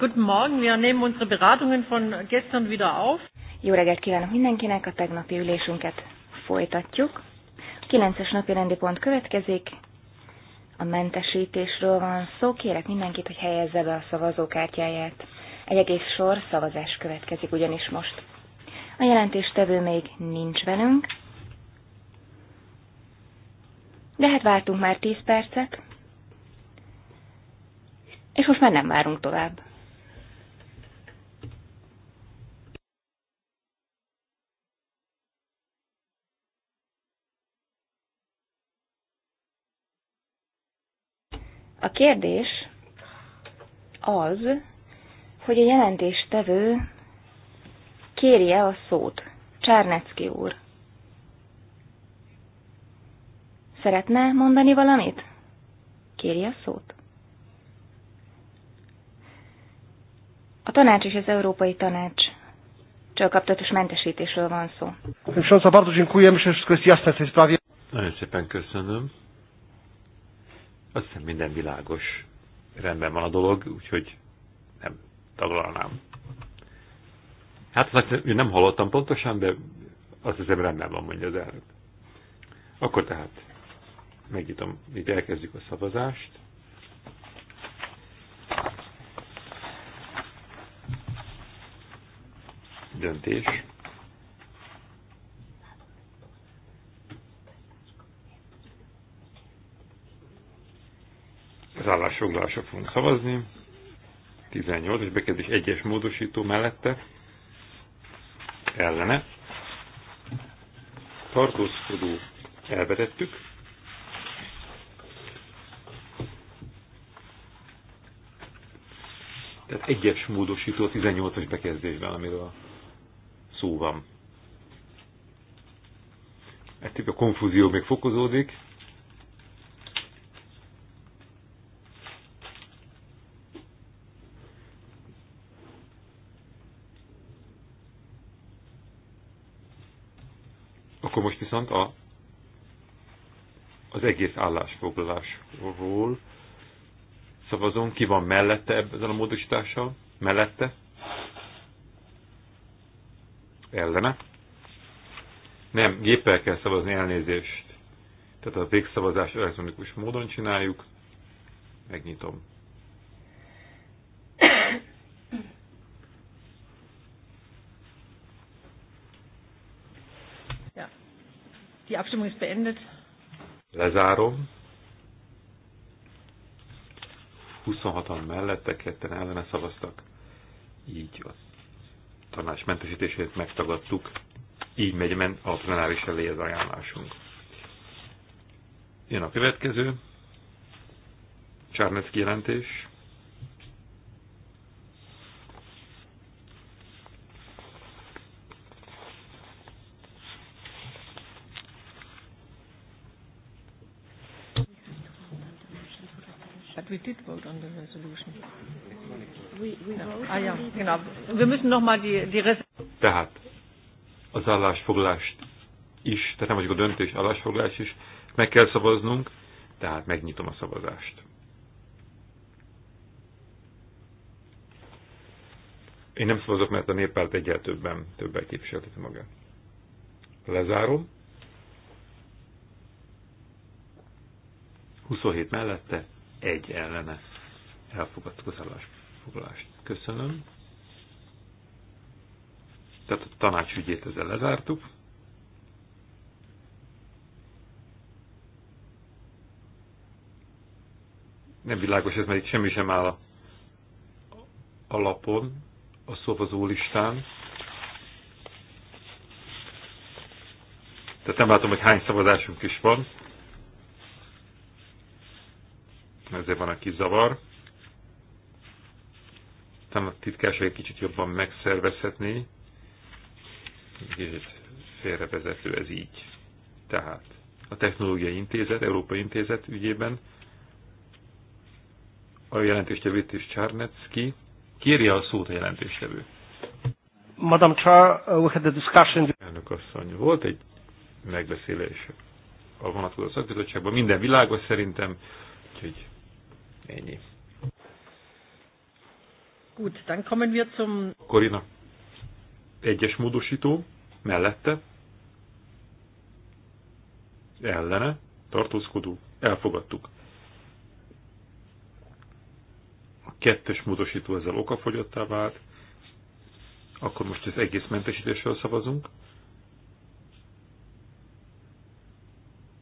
Guten Morgen, wir nehmen unsere Beratungen von gestern wieder auf. Jó reggelt kívánok mindenkinek, a tegnapi ülésünket folytatjuk. A 9-es napi rendi pont következik, a mentesítésről van szó, kérek mindenkit, hogy helyezze be a szavazókártyáját. Egy egész sor szavazás következik ugyanis most. A jelentéstevő még nincs velünk, de hát vártunk már 10 percet, és most már nem várunk tovább. A kérdés az, hogy a jelentéstevő kérje a szót. Csárnecki úr. Szeretne mondani valamit? Kérje a szót. A tanács és az Európai Tanács csak kapcsolatos mentesítésről van szó. Szóval, Nagyon szépen köszönöm. Azt hiszem minden világos rendben van a dolog, úgyhogy nem taglalnám. Hát én nem hallottam pontosan, de azt hiszem rendben van, mondja az elnök. Akkor tehát megnyitom, itt elkezdjük a szavazást. Döntés. az állásfoglalásra fogunk szavazni. 18 és bekezdés egyes módosító mellette ellene. Tartózkodó elvetettük. Tehát egyes módosító 18-as bekezdésben, amiről szó van. Ettől a konfúzió még fokozódik. viszont a, az egész állásfoglalásról szavazunk, ki van mellette ezzel a módosítással, mellette, ellene. Nem, géppel kell szavazni elnézést. Tehát a végszavazást elektronikus módon csináljuk. Megnyitom. Abstimmung ist beendet. Lezárom. 26-an mellette, ketten ellene szavaztak. Így a tanács mentesítését megtagadtuk. Így megy men a plenáris elé az ajánlásunk. Jön a következő. Csárnecki jelentés. did vote on the resolution. Tehát az állásfoglást is, tehát nem vagyok a döntés, állásfoglás is, meg kell szavaznunk, tehát megnyitom a szavazást. Én nem szavazok, mert a néppárt egyel többen, többen képviselteti magát. Lezárom. 27 mellette, egy ellene elfogadtuk az állásfoglalást. Köszönöm. Tehát a tanácsügyét ezzel lezártuk. Nem világos ez, mert itt semmi sem áll a alapon, a szavazó listán. Tehát nem látom, hogy hány szavazásunk is van ezért van, aki zavar. Aztán a titkárság egy kicsit jobban megszervezhetné. Kicsit félrevezető ez így. Tehát a Technológiai Intézet, Európai Intézet ügyében a jelentéstevőt is Csárnecki. Kérje a szót a jelentéstevő. Madam Chair, uh, we had a discussion. Elnök asszony, volt egy megbeszélés a vonatkozó szakbizottságban, minden világos szerintem, úgyhogy Ennyi. Gut, dann kommen wir zum... Korina, egyes módosító, mellette, ellene, tartózkodó, elfogadtuk. A kettes módosító ezzel okafogyottá vált, akkor most az egész mentesítéssel szavazunk.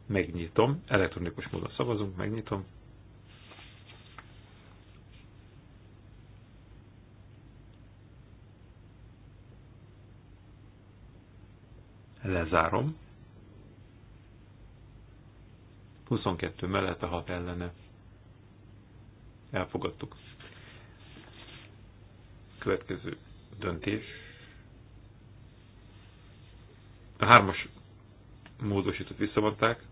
Megnyitom, elektronikus módon szavazunk, megnyitom. Lezárom. 22 mellette, 6 ellene. Elfogadtuk. Következő döntés. A hármas módosított visszavonták.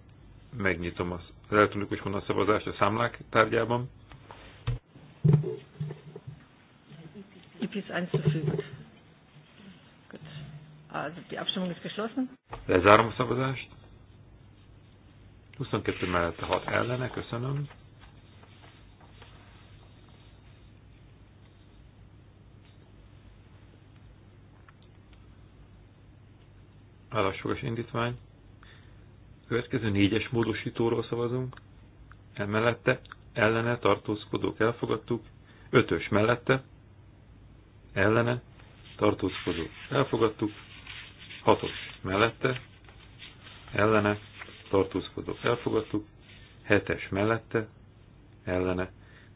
Megnyitom az elektronikus szavazást a számlák tárgyában. Ipis einzufügt. Also die Abstimmung ist geschlossen. Lezárom a szavazást. 22 mellett 6 ellene, köszönöm. Állásfogás indítvány. Következő négyes módosítóról szavazunk. Emellette ellene tartózkodók elfogadtuk. Ötös mellette ellene tartózkodók elfogadtuk. Hatos mellette, ellene, Tartózkodok. elfogadtuk. Hetes mellette, ellene,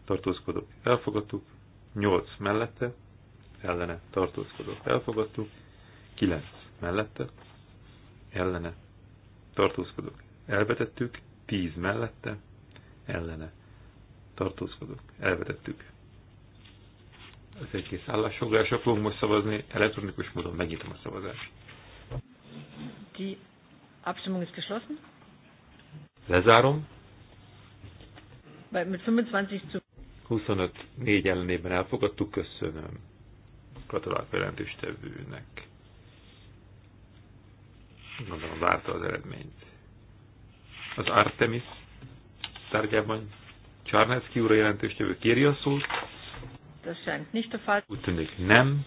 Tartózkodok. elfogadtuk. Nyolc mellette, ellene, Tartózkodok. elfogadtuk. Kilenc mellette, ellene, Tartózkodok. elvetettük. Tíz mellette, ellene, Tartózkodok. elvetettük az egész állásfoglalásra fogunk most szavazni, elektronikus módon megnyitom a szavazást. Die Abstimmung ist geschlossen. Lezárom. Weil mit 25 zu 25 4 ellenében elfogadtuk, köszönöm. Gratulálok jelentéstevőnek. Gondolom várta az eredményt. Az Artemis tárgyában Csárnecki úr a jelentőstevő kéri a szót. Das scheint nicht der Fall. Úgy tűnik nem.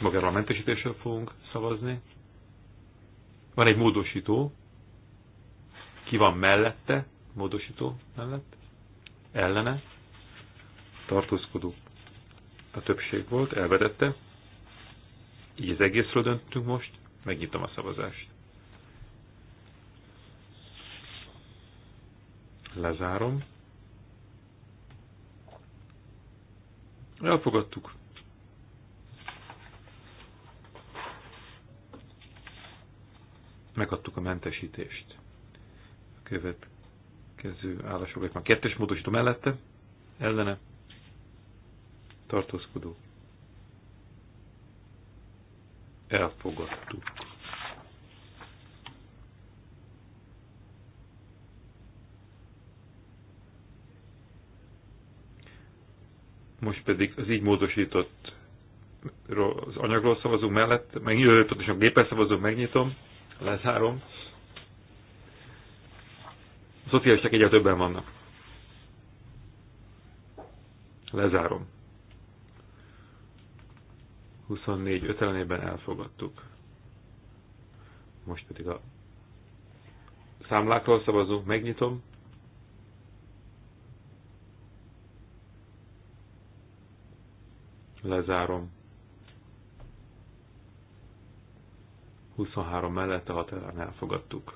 magáról a mentesítésről fogunk szavazni. Van egy módosító. Ki van mellette? Módosító mellett? Ellene? Tartózkodó. A többség volt, elvedette. Így az egészről döntünk most. Megnyitom a szavazást. Lezárom. Elfogadtuk. megadtuk a mentesítést. A következő vagy már kettős módosító mellette, ellene, tartózkodó. Elfogadtuk. Most pedig az így módosított az anyagról szavazunk mellett, megnyitotom, és a géppel szavazunk, megnyitom lezárom. A szocialisták egyre többen vannak. Lezárom. 24 ötelenében elfogadtuk. Most pedig a számlákról szavazunk, megnyitom. Lezárom. 23 mellett a hat elfogadtuk.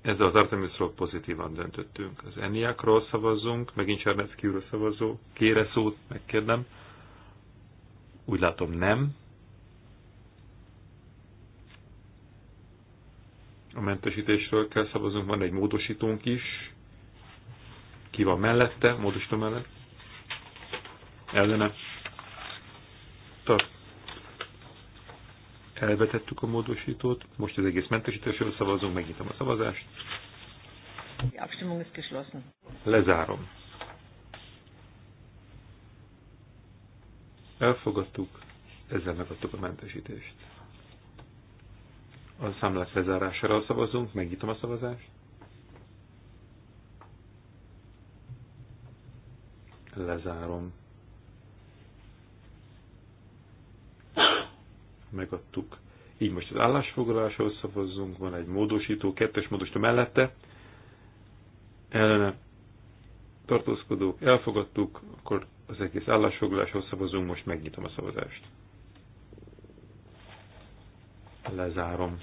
Ezzel az Artemisról pozitívan döntöttünk. Az Eniákról szavazzunk, megint Cserneckiről szavazó. Kére szót, megkérdem. Úgy látom nem. A mentesítésről kell szavazunk, van egy módosítónk is. Ki van mellette, módosító mellett? Ellene elvetettük a módosítót, most az egész mentesítésről szavazunk, megnyitom a szavazást. Die Abstimmung ist geschlossen. Lezárom. Elfogadtuk, ezzel megadtuk a mentesítést. A számlás lezárására szavazunk, megnyitom a szavazást. Lezárom. megadtuk. Így most az állásfoglaláshoz szavazzunk, van egy módosító, kettes módosító mellette, ellene tartózkodók, elfogadtuk, akkor az egész állásfoglaláshoz szavazunk, most megnyitom a szavazást. Lezárom.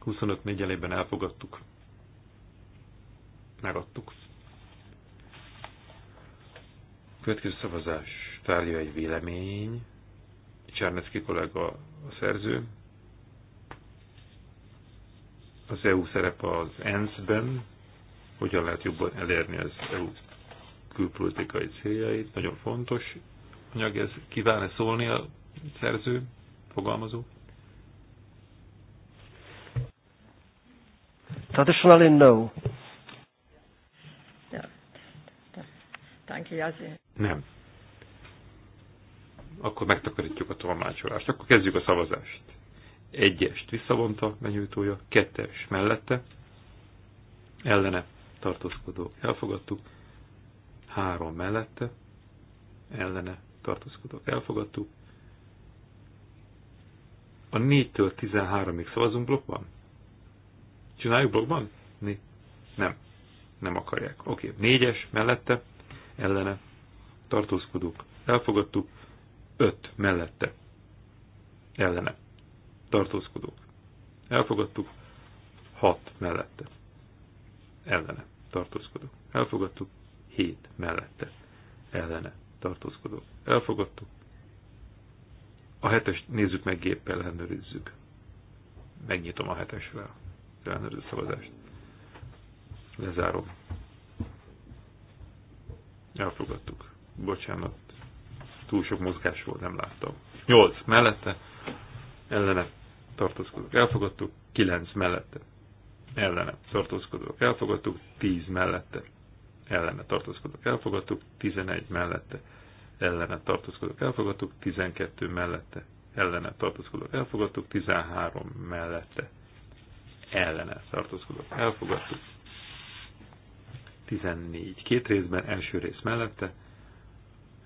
25 négyelében elfogadtuk. Megadtuk. Következő szavazás tárgya egy vélemény. Csárnecki kollega a szerző. Az EU szerepe az ENSZ-ben, hogyan lehet jobban elérni az EU külpolitikai céljait. Nagyon fontos anyag ez. Kíván-e szólni a szerző, fogalmazó? Traditionally no. Nem akkor megtakarítjuk a tolmácsolást. Akkor kezdjük a szavazást. Egyest visszavonta benyújtója, kettes mellette, ellene tartózkodók elfogadtuk, három mellette, ellene tartózkodók elfogadtuk. A 4-től 13-ig szavazunk blokkban? Csináljuk blokkban? Né? Nem. Nem akarják. Oké. Okay. Négyes mellette, ellene tartózkodók elfogadtuk öt mellette. Ellene. Tartózkodók. Elfogadtuk. hat mellette. Ellene. Tartózkodók. Elfogadtuk. hét mellette. Ellene. Tartózkodók. Elfogadtuk. A hetes nézzük meg géppel, ellenőrizzük. Megnyitom a hetesvel. Ellenőrző szavazást. Lezárom. Elfogadtuk. Bocsánat túl sok mozgás volt, nem láttam. 8 mellette, ellene tartózkodók elfogadtuk, 9 mellette, ellene tartózkodók elfogadtuk, 10 mellette, ellene tartózkodók elfogadtuk, 11 mellette, ellene tartózkodók elfogadtuk, 12 mellette, ellene tartózkodók elfogadtuk, 13 mellette, ellene tartózkodók elfogadtuk, 14 két részben, első rész mellette,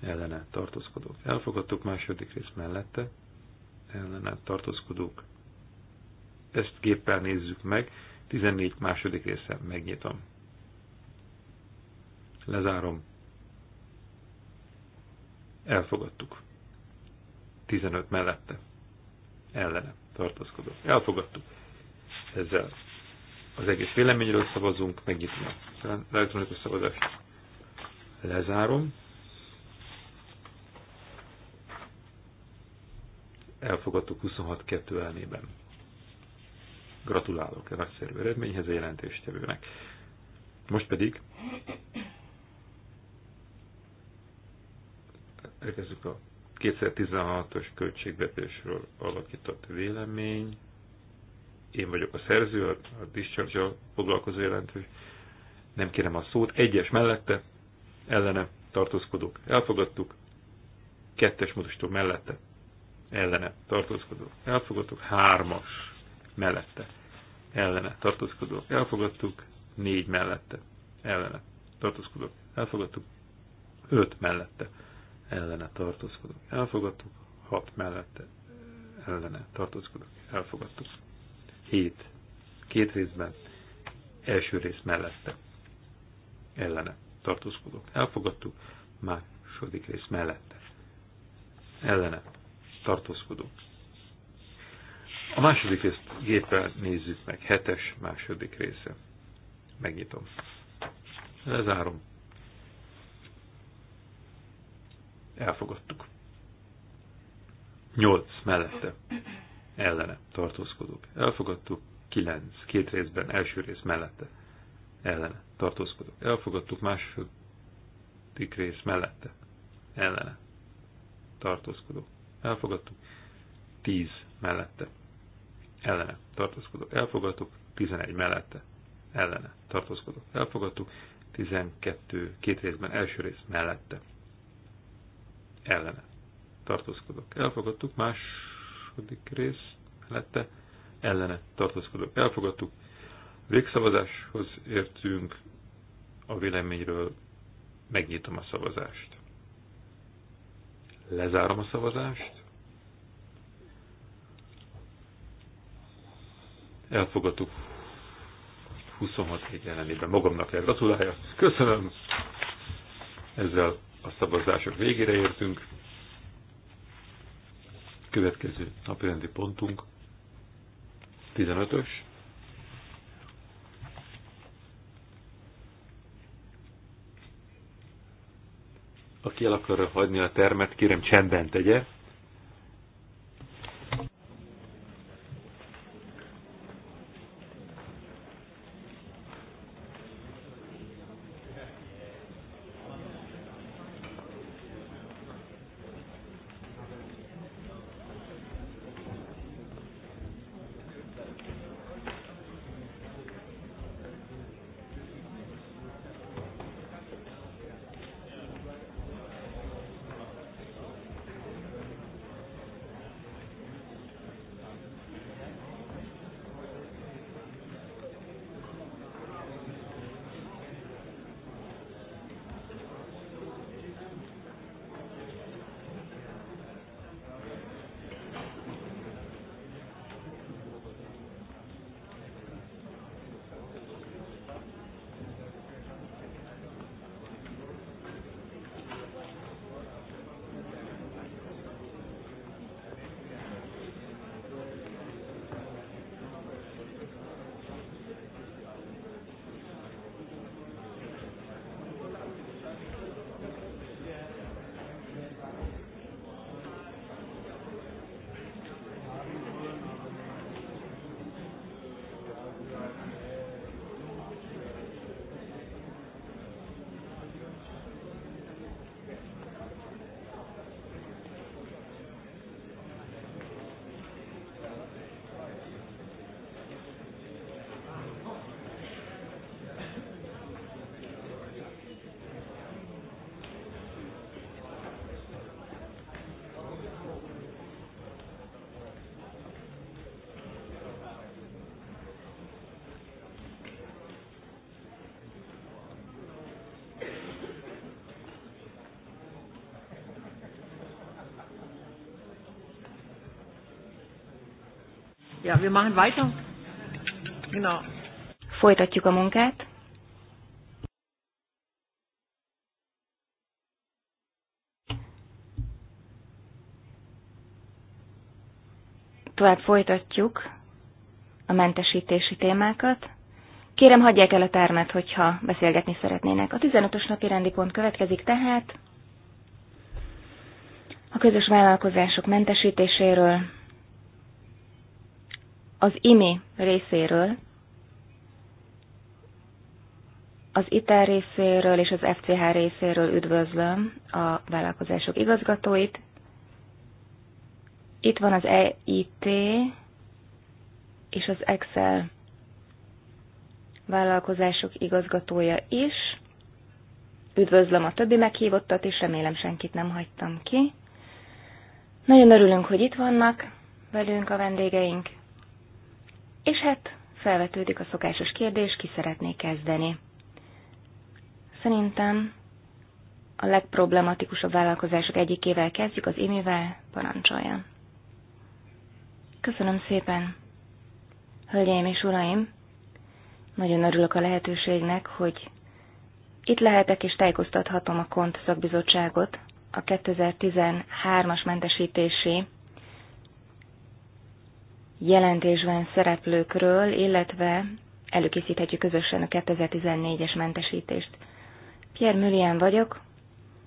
ellene tartózkodók. Elfogadtuk második rész mellette, ellene tartózkodók. Ezt géppel nézzük meg, 14 második része megnyitom. Lezárom. Elfogadtuk. 15 mellette. Ellene tartózkodók. Elfogadtuk. Ezzel az egész véleményről szavazunk, megnyitom a elektronikus szavazást. Lezárom. elfogadtuk 26-2 elmében. Gratulálok a nagyszerű eredményhez a jelentéstevőnek. Most pedig elkezdjük a 2016-os költségvetésről alakított vélemény. Én vagyok a szerző, a discharge foglalkozó jelentő. Nem kérem a szót. Egyes mellette, ellene tartózkodók elfogadtuk. Kettes módosító mellette, ellene tartózkodó elfogadtuk, hármas mellette ellene tartózkodó elfogadtuk, négy mellette ellene tartózkodó elfogadtuk, öt mellette ellene tartózkodó elfogadtuk, hat mellette ellene tartózkodó elfogadtuk, hét két részben első rész mellette ellene tartózkodó elfogadtuk, második rész mellette ellene tartózkodó. A második részt géppel nézzük meg, hetes második része. Megnyitom. Lezárom. Elfogadtuk. Nyolc mellette. Ellene tartózkodók. Elfogadtuk. Kilenc. Két részben, első rész mellette. Ellene tartózkodók. Elfogadtuk második rész mellette. Ellene tartózkodók elfogadtuk, 10 mellette, ellene, tartózkodok, elfogadtuk, 11 mellette, ellene, tartózkodok, elfogadtuk, 12 két részben, első rész mellette, ellene, tartózkodok, elfogadtuk, második rész mellette, ellene, tartózkodok, elfogadtuk, végszavazáshoz értünk a véleményről, megnyitom a szavazást. Lezárom a szavazást. Elfogadtuk 26 egy ellenében. Magamnak kell gratulálja. Köszönöm. Ezzel a szavazások végére értünk. Következő napirendi pontunk 15-ös. aki el akarja hagyni a termet, kérem csendben tegye. Ja, wir machen weiter. Genau. Folytatjuk a munkát. Tovább folytatjuk a mentesítési témákat. Kérem, hagyják el a termet, hogyha beszélgetni szeretnének. A 15-ös napi rendi pont következik tehát. A közös vállalkozások mentesítéséről, az IMI részéről, az ITER részéről és az FCH részéről üdvözlöm a vállalkozások igazgatóit. Itt van az EIT és az Excel vállalkozások igazgatója is. Üdvözlöm a többi meghívottat, és remélem senkit nem hagytam ki. Nagyon örülünk, hogy itt vannak velünk a vendégeink. És hát felvetődik a szokásos kérdés, ki szeretné kezdeni. Szerintem a legproblematikusabb vállalkozások egyikével kezdjük, az imivel parancsolja. Köszönöm szépen! Hölgyeim és uraim! Nagyon örülök a lehetőségnek, hogy itt lehetek és tájékoztathatom a KONT szakbizottságot a 2013-as mentesítési jelentésben szereplőkről, illetve előkészíthetjük közösen a 2014-es mentesítést. Pierre Mürien vagyok,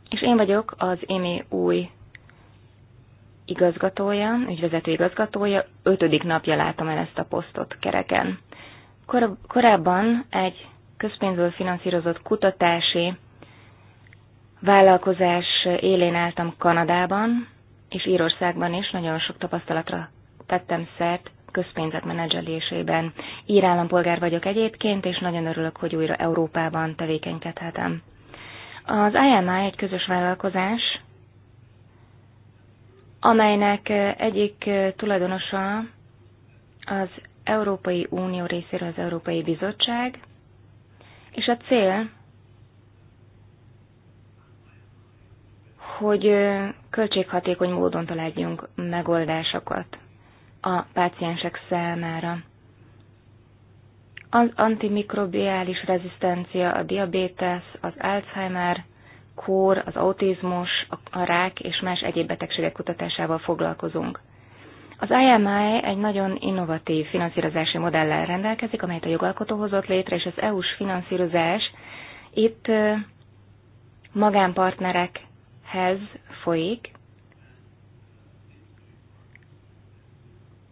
és én vagyok az EMI új igazgatója, ügyvezető igazgatója, ötödik napja látom el ezt a posztot kereken. Kor- korábban egy közpénzből finanszírozott kutatási vállalkozás élén álltam Kanadában, és Írországban is nagyon sok tapasztalatra tettem szert közpénzek menedzselésében. Ír állampolgár vagyok egyébként, és nagyon örülök, hogy újra Európában tevékenykedhetem. Az IMA egy közös vállalkozás, amelynek egyik tulajdonosa az Európai Unió részéről az Európai Bizottság, és a cél, hogy költséghatékony módon találjunk megoldásokat a páciensek számára. Az antimikrobiális rezisztencia, a diabétesz, az Alzheimer, kór, az autizmus, a rák és más egyéb betegségek kutatásával foglalkozunk. Az IMI egy nagyon innovatív finanszírozási modellel rendelkezik, amelyet a jogalkotó hozott létre, és az EU-s finanszírozás itt magánpartnerekhez folyik,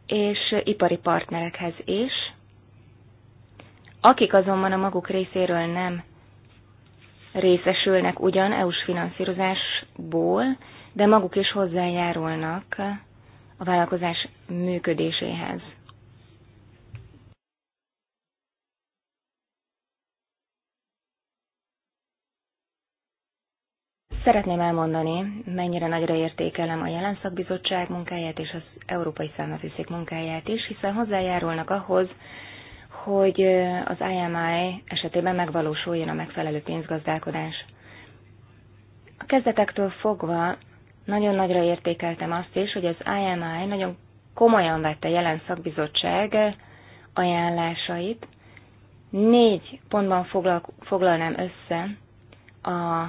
és ipari partnerekhez is, akik azonban a maguk részéről nem részesülnek ugyan EU-s finanszírozásból, de maguk is hozzájárulnak a vállalkozás működéséhez. Szeretném elmondani, mennyire nagyra értékelem a jelen szakbizottság munkáját és az Európai Számlafiszék munkáját is, hiszen hozzájárulnak ahhoz, hogy az IMI esetében megvalósuljon a megfelelő pénzgazdálkodás. A kezdetektől fogva nagyon nagyra értékeltem azt is, hogy az IMI nagyon komolyan vette jelen szakbizottság ajánlásait. Négy pontban foglalnám össze a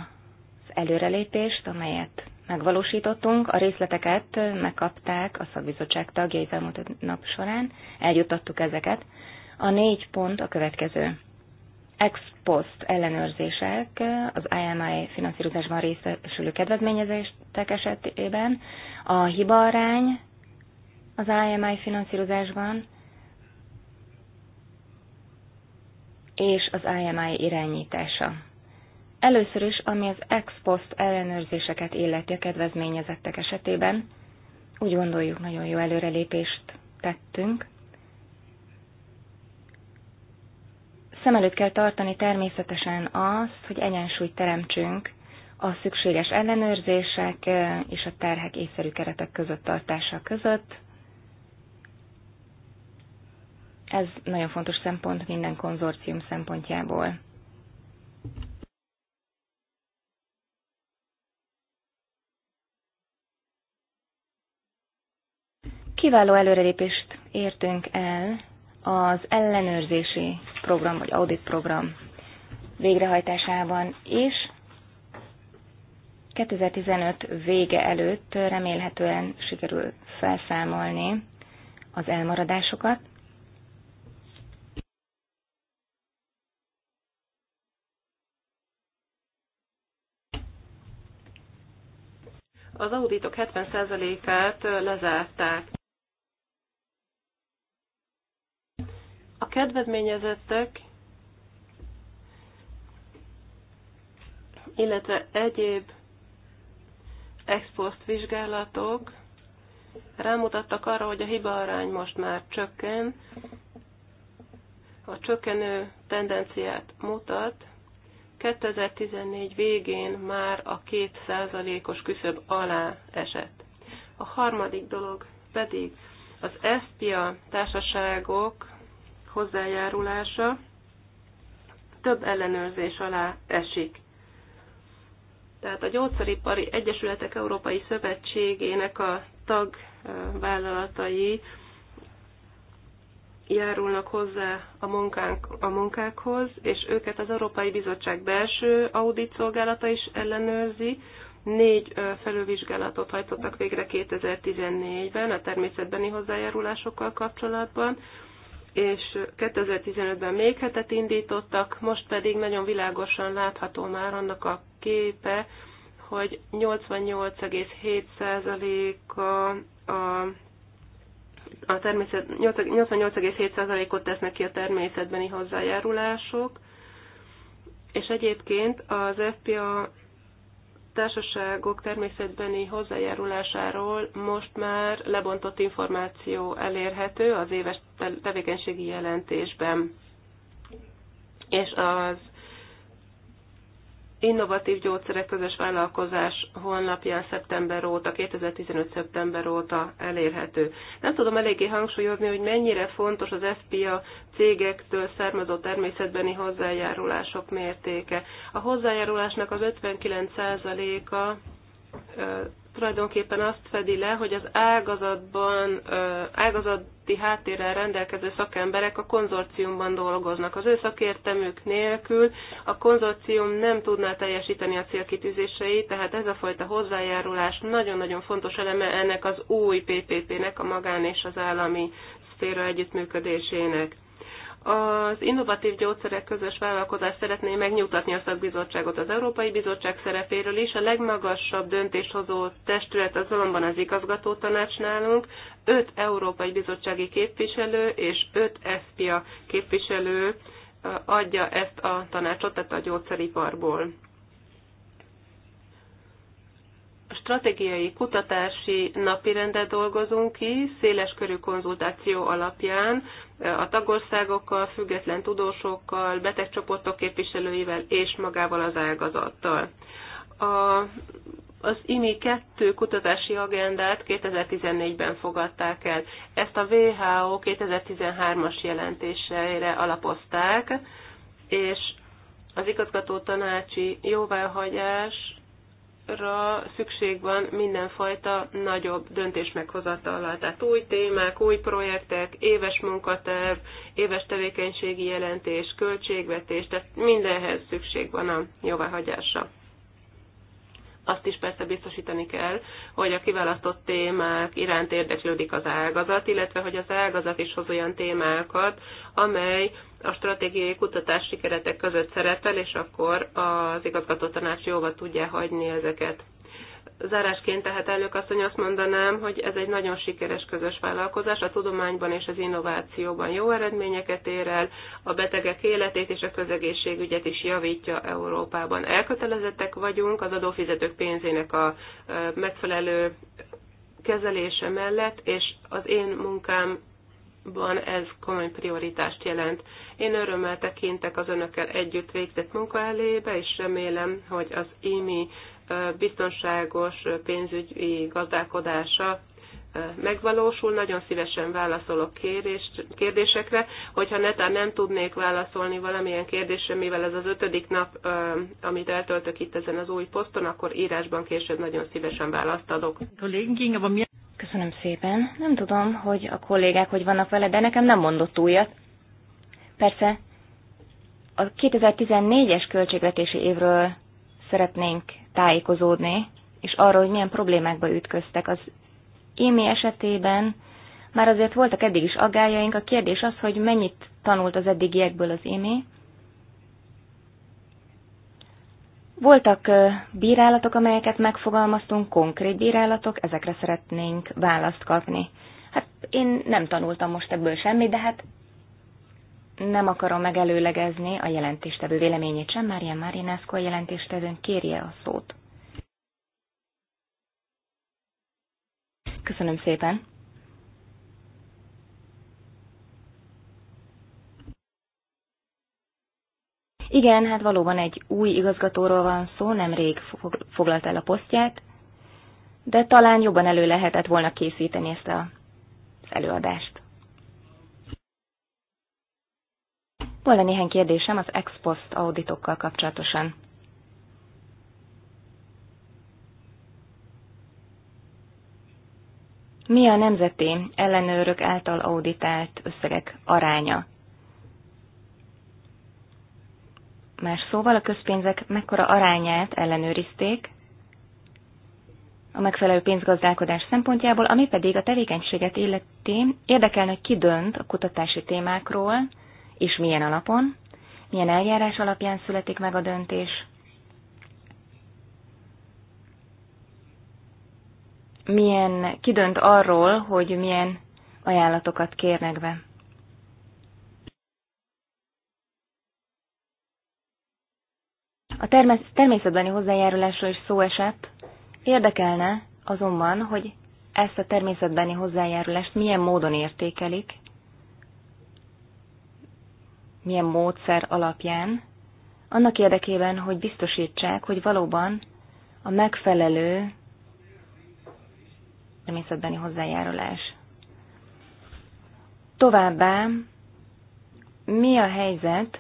előrelépést, amelyet megvalósítottunk. A részleteket megkapták a szakbizottság tagjai elmúlt nap során, eljutottuk ezeket. A négy pont a következő. Ex post ellenőrzések az IMI finanszírozásban részesülő kedvezményezések esetében, a hibaarány az IMI finanszírozásban, és az IMI irányítása. Először is, ami az ex post ellenőrzéseket illeti a kedvezményezettek esetében, úgy gondoljuk, nagyon jó előrelépést tettünk. Szem előtt kell tartani természetesen azt, hogy egyensúlyt teremtsünk a szükséges ellenőrzések eh, és a terhek észszerű keretek között tartása között. Ez nagyon fontos szempont minden konzorcium szempontjából. Kiváló előrelépést értünk el az ellenőrzési program vagy audit program végrehajtásában is. 2015 vége előtt remélhetően sikerül felszámolni az elmaradásokat. Az auditok 70%-át lezárták. A kedvezményezettek, illetve egyéb expost vizsgálatok rámutattak arra, hogy a hibaarány most már csökken, a csökkenő tendenciát mutat, 2014 végén már a 2%-os küszöb alá esett. A harmadik dolog pedig az ESPIA társaságok hozzájárulása több ellenőrzés alá esik. Tehát a Gyógyszeripari Egyesületek Európai Szövetségének a tagvállalatai járulnak hozzá a, munkánk, a munkákhoz, és őket az Európai Bizottság belső audit szolgálata is ellenőrzi. Négy felülvizsgálatot hajtottak végre 2014-ben a természetbeni hozzájárulásokkal kapcsolatban, és 2015-ben még hetet indítottak, most pedig nagyon világosan látható már annak a képe, hogy 88,7%-a a a természet 88,7%-ot tesznek ki a természetbeni hozzájárulások, és egyébként az FPA társaságok természetbeni hozzájárulásáról most már lebontott információ elérhető az éves tevékenységi jelentésben. És az innovatív gyógyszerek közös vállalkozás honlapján szeptember óta, 2015. szeptember óta elérhető. Nem tudom eléggé hangsúlyozni, hogy mennyire fontos az FPA cégektől származó természetbeni hozzájárulások mértéke. A hozzájárulásnak az 59%-a tulajdonképpen azt fedi le, hogy az ágazatban, ágazati háttérrel rendelkező szakemberek a konzorciumban dolgoznak. Az ő szakértelmük nélkül a konzorcium nem tudná teljesíteni a célkitűzéseit, tehát ez a fajta hozzájárulás nagyon-nagyon fontos eleme ennek az új PPP-nek, a magán és az állami szféra együttműködésének. Az innovatív gyógyszerek közös vállalkozás szeretné megnyugtatni a szakbizottságot az Európai Bizottság szerepéről is. A legmagasabb döntéshozó testület azonban az igazgató tanács nálunk. 5 Európai Bizottsági képviselő és 5 ESPIA képviselő adja ezt a tanácsot, tehát a gyógyszeriparból stratégiai kutatási napirendet dolgozunk ki, széleskörű konzultáció alapján a tagországokkal, független tudósokkal, betegcsoportok képviselőivel és magával az ágazattal. A, az IMI 2 kutatási agendát 2014-ben fogadták el. Ezt a WHO 2013-as jelentéseire alapozták, és az igazgató tanácsi jóváhagyás ra szükség van mindenfajta nagyobb döntés meghozatalra. Tehát új témák, új projektek, éves munkaterv, éves tevékenységi jelentés, költségvetés, tehát mindenhez szükség van a jóváhagyásra. Azt is persze biztosítani kell, hogy a kiválasztott témák iránt érdeklődik az ágazat, illetve hogy az ágazat is hoz olyan témákat, amely a stratégiai kutatási keretek között szerepel, és akkor az igazgató tanács jóval tudja hagyni ezeket. Zárásként tehát elnök asszony azt mondanám, hogy ez egy nagyon sikeres közös vállalkozás, a tudományban és az innovációban jó eredményeket ér el, a betegek életét és a közegészségügyet is javítja Európában. Elkötelezettek vagyunk az adófizetők pénzének a megfelelő kezelése mellett, és az én munkám Ban ez komoly prioritást jelent. Én örömmel tekintek az önökkel együtt végzett munka elébe, és remélem, hogy az IMI biztonságos pénzügyi gazdálkodása megvalósul. Nagyon szívesen válaszolok kérést, kérdésekre. Hogyha netán nem tudnék válaszolni valamilyen kérdésre, mivel ez az ötödik nap, amit eltöltök itt ezen az új poszton, akkor írásban később nagyon szívesen választ adok. Köszönöm szépen. Nem tudom, hogy a kollégák hogy vannak vele, de nekem nem mondott újat. Persze, a 2014-es költségvetési évről szeretnénk tájékozódni, és arról, hogy milyen problémákba ütköztek. Az émi esetében már azért voltak eddig is aggájaink. A kérdés az, hogy mennyit tanult az eddigiekből az émi, Voltak bírálatok, amelyeket megfogalmaztunk, konkrét bírálatok, ezekre szeretnénk választ kapni. Hát én nem tanultam most ebből semmit, de hát nem akarom megelőlegezni a jelentéstevő véleményét sem, Mária Marinesco a jelentéstevőn kérje a szót. Köszönöm szépen. Igen, hát valóban egy új igazgatóról van szó, nemrég foglalt el a posztját, de talán jobban elő lehetett volna készíteni ezt a, az előadást. Volna néhány kérdésem az ex post auditokkal kapcsolatosan. Mi a nemzeti ellenőrök által auditált összegek aránya? Más szóval a közpénzek mekkora arányát ellenőrizték a megfelelő pénzgazdálkodás szempontjából, ami pedig a tevékenységet illeti, érdekelne, hogy ki dönt a kutatási témákról, és milyen alapon, milyen eljárás alapján születik meg a döntés, milyen, ki dönt arról, hogy milyen ajánlatokat kérnek be. A természetbeni hozzájárulásról is szó esett. Érdekelne azonban, hogy ezt a természetbeni hozzájárulást milyen módon értékelik, milyen módszer alapján, annak érdekében, hogy biztosítsák, hogy valóban a megfelelő természetbeni hozzájárulás. Továbbá, mi a helyzet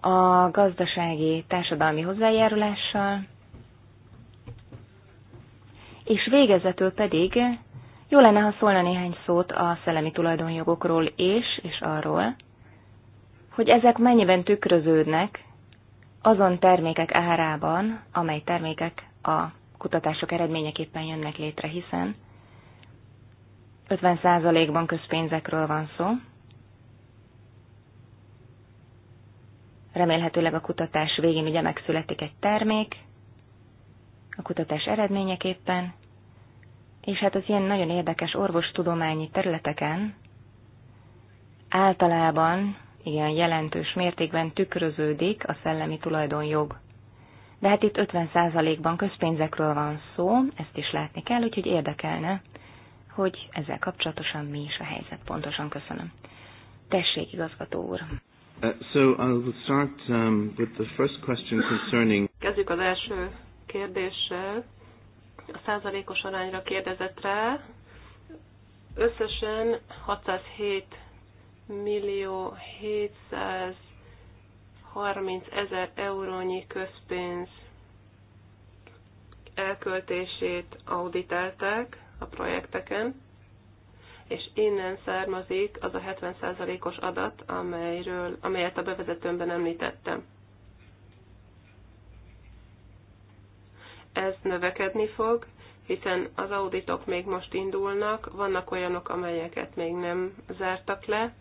a gazdasági, társadalmi hozzájárulással, és végezetül pedig jó lenne, ha szólna néhány szót a szellemi tulajdonjogokról és, és arról, hogy ezek mennyiben tükröződnek azon termékek árában, amely termékek a kutatások eredményeképpen jönnek létre, hiszen 50%-ban közpénzekről van szó, Remélhetőleg a kutatás végén ugye megszületik egy termék, a kutatás eredményeképpen, és hát az ilyen nagyon érdekes orvostudományi területeken általában igen jelentős mértékben tükröződik a szellemi tulajdonjog. De hát itt 50%-ban közpénzekről van szó, ezt is látni kell, úgyhogy érdekelne, hogy ezzel kapcsolatosan mi is a helyzet pontosan. Köszönöm. Tessék, igazgató úr! Uh, so start um, with the first question concerning. Kezdjük az első kérdéssel. A százalékos arányra kérdezett rá. Összesen 607 millió 730 ezer eurónyi közpénz elköltését auditálták a projekteken és innen származik az a 70%-os adat, amelyről, amelyet a bevezetőmben említettem. Ez növekedni fog, hiszen az auditok még most indulnak, vannak olyanok, amelyeket még nem zártak le.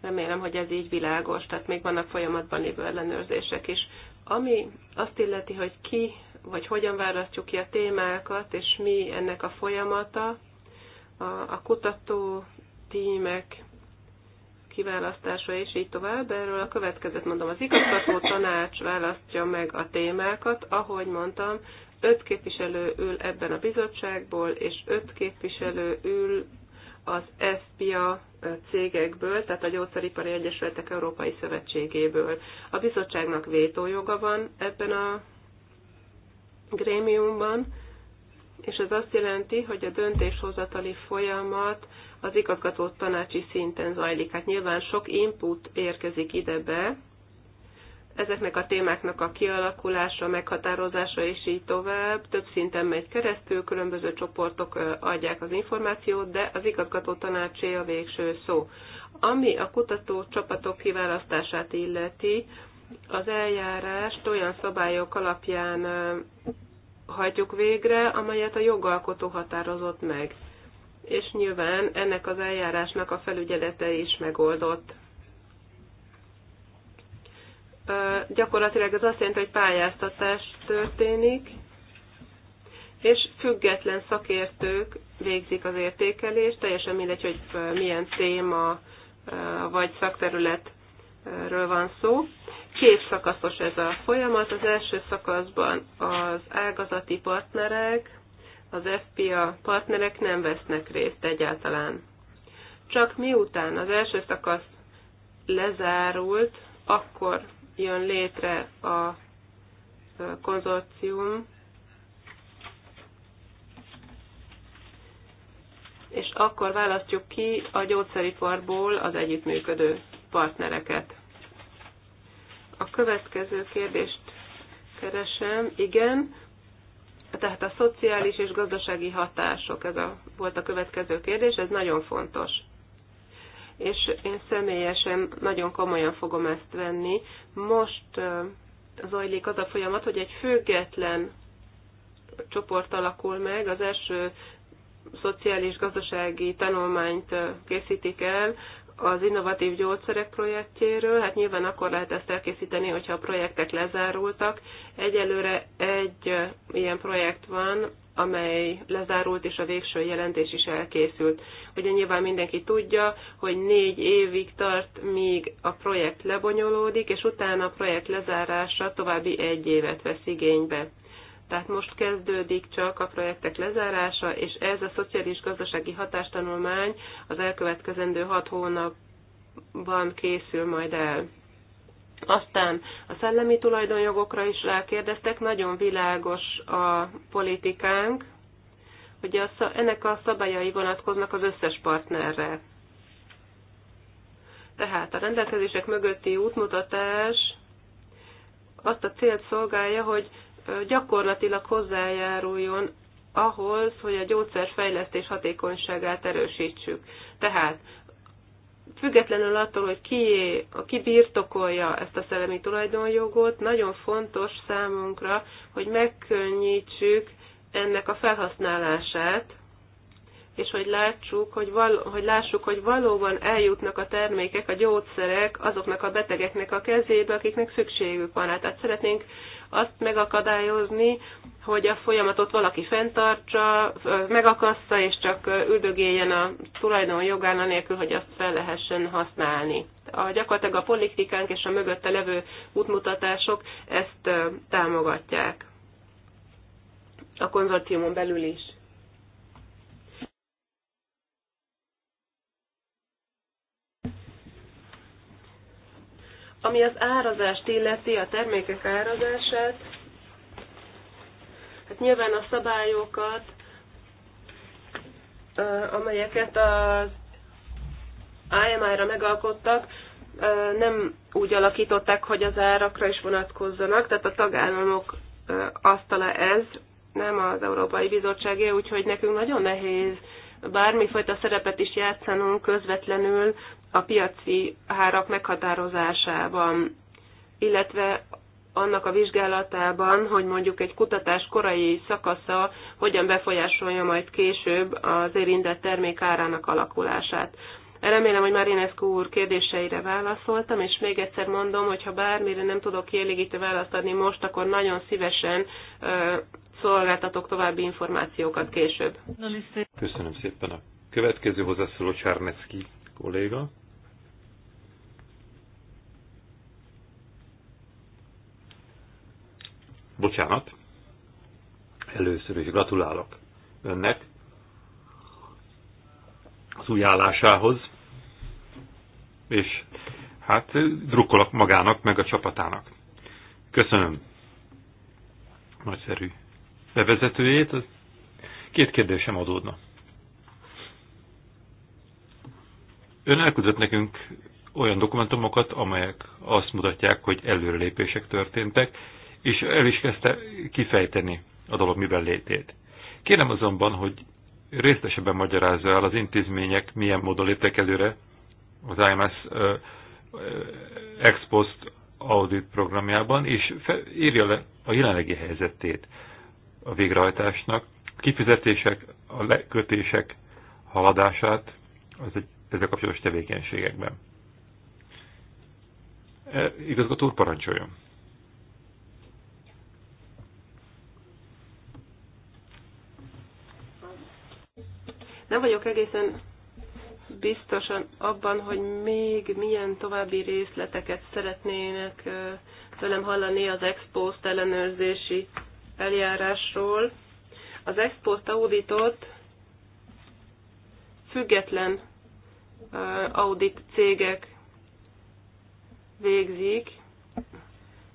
Remélem, hogy ez így világos, tehát még vannak folyamatban lévő ellenőrzések is. Ami azt illeti, hogy ki vagy hogyan választjuk ki a témákat, és mi ennek a folyamata. A, a kutató tímek kiválasztása, és így tovább. Erről a következőt mondom. Az igazgató tanács választja meg a témákat, ahogy mondtam, öt képviselő ül ebben a bizottságból, és öt képviselő ül az FPA cégekből, tehát a Gyógyszeripari Egyesületek Európai Szövetségéből. A bizottságnak vétójoga van ebben a grémiumban, és ez azt jelenti, hogy a döntéshozatali folyamat az igazgató tanácsi szinten zajlik. Hát nyilván sok input érkezik ide be, ezeknek a témáknak a kialakulása, meghatározása és így tovább. Több szinten megy keresztül, különböző csoportok adják az információt, de az igazgató tanácsé a végső szó. Ami a kutató csapatok kiválasztását illeti, az eljárást olyan szabályok alapján hagyjuk végre, amelyet a jogalkotó határozott meg. És nyilván ennek az eljárásnak a felügyelete is megoldott. Gyakorlatilag ez azt jelenti, hogy pályáztatás történik, és független szakértők végzik az értékelést, teljesen mindegy, hogy milyen téma vagy szakterületről van szó, szakaszos ez a folyamat. Az első szakaszban az ágazati partnerek, az FPA partnerek nem vesznek részt egyáltalán. Csak miután az első szakasz lezárult, akkor jön létre a konzorcium, és akkor választjuk ki a gyógyszeriparból az együttműködő partnereket a következő kérdést keresem. Igen, tehát a szociális és gazdasági hatások, ez a, volt a következő kérdés, ez nagyon fontos. És én személyesen nagyon komolyan fogom ezt venni. Most zajlik az a folyamat, hogy egy független csoport alakul meg, az első szociális-gazdasági tanulmányt készítik el az innovatív gyógyszerek projektjéről. Hát nyilván akkor lehet ezt elkészíteni, hogyha a projektek lezárultak. Egyelőre egy ilyen projekt van, amely lezárult, és a végső jelentés is elkészült. Ugye nyilván mindenki tudja, hogy négy évig tart, míg a projekt lebonyolódik, és utána a projekt lezárása további egy évet vesz igénybe. Tehát most kezdődik csak a projektek lezárása, és ez a szociális gazdasági hatástanulmány az elkövetkezendő hat hónapban készül majd el. Aztán a szellemi tulajdonjogokra is rákérdeztek, nagyon világos a politikánk, hogy a, ennek a szabályai vonatkoznak az összes partnerre. Tehát a rendelkezések mögötti útmutatás azt a célt szolgálja, hogy gyakorlatilag hozzájáruljon ahhoz, hogy a gyógyszerfejlesztés hatékonyságát erősítsük. Tehát függetlenül attól, hogy ki, ki birtokolja ezt a szellemi tulajdonjogot, nagyon fontos számunkra, hogy megkönnyítsük ennek a felhasználását, és hogy lássuk, hogy, val, hogy lássuk, hogy valóban eljutnak a termékek, a gyógyszerek azoknak a betegeknek a kezébe, akiknek szükségük van. Hát, tehát szeretnénk azt megakadályozni, hogy a folyamatot valaki fenntartsa, megakassza, és csak üldögéljen a tulajdon jogán, anélkül, hogy azt fel lehessen használni. A, gyakorlatilag a politikánk és a mögötte levő útmutatások ezt támogatják a konzorciumon belül is. Ami az árazást illeti, a termékek árazását, hát nyilván a szabályokat, amelyeket az IMI-ra megalkottak, nem úgy alakították, hogy az árakra is vonatkozzanak, tehát a tagállamok asztala ez, nem az Európai Bizottságé, úgyhogy nekünk nagyon nehéz bármifajta szerepet is játszanunk közvetlenül a piaci árak meghatározásában, illetve annak a vizsgálatában, hogy mondjuk egy kutatás korai szakasza hogyan befolyásolja majd később az érintett termék árának alakulását. Remélem, hogy Marinescu úr kérdéseire válaszoltam, és még egyszer mondom, hogy ha bármire nem tudok kielégítő választ adni most, akkor nagyon szívesen ö, szolgáltatok további információkat később. Köszönöm szépen a következő hozzászóló Csárnecki kolléga. Bocsánat. Először is gratulálok önnek az új állásához, és hát drukkolok magának, meg a csapatának. Köszönöm nagyszerű bevezetőjét. Két kérdésem adódna. Ön elküldött nekünk olyan dokumentumokat, amelyek azt mutatják, hogy előrelépések történtek, és el is kezdte kifejteni a dolog miben létét. Kérem azonban, hogy részletesebben magyarázza el az intézmények milyen módon léptek előre az IMS uh, expost audit programjában, és írja le a jelenlegi helyzetét a végrehajtásnak, kifizetések, a lekötések haladását, az egy ezzel kapcsolatos tevékenységekben. E, igazgató úr, parancsoljon! Nem vagyok egészen biztosan abban, hogy még milyen további részleteket szeretnének e, tőlem hallani az expost ellenőrzési eljárásról. Az expost auditot független audit cégek végzik,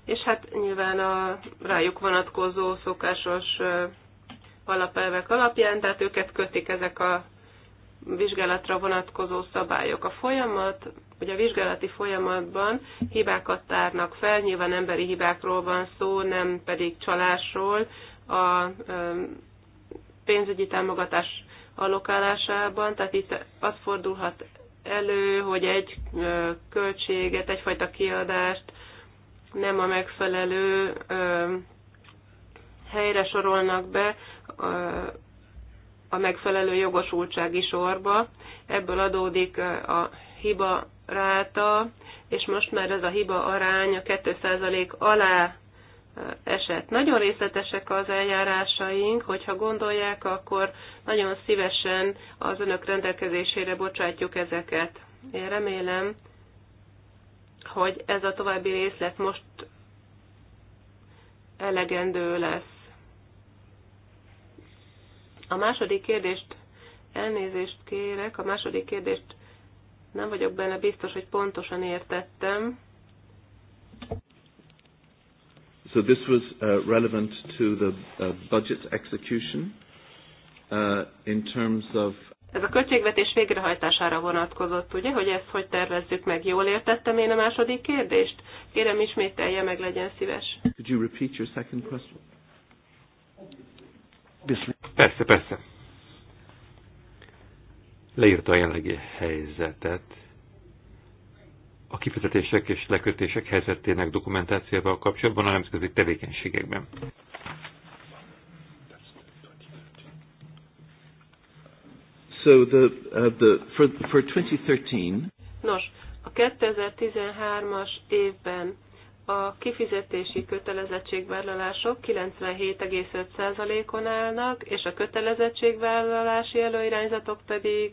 és hát nyilván a rájuk vonatkozó szokásos alapelvek alapján, tehát őket kötik ezek a vizsgálatra vonatkozó szabályok. A folyamat, hogy a vizsgálati folyamatban hibákat tárnak fel, nyilván emberi hibákról van szó, nem pedig csalásról. A pénzügyi támogatás allokálásában, tehát itt az fordulhat elő, hogy egy költséget, egyfajta kiadást nem a megfelelő helyre sorolnak be a megfelelő jogosultsági sorba. Ebből adódik a hiba ráta, és most már ez a hiba arány a 2% alá eset. Nagyon részletesek az eljárásaink, hogyha gondolják, akkor nagyon szívesen az önök rendelkezésére bocsátjuk ezeket. Én remélem, hogy ez a további részlet most elegendő lesz. A második kérdést, elnézést kérek, a második kérdést nem vagyok benne biztos, hogy pontosan értettem. So this was uh, relevant to the uh, budget execution uh, in terms of ez a költségvetés végrehajtására vonatkozott, ugye, hogy ezt hogy tervezzük meg? Jól értettem én a második kérdést? Kérem ismételje meg, legyen szíves. Could you repeat your second question? Persze, persze. Leírta a jelenlegi helyzetet, a kifizetések és lekötések helyzetének dokumentációval kapcsolatban a nemzetközi tevékenységekben. So the, uh, the, for, for 2013... Nos, a 2013-as évben a kifizetési kötelezettségvállalások 97,5%-on állnak, és a kötelezettségvállalási előirányzatok pedig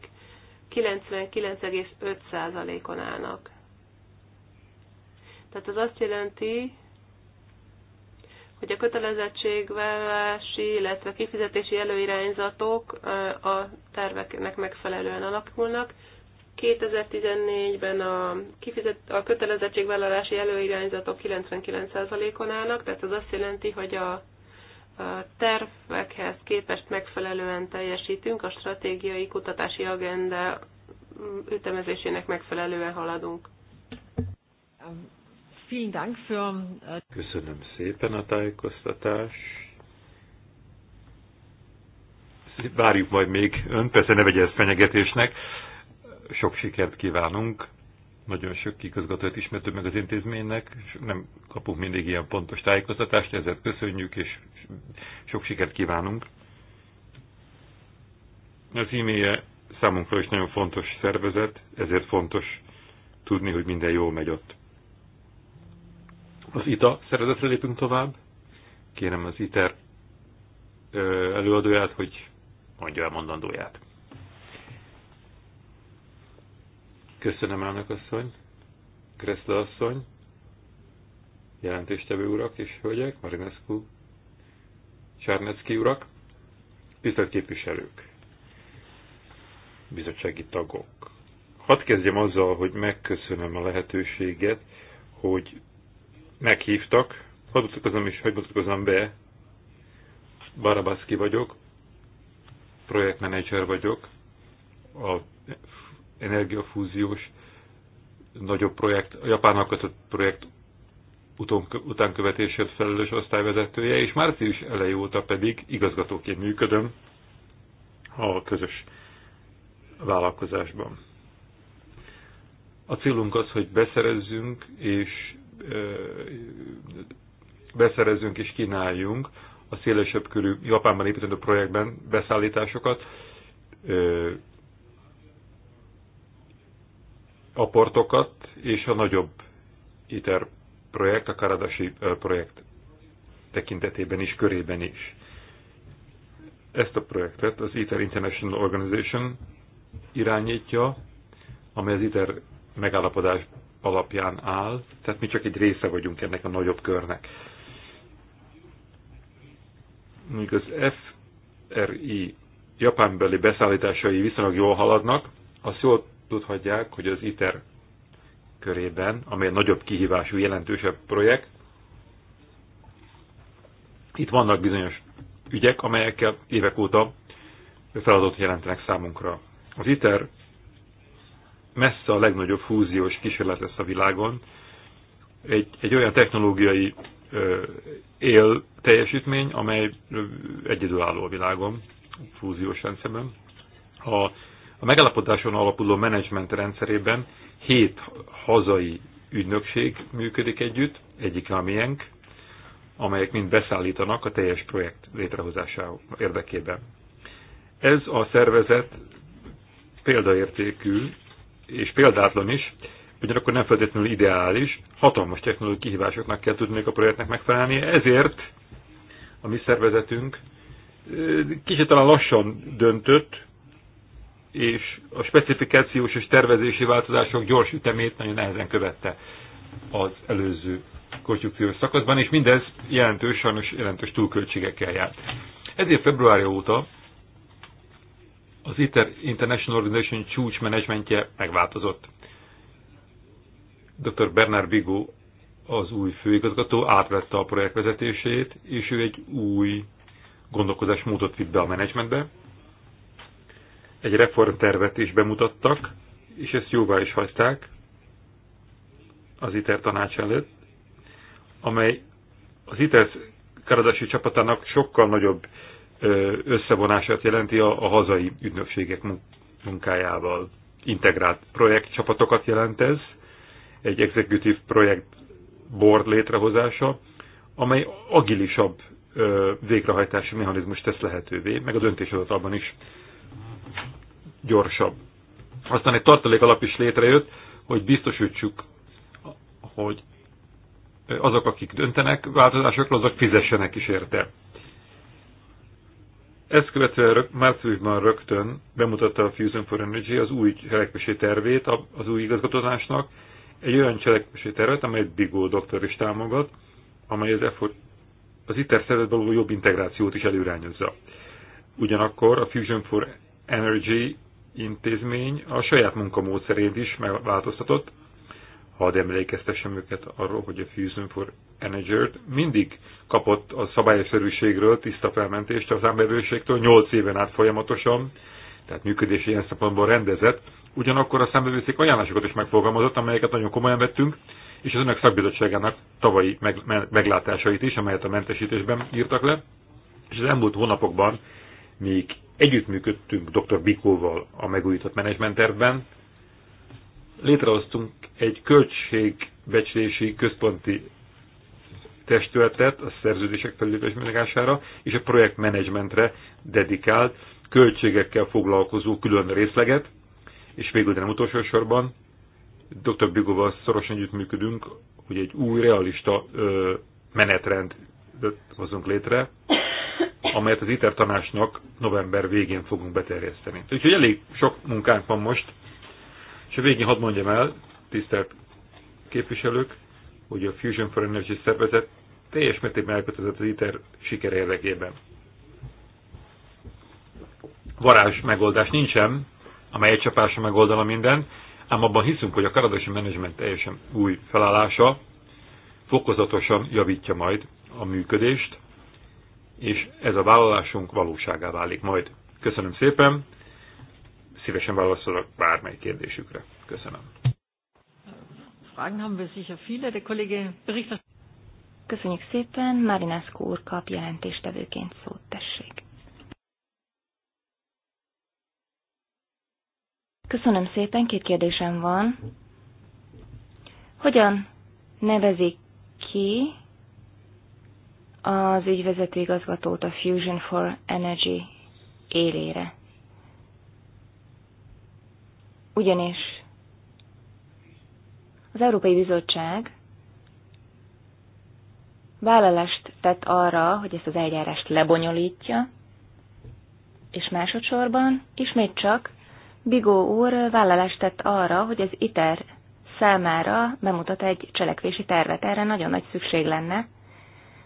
99,5%-on állnak. Tehát ez azt jelenti, hogy a kötelezettségvállási, illetve kifizetési előirányzatok a terveknek megfelelően alakulnak. 2014-ben a, kifizet, a kötelezettségvállalási előirányzatok 99%-on állnak, tehát ez azt jelenti, hogy a, a tervekhez képest megfelelően teljesítünk, a stratégiai kutatási agenda ütemezésének megfelelően haladunk. Um, Vielen Dank für... Äh, Köszönöm szépen a tájékoztatást. Várjuk majd még ön, persze ne vegye ezt fenyegetésnek. Sok sikert kívánunk. Nagyon sok igazgatót ismertük meg az intézménynek, és nem kapunk mindig ilyen pontos tájékoztatást, ezért köszönjük, és sok sikert kívánunk. Az e számunkra is nagyon fontos szervezet, ezért fontos tudni, hogy minden jól megy ott. Az ITA szeretetre lépünk tovább. Kérem az ITER előadóját, hogy mondja el mondandóját. Köszönöm elnök asszony, Kreszle asszony, jelentéstevő urak és hölgyek, Marinescu, Csárnecki urak, tisztelt képviselők, bizottsági tagok. Hadd kezdjem azzal, hogy megköszönöm a lehetőséget, hogy meghívtak, hadd mutatkozom is, hogy mutatkozom be, Barabaszki vagyok, projektmenedzser vagyok, a energiafúziós nagyobb projekt, a japánnal kötött projekt utánkövetésért felelős osztályvezetője, és március elejé óta pedig igazgatóként működöm a közös vállalkozásban. A célunk az, hogy beszerezzünk és beszerezünk és kínáljunk a szélesebb körű Japánban építendő projektben beszállításokat, aportokat és a nagyobb ITER projekt, a Karadasi projekt tekintetében is, körében is. Ezt a projektet az ITER International Organization irányítja, amely az ITER megállapodás alapján áll, tehát mi csak egy része vagyunk ennek a nagyobb körnek. Míg az FRI japánbeli beszállításai viszonylag jól haladnak, azt jól tudhatják, hogy az ITER körében, amely a nagyobb kihívású, jelentősebb projekt, itt vannak bizonyos ügyek, amelyekkel évek óta feladatot jelentenek számunkra. Az ITER messze a legnagyobb fúziós kísérlet lesz a világon. Egy, egy olyan technológiai ö, él teljesítmény, amely egyedülálló a világon, fúziós rendszerben. A, a megállapodáson alapuló menedzsment rendszerében hét hazai ügynökség működik együtt, egyik a miénk, amelyek mind beszállítanak a teljes projekt létrehozása érdekében. Ez a szervezet példaértékű és példátlan is, ugyanakkor nem feltétlenül ideális, hatalmas technológiai kihívásoknak kell tudnék a projektnek megfelelni, ezért a mi szervezetünk kicsit talán lassan döntött, és a specifikációs és tervezési változások gyors ütemét nagyon nehezen követte az előző konstrukciós szakaszban, és mindez jelentős, sajnos jelentős túlköltségekkel járt. Ezért február óta az ITER International Organization csúcs menedzsmentje megváltozott. Dr. Bernard Bigó az új főigazgató átvette a projekt vezetését, és ő egy új gondolkozásmódot vitt be a menedzsmentbe. Egy reformtervet is bemutattak, és ezt jóvá is hagyták az ITER tanács előtt, amely az ITER karadási csapatának sokkal nagyobb összevonását jelenti a, a hazai ügynökségek munkájával. Integrált projektcsapatokat jelent ez, egy executive projekt board létrehozása, amely agilisabb ö, végrehajtási mechanizmus tesz lehetővé, meg a döntéshozatalban is gyorsabb. Aztán egy tartalék alap is létrejött, hogy biztosítsuk, hogy azok, akik döntenek változásokról, azok fizessenek is érte. Ezt követően márciusban rögtön bemutatta a Fusion for Energy az új cselekvési tervét az új igazgatózásnak, egy olyan cselekvési tervet, amelyet Bigó doktor is támogat, amely az, effort, az ITER szervezetben való jobb integrációt is előrányozza. Ugyanakkor a Fusion for Energy intézmény a saját munkamódszerét is megváltoztatott, hadd emlékeztessem őket arról, hogy a Fusion for Energy mindig kapott a szabályszerűségről tiszta felmentést az számbevőségtől 8 éven át folyamatosan, tehát működési ilyen szempontból rendezett, ugyanakkor a számbevőszék ajánlásokat is megfogalmazott, amelyeket nagyon komolyan vettünk, és az önök szakbizottságának tavalyi meg, meglátásait is, amelyet a mentesítésben írtak le, és az elmúlt hónapokban még együttműködtünk dr. Bikóval a megújított menedzsmentervben, létrehoztunk egy költségbecslési központi testületet a szerződések felülépés megására és a projektmenedzsmentre dedikált költségekkel foglalkozó külön részleget, és végül, de nem utolsó sorban, dr. Bigóval szorosan együttműködünk, hogy egy új realista ö, menetrend hozunk létre, amelyet az ITER tanácsnak november végén fogunk beterjeszteni. Úgyhogy elég sok munkánk van most, és a végén hadd mondjam el, tisztelt képviselők, hogy a Fusion for Energy szervezet teljes mértékben elkötelezett az ITER siker érdekében. Varázs megoldás nincsen, amely egy csapásra megoldana mindent, ám abban hiszünk, hogy a karadosi menedzsment teljesen új felállása fokozatosan javítja majd a működést, és ez a vállalásunk valóságá válik majd. Köszönöm szépen! szívesen válaszolok bármely kérdésükre. Köszönöm. Fragen haben wir sicher viele. Der Kollege Köszönjük szépen. Marinescu úr kap jelentéstevőként szót. Tessék. Köszönöm szépen. Két kérdésem van. Hogyan nevezik ki az ügyvezető igazgatót a Fusion for Energy élére? Ugyanis az Európai Bizottság vállalást tett arra, hogy ezt az eljárást lebonyolítja, és másodszorban ismét csak Bigó úr vállalást tett arra, hogy az ITER számára bemutat egy cselekvési tervet. Erre nagyon nagy szükség lenne,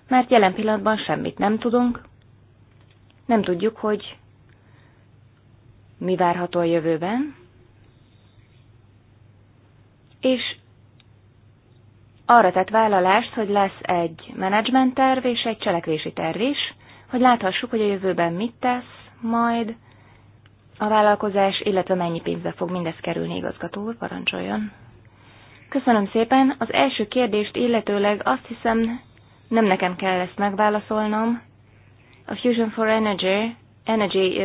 mert jelen pillanatban semmit nem tudunk, nem tudjuk, hogy mi várható a jövőben, és arra tett vállalást, hogy lesz egy terv és egy cselekvési terv is, hogy láthassuk, hogy a jövőben mit tesz majd a vállalkozás, illetve mennyi pénzbe fog mindez kerülni, igazgató úr, parancsoljon. Köszönöm szépen. Az első kérdést illetőleg azt hiszem nem nekem kell ezt megválaszolnom. A Fusion for Energy Energy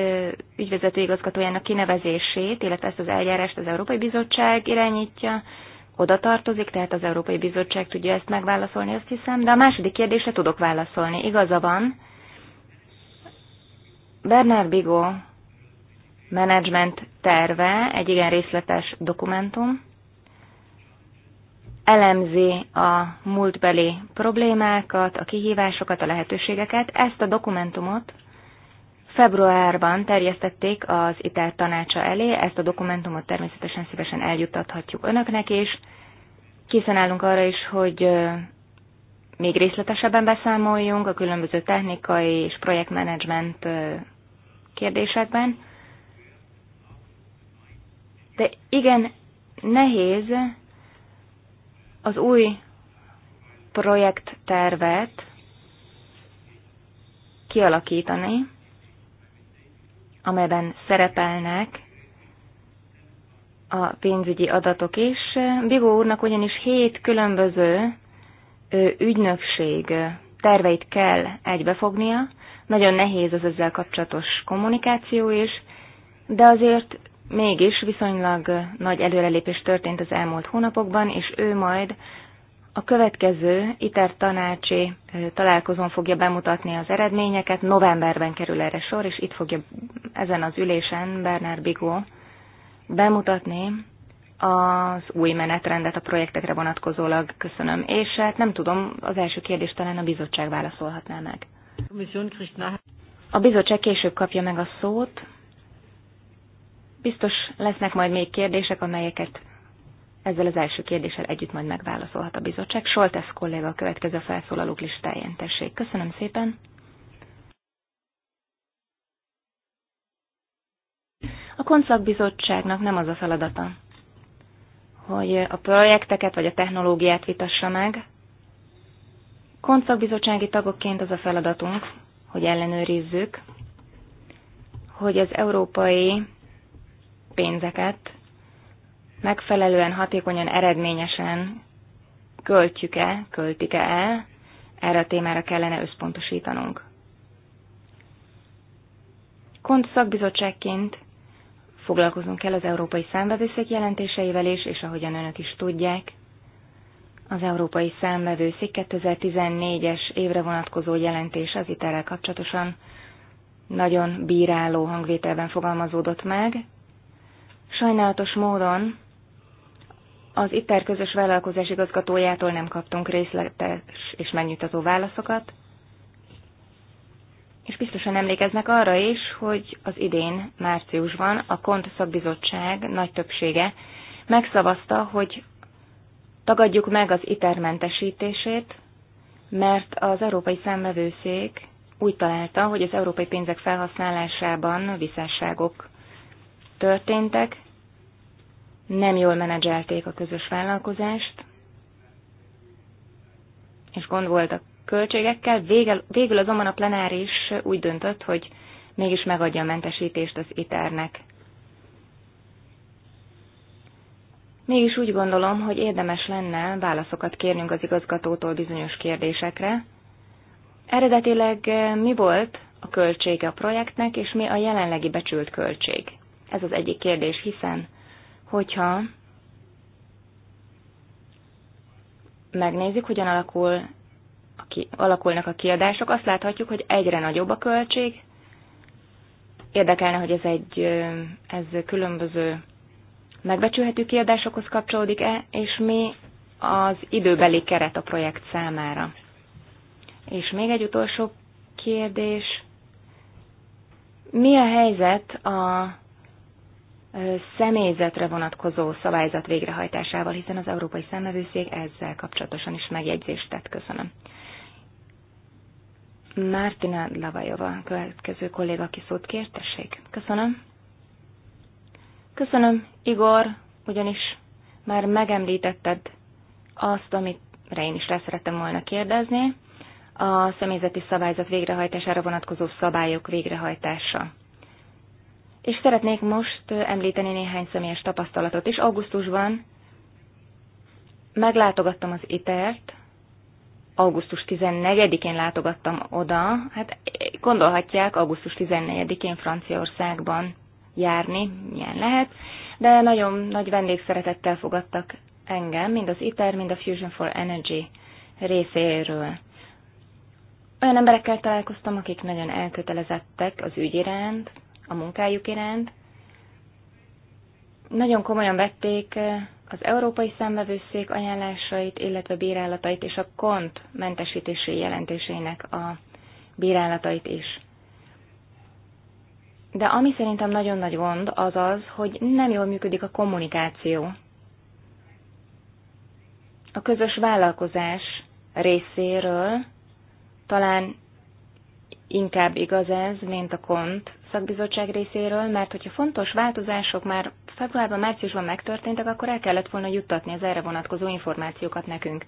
ügyvezető igazgatójának kinevezését, illetve ezt az eljárást az Európai Bizottság irányítja, oda tartozik, tehát az Európai Bizottság tudja ezt megválaszolni, azt hiszem, de a második kérdésre tudok válaszolni. Igaza van, Bernard Bigó menedzsment terve egy igen részletes dokumentum, elemzi a múltbeli problémákat, a kihívásokat, a lehetőségeket. Ezt a dokumentumot Februárban terjesztették az ITER tanácsa elé, ezt a dokumentumot természetesen szívesen eljuttathatjuk önöknek is. Készen állunk arra is, hogy még részletesebben beszámoljunk a különböző technikai és projektmenedzsment kérdésekben. De igen, nehéz az új projekttervet kialakítani, amelyben szerepelnek a pénzügyi adatok is. Bigó úrnak ugyanis hét különböző ügynökség terveit kell egybefognia, nagyon nehéz az ezzel kapcsolatos kommunikáció is, de azért mégis viszonylag nagy előrelépés történt az elmúlt hónapokban, és ő majd a következő ITER tanácsi találkozón fogja bemutatni az eredményeket, novemberben kerül erre sor, és itt fogja ezen az ülésen Bernard Bigó bemutatni az új menetrendet a projektekre vonatkozólag. Köszönöm. És hát nem tudom, az első kérdést talán a bizottság válaszolhatná meg. A bizottság később kapja meg a szót. Biztos lesznek majd még kérdések, amelyeket ezzel az első kérdéssel együtt majd megválaszolhat a bizottság. Soltesz kolléga a következő felszólalók listáján. Tessék, köszönöm szépen. A konszakbizottságnak nem az a feladata, hogy a projekteket vagy a technológiát vitassa meg. Konszakbizottsági tagokként az a feladatunk, hogy ellenőrizzük, hogy az európai pénzeket megfelelően, hatékonyan, eredményesen költjük-e, költik-e el, erre a témára kellene összpontosítanunk. Kont szakbizottságként foglalkozunk el az Európai Számvevőszék jelentéseivel is, és ahogyan önök is tudják, az Európai Számvevőszék 2014-es évre vonatkozó jelentés az iterrel kapcsolatosan nagyon bíráló hangvételben fogalmazódott meg. Sajnálatos módon az ITER közös vállalkozás igazgatójától nem kaptunk részletes és megnyugtató válaszokat, és biztosan emlékeznek arra is, hogy az idén, márciusban a KONT szakbizottság nagy többsége megszavazta, hogy tagadjuk meg az ITER mentesítését, mert az Európai Számvevőszék úgy találta, hogy az európai pénzek felhasználásában visszásságok történtek, nem jól menedzselték a közös vállalkozást, és gond volt a költségekkel. Végül, végül azonban a plenáris úgy döntött, hogy mégis megadja a mentesítést az iternek. Mégis úgy gondolom, hogy érdemes lenne válaszokat kérnünk az igazgatótól bizonyos kérdésekre. Eredetileg eh, mi volt a költsége a projektnek, és mi a jelenlegi becsült költség? Ez az egyik kérdés, hiszen hogyha megnézzük, hogyan alakul, ki, alakulnak a kiadások, azt láthatjuk, hogy egyre nagyobb a költség. Érdekelne, hogy ez egy ez különböző megbecsülhető kiadásokhoz kapcsolódik-e, és mi az időbeli keret a projekt számára. És még egy utolsó kérdés. Mi a helyzet a személyzetre vonatkozó szabályzat végrehajtásával, hiszen az Európai Szemlevőszék ezzel kapcsolatosan is megjegyzést tett. Köszönöm. Mártina Lavajova, következő kolléga, aki szót kért, tessék. Köszönöm. Köszönöm, Igor, ugyanis már megemlítetted azt, amit én is leszerettem volna kérdezni, a személyzeti szabályzat végrehajtására vonatkozó szabályok végrehajtása. És szeretnék most említeni néhány személyes tapasztalatot is. Augusztusban meglátogattam az ITER-t, e augusztus 14-én látogattam oda, hát gondolhatják, augusztus 14-én Franciaországban járni, milyen lehet, de nagyon nagy vendégszeretettel fogadtak engem, mind az ITER, mind a Fusion for Energy részéről. Olyan emberekkel találkoztam, akik nagyon elkötelezettek az ügy iránt, a munkájuk iránt. Nagyon komolyan vették az Európai Számvevőszék ajánlásait, illetve bírálatait és a KONT mentesítési jelentésének a bírálatait is. De ami szerintem nagyon nagy gond, az az, hogy nem jól működik a kommunikáció. A közös vállalkozás részéről talán inkább igaz ez, mint a kont szakbizottság részéről, mert hogyha fontos változások már februárban, márciusban megtörténtek, akkor el kellett volna juttatni az erre vonatkozó információkat nekünk.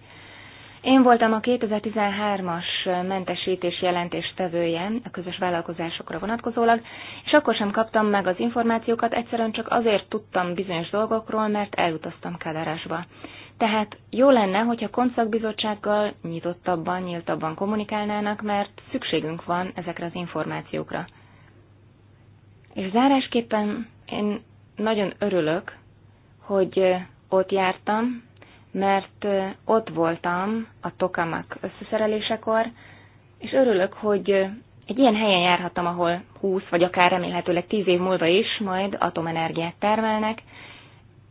Én voltam a 2013-as mentesítés jelentés tevője a közös vállalkozásokra vonatkozólag, és akkor sem kaptam meg az információkat, egyszerűen csak azért tudtam bizonyos dolgokról, mert elutaztam Kadarásba. Tehát jó lenne, hogyha konszakbizottsággal nyitottabban, nyíltabban kommunikálnának, mert szükségünk van ezekre az információkra. És zárásképpen én nagyon örülök, hogy ott jártam, mert ott voltam a tokamak összeszerelésekor, és örülök, hogy egy ilyen helyen járhattam, ahol 20 vagy akár remélhetőleg 10 év múlva is majd atomenergiát termelnek,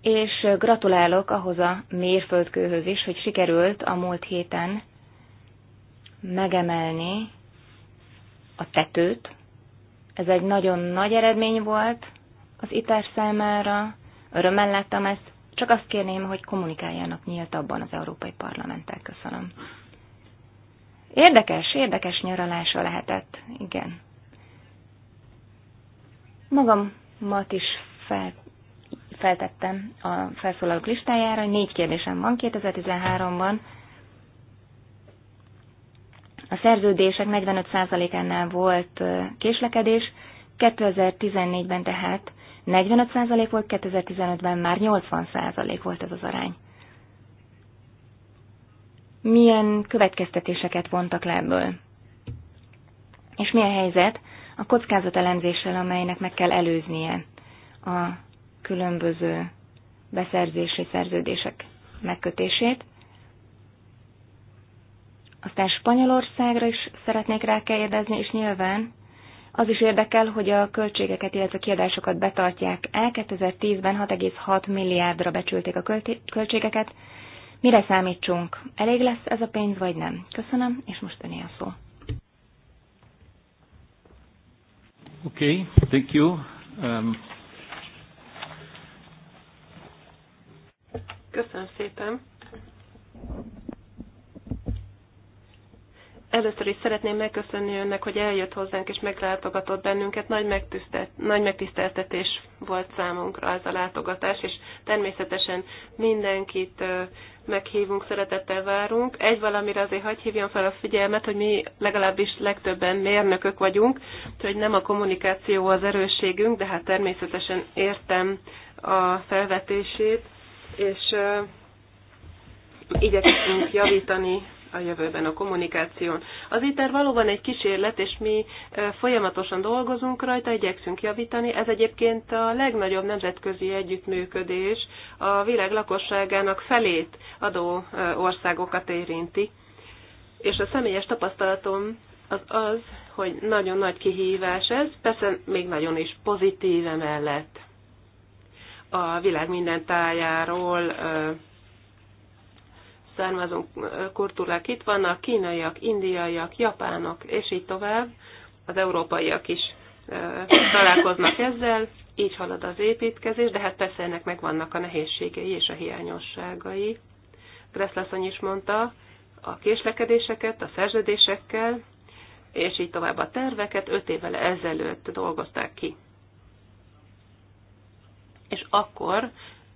és gratulálok ahhoz a mérföldkőhöz is, hogy sikerült a múlt héten megemelni a tetőt, ez egy nagyon nagy eredmény volt az ITER számára, örömmel láttam ezt, csak azt kérném, hogy kommunikáljanak nyíltabban az Európai Parlamenttel. Köszönöm. Érdekes, érdekes nyaralása lehetett, igen. Magamat is fel, feltettem a felszólalók listájára, négy kérdésem van 2013-ban, a szerződések 45%-ánál volt késlekedés, 2014-ben tehát 45% volt, 2015-ben már 80% volt ez az arány. Milyen következtetéseket vontak le ebből? És milyen helyzet a elemzéssel, amelynek meg kell előznie a különböző beszerzési szerződések megkötését? Aztán Spanyolországra is szeretnék rákérdezni, és nyilván az is érdekel, hogy a költségeket, illetve a kiadásokat betartják el. 2010-ben 6,6 milliárdra becsülték a költségeket. Mire számítsunk? Elég lesz ez a pénz, vagy nem? Köszönöm, és most öné a szó. Okay, thank you. Um... Köszönöm szépen. Először is szeretném megköszönni önnek, hogy eljött hozzánk és meglátogatott bennünket. Nagy, megtisztelt, nagy megtiszteltetés volt számunkra ez a látogatás, és természetesen mindenkit meghívunk, szeretettel várunk. Egy valamire azért hagy hívjam fel a figyelmet, hogy mi legalábbis legtöbben mérnökök vagyunk, hogy nem a kommunikáció az erősségünk, de hát természetesen értem a felvetését, és igyekszünk javítani a jövőben a kommunikáción. Az ITER valóban egy kísérlet, és mi folyamatosan dolgozunk rajta, igyekszünk javítani. Ez egyébként a legnagyobb nemzetközi együttműködés a világ lakosságának felét adó országokat érinti. És a személyes tapasztalatom az az, hogy nagyon nagy kihívás ez, persze még nagyon is pozitív emellett. A világ minden tájáról származó kultúrák itt vannak, kínaiak, indiaiak, japánok, és így tovább. Az európaiak is találkoznak ezzel, így halad az építkezés, de hát persze ennek megvannak a nehézségei és a hiányosságai. Greszlaszony is mondta, a késlekedéseket, a szerződésekkel, és így tovább a terveket öt évvel ezelőtt dolgozták ki. És akkor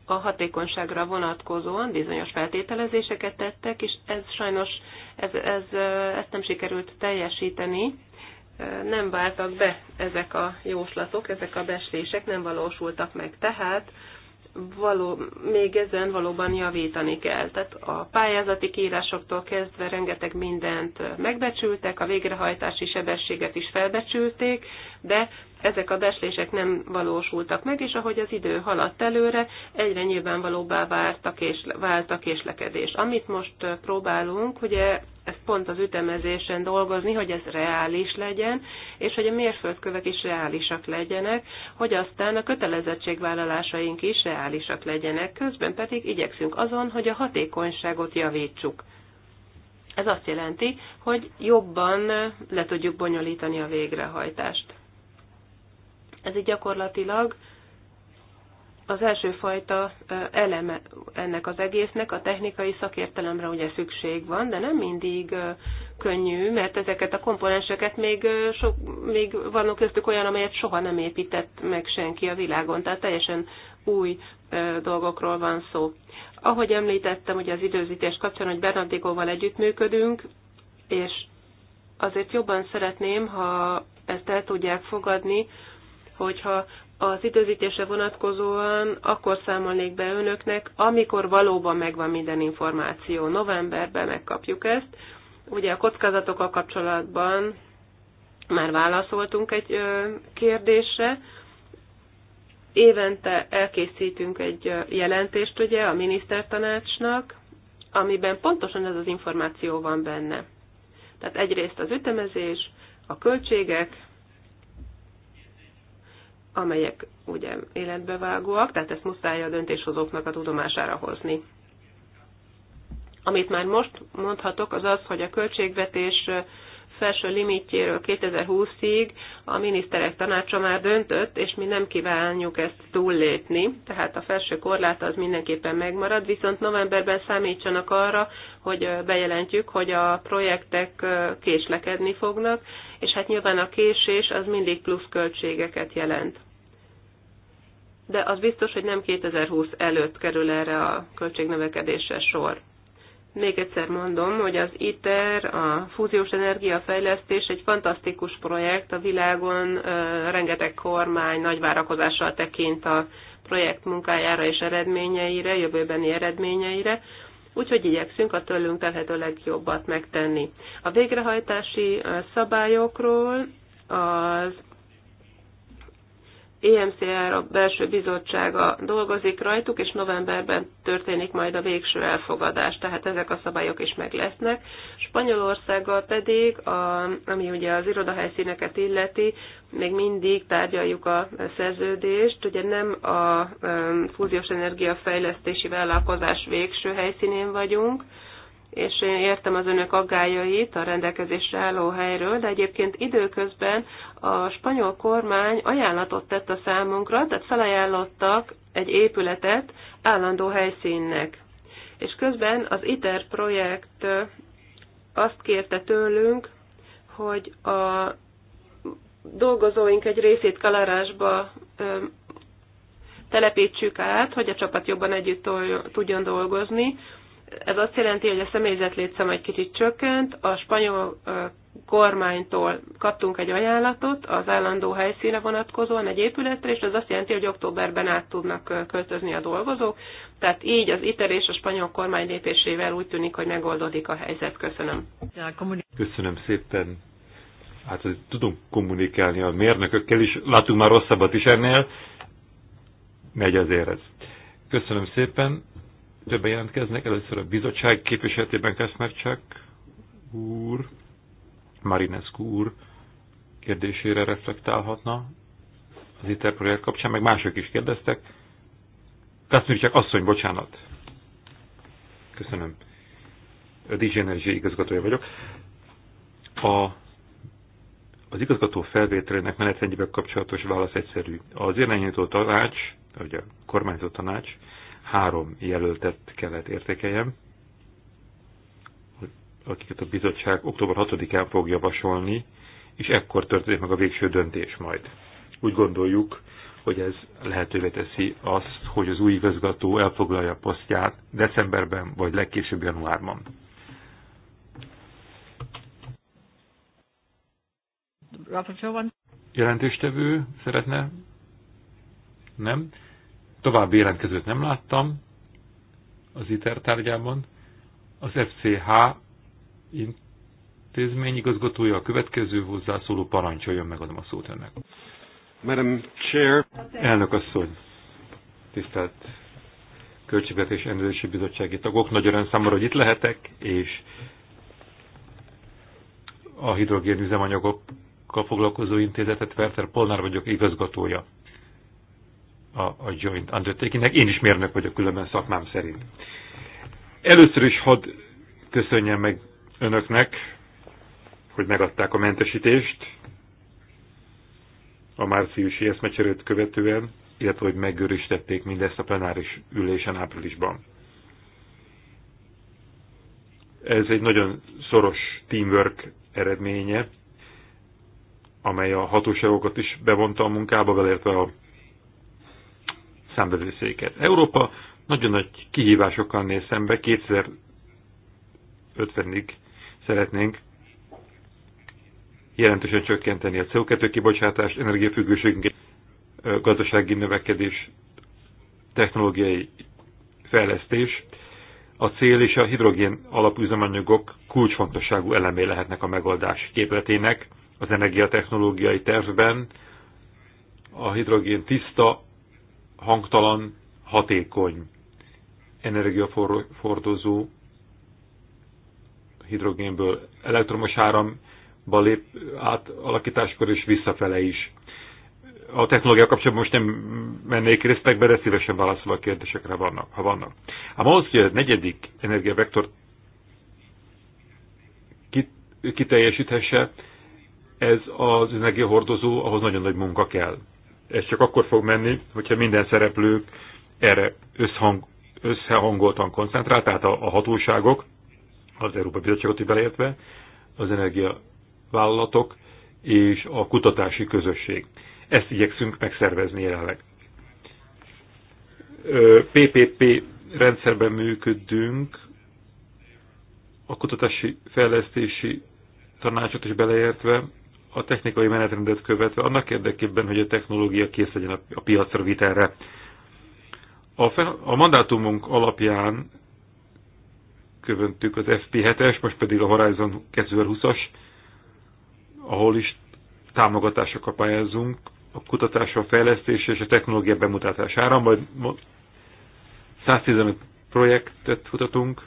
a hatékonyságra vonatkozóan bizonyos feltételezéseket tettek, és ez sajnos ez, ez, ezt nem sikerült teljesíteni. Nem váltak be ezek a jóslatok, ezek a beslések nem valósultak meg. Tehát való, még ezen valóban javítani kell. Tehát a pályázati kiírásoktól kezdve rengeteg mindent megbecsültek, a végrehajtási sebességet is felbecsülték, de ezek a beslések nem valósultak meg, és ahogy az idő haladt előre, egyre nyilvánvalóbbá vártak és, vált a késlekedés. Amit most próbálunk, ugye ezt pont az ütemezésen dolgozni, hogy ez reális legyen, és hogy a mérföldkövek is reálisak legyenek, hogy aztán a kötelezettségvállalásaink is reálisak legyenek, közben pedig igyekszünk azon, hogy a hatékonyságot javítsuk. Ez azt jelenti, hogy jobban le tudjuk bonyolítani a végrehajtást. Ez így gyakorlatilag az első fajta eleme ennek az egésznek, a technikai szakértelemre ugye szükség van, de nem mindig könnyű, mert ezeket a komponenseket még, sok, még vannak köztük olyan, amelyet soha nem épített meg senki a világon, tehát teljesen új dolgokról van szó. Ahogy említettem, hogy az időzítés kapcsán, hogy Bernardigóval együttműködünk, és azért jobban szeretném, ha ezt el tudják fogadni, hogyha az időzítése vonatkozóan akkor számolnék be önöknek, amikor valóban megvan minden információ. Novemberben megkapjuk ezt. Ugye a kockázatokkal kapcsolatban már válaszoltunk egy kérdésre. Évente elkészítünk egy jelentést ugye a minisztertanácsnak, amiben pontosan ez az információ van benne. Tehát egyrészt az ütemezés, a költségek, amelyek ugye életbevágóak, tehát ezt muszáj a döntéshozóknak a tudomására hozni. Amit már most mondhatok, az az, hogy a költségvetés felső limitjéről 2020-ig a miniszterek tanácsa már döntött, és mi nem kívánjuk ezt túllépni, tehát a felső korlát az mindenképpen megmarad, viszont novemberben számítsanak arra, hogy bejelentjük, hogy a projektek késlekedni fognak, és hát nyilván a késés az mindig plusz költségeket jelent de az biztos, hogy nem 2020 előtt kerül erre a költségnövekedésre sor. Még egyszer mondom, hogy az ITER, a fúziós energiafejlesztés egy fantasztikus projekt, a világon rengeteg kormány nagy várakozással tekint a projekt munkájára és eredményeire, jövőbeni eredményeire, úgyhogy igyekszünk a tőlünk telhető legjobbat megtenni. A végrehajtási szabályokról az EMCR a belső bizottsága dolgozik rajtuk, és novemberben történik majd a végső elfogadás, tehát ezek a szabályok is meg lesznek. Spanyolországgal pedig, a, ami ugye az irodahelyszíneket illeti, még mindig tárgyaljuk a szerződést, ugye nem a fúziós energiafejlesztési vállalkozás végső helyszínén vagyunk, és én értem az önök aggájait a rendelkezésre álló helyről, de egyébként időközben a spanyol kormány ajánlatot tett a számunkra, tehát felajánlottak egy épületet állandó helyszínnek. És közben az ITER projekt azt kérte tőlünk, hogy a dolgozóink egy részét Kalarásba telepítsük át, hogy a csapat jobban együtt tudjon dolgozni, ez azt jelenti, hogy a személyzet létszám egy kicsit csökkent, a spanyol kormánytól kaptunk egy ajánlatot az állandó helyszíne vonatkozóan egy épületre, és ez azt jelenti, hogy októberben át tudnak költözni a dolgozók. Tehát így az ITER és a spanyol kormány lépésével úgy tűnik, hogy megoldódik a helyzet. Köszönöm. Köszönöm szépen. Hát tudunk kommunikálni a mérnökökkel is, látunk már rosszabbat is ennél. Megy azért ez. Köszönöm szépen többen jelentkeznek. Először a bizottság képviseletében csak úr, Marinescu úr kérdésére reflektálhatna az ITER projekt kapcsán, meg mások is kérdeztek. Kaszmircsák asszony, bocsánat. Köszönöm. A DJ Energy igazgatója vagyok. A, az igazgató felvételének menetrendjével kapcsolatos válasz egyszerű. Az irányító tanács, vagy a kormányzó tanács Három jelöltet kellett értékeljem, akiket a bizottság október 6-án fog javasolni, és ekkor történik meg a végső döntés majd. Úgy gondoljuk, hogy ez lehetővé teszi azt, hogy az új igazgató elfoglalja a posztját decemberben, vagy legkésőbb januárban. Jelentéstevő szeretne? Nem? További jelentkezőt nem láttam az ITER tárgyában. Az FCH intézmény igazgatója a következő hozzászóló parancsoljon, megadom a szót ennek. Madam Chair. Elnök asszony, tisztelt Költségvetés és Bizottsági tagok, nagy öröm számomra, hogy itt lehetek, és a hidrogén üzemanyagokkal foglalkozó intézetet Werther Polnár vagyok igazgatója a, a joint undertakingnek. Én is mérnök vagyok különben szakmám szerint. Először is hadd köszönjem meg önöknek, hogy megadták a mentesítést a márciusi eszmecserőt követően, illetve hogy megőriztették mindezt a plenáris ülésen áprilisban. Ez egy nagyon szoros teamwork eredménye, amely a hatóságokat is bevonta a munkába, beleértve a számbevőszéket. Európa nagyon nagy kihívásokkal néz szembe, 2050-ig szeretnénk jelentősen csökkenteni a CO2 kibocsátást, energiafüggőségünket, gazdasági növekedés, technológiai fejlesztés. A cél és a hidrogén alapüzemanyagok kulcsfontosságú elemé lehetnek a megoldás képletének az energiatechnológiai tervben. A hidrogén tiszta hangtalan, hatékony energiafordozó hidrogénből elektromos áramba lép alakításkor és visszafele is. A technológia kapcsolatban most nem mennék részletekbe, de szívesen válaszol a kérdésekre, vannak, ha vannak. Ám ahhoz, hogy a negyedik energiavektor kiteljesíthesse, ez az energiahordozó, ahhoz nagyon nagy munka kell ez csak akkor fog menni, hogyha minden szereplők erre összhang, összehangoltan koncentrál, tehát a, a hatóságok, az Európai Bizottságot is beleértve, az energiavállalatok és a kutatási közösség. Ezt igyekszünk megszervezni jelenleg. PPP rendszerben működünk, a kutatási fejlesztési tanácsot is beleértve, a technikai menetrendet követve, annak érdekében, hogy a technológia kész legyen a piacra vitelre. A, fel, a mandátumunk alapján kövöntük az FP7-es, most pedig a Horizon 2020-as, ahol is támogatásokra pályázunk a kutatásra, a fejlesztésre és a technológia bemutatására, majd 115 projektet futatunk,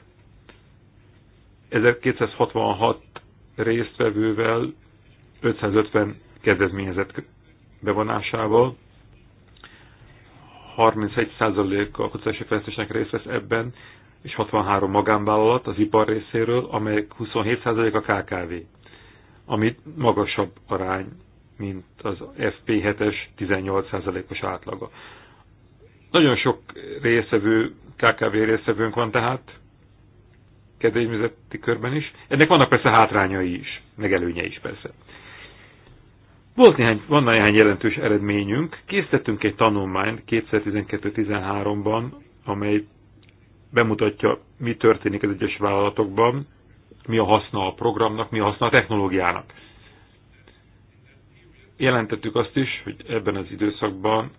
1266 résztvevővel 550 kedvezményezett bevonásával. 31% a kutatási fejlesztésnek részt vesz ebben, és 63 magánvállalat az ipar részéről, amelyek 27% a KKV, ami magasabb arány, mint az FP7-es 18%-os átlaga. Nagyon sok részevő, KKV részevőnk van tehát, kedvényezeti körben is. Ennek vannak persze hátrányai is, meg előnye is persze. Volt néhány, van néhány jelentős eredményünk. Készítettünk egy tanulmányt 2012-13-ban, amely bemutatja, mi történik az egyes vállalatokban, mi a haszna a programnak, mi a haszna a technológiának. Jelentettük azt is, hogy ebben az időszakban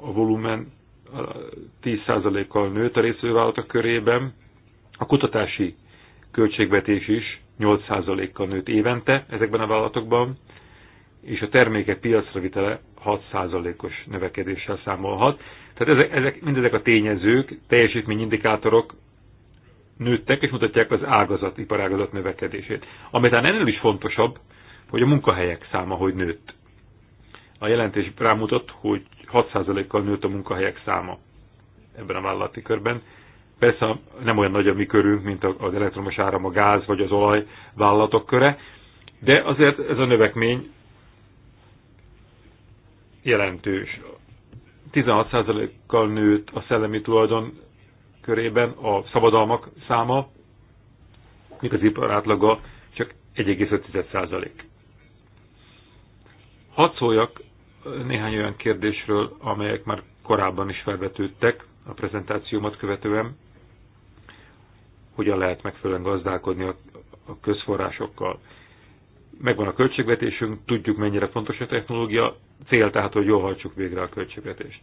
a volumen 10%-kal nőtt a részvővállalatok körében, a kutatási költségvetés is 8%-kal nőtt évente ezekben a vállalatokban, és a termékek piacra vitele 6%-os növekedéssel számolhat. Tehát ezek, ezek, mindezek a tényezők, teljesítményindikátorok nőttek, és mutatják az ágazat, iparágazat növekedését. Ami talán ennél is fontosabb, hogy a munkahelyek száma hogy nőtt. A jelentés rámutat, hogy 6%-kal nőtt a munkahelyek száma ebben a vállalati körben. Persze nem olyan nagy a mi körünk, mint az elektromos áram, a gáz vagy az olaj vállalatok köre, de azért ez a növekmény jelentős. 16%-kal nőtt a szellemi tulajdon körében a szabadalmak száma, míg az ipar átlaga csak 1,5%. Hadd szóljak néhány olyan kérdésről, amelyek már korábban is felvetődtek a prezentációmat követően, hogyan lehet megfelelően gazdálkodni a közforrásokkal megvan a költségvetésünk, tudjuk mennyire fontos a technológia, cél tehát, hogy jól hajtsuk végre a költségvetést.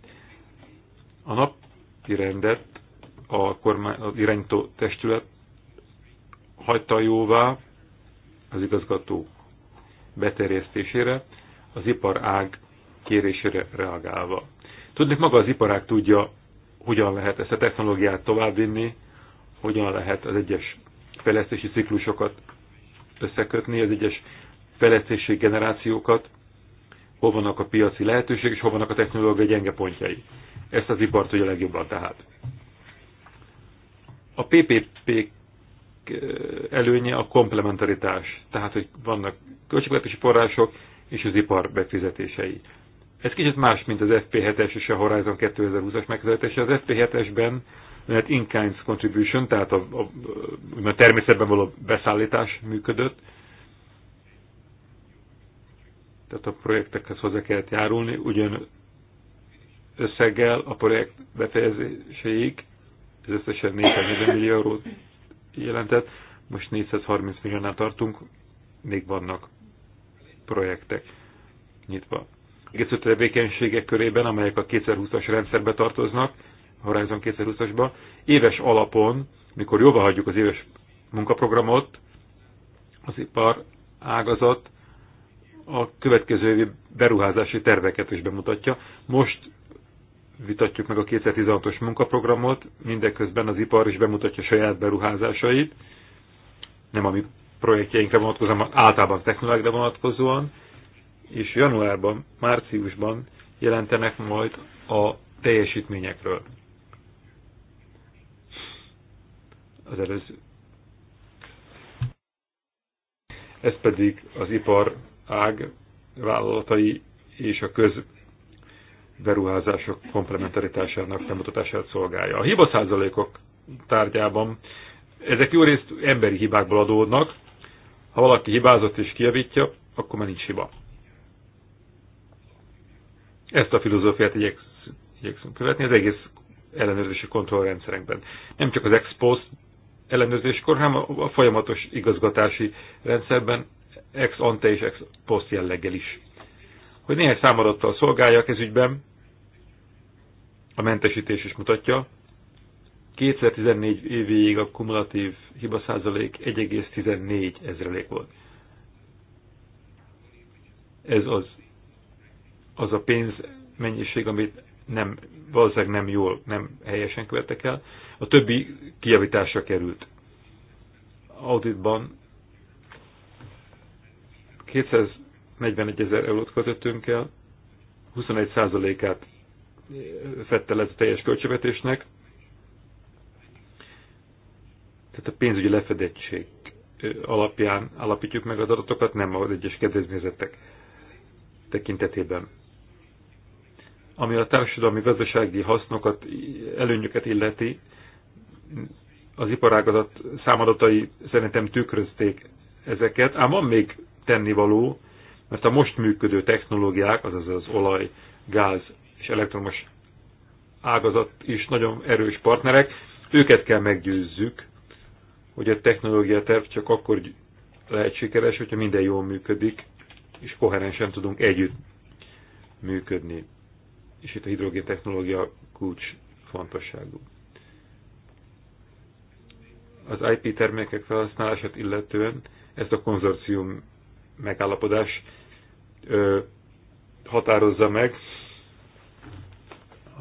A napi rendet a, kormány, az irányító testület hagyta jóvá az igazgató beterjesztésére, az iparág kérésére reagálva. Tudni, maga az iparág tudja, hogyan lehet ezt a technológiát továbbvinni, hogyan lehet az egyes fejlesztési ciklusokat összekötni, az egyes fejlesztési generációkat, hol vannak a piaci lehetőség és hol vannak a technológiai gyenge pontjai. Ezt az ipart tudja legjobban tehát. A PPP előnye a komplementaritás, tehát hogy vannak költségvetési források és az ipar befizetései. Ez kicsit más, mint az FP7-es és a Horizon 2020-as megközelítése. Az FP7-esben lehet in kinds contribution, tehát a, a, a természetben való beszállítás működött, tehát a projektekhez hozzá kellett járulni, ugyan összeggel a projekt befejezéséig, ez összesen 440 millió eurót jelentett, most 430 milliónál tartunk, még vannak projektek nyitva. Egész tevékenységek körében, amelyek a 2020-as rendszerbe tartoznak, Horizon 2020-asba, éves alapon, mikor jóvá hagyjuk az éves munkaprogramot, az ipar ágazat a következő évi beruházási terveket is bemutatja. Most vitatjuk meg a 2016-os munkaprogramot, mindeközben az ipar is bemutatja saját beruházásait, nem a mi projektjeinkre vonatkozóan, általában technológiára vonatkozóan, és januárban, márciusban jelentenek majd a teljesítményekről. Az előző. Ez pedig az ipar ág vállalatai és a köz beruházások komplementaritásának bemutatását szolgálja. A hiba százalékok tárgyában ezek jó részt emberi hibákból adódnak. Ha valaki hibázott és kijavítja, akkor már nincs hiba. Ezt a filozófiát igyekszünk, követni az egész ellenőrzési kontrollrendszerekben. Nem csak az ex ellenőrzéskor, hanem a folyamatos igazgatási rendszerben ex ante és ex post jelleggel is. Hogy néhány számadattal szolgáljak ez ügyben, a mentesítés is mutatja, 2014 évéig a kumulatív hibaszázalék 1,14 ezrelék volt. Ez az, az a pénz mennyiség, amit nem, valószínűleg nem jól, nem helyesen követtek el. A többi kijavításra került. Auditban 241 ezer eurót kötöttünk el, 21%-át fette le a teljes költségvetésnek. Tehát a pénzügyi lefedettség alapján alapítjuk meg az adatokat, nem az egyes kedvezményezettek tekintetében. Ami a társadalmi gazdasági hasznokat, előnyöket illeti, az iparágazat számadatai szerintem tükrözték ezeket, ám van még tennivaló, mert a most működő technológiák, azaz az olaj, gáz és elektromos ágazat is nagyon erős partnerek, őket kell meggyőzzük, hogy a technológia terv csak akkor lehet sikeres, hogyha minden jól működik, és koherensen tudunk együtt működni. És itt a hidrogén technológia kulcs fontosságú. Az IP termékek felhasználását illetően ezt a konzorcium megállapodás ö, határozza meg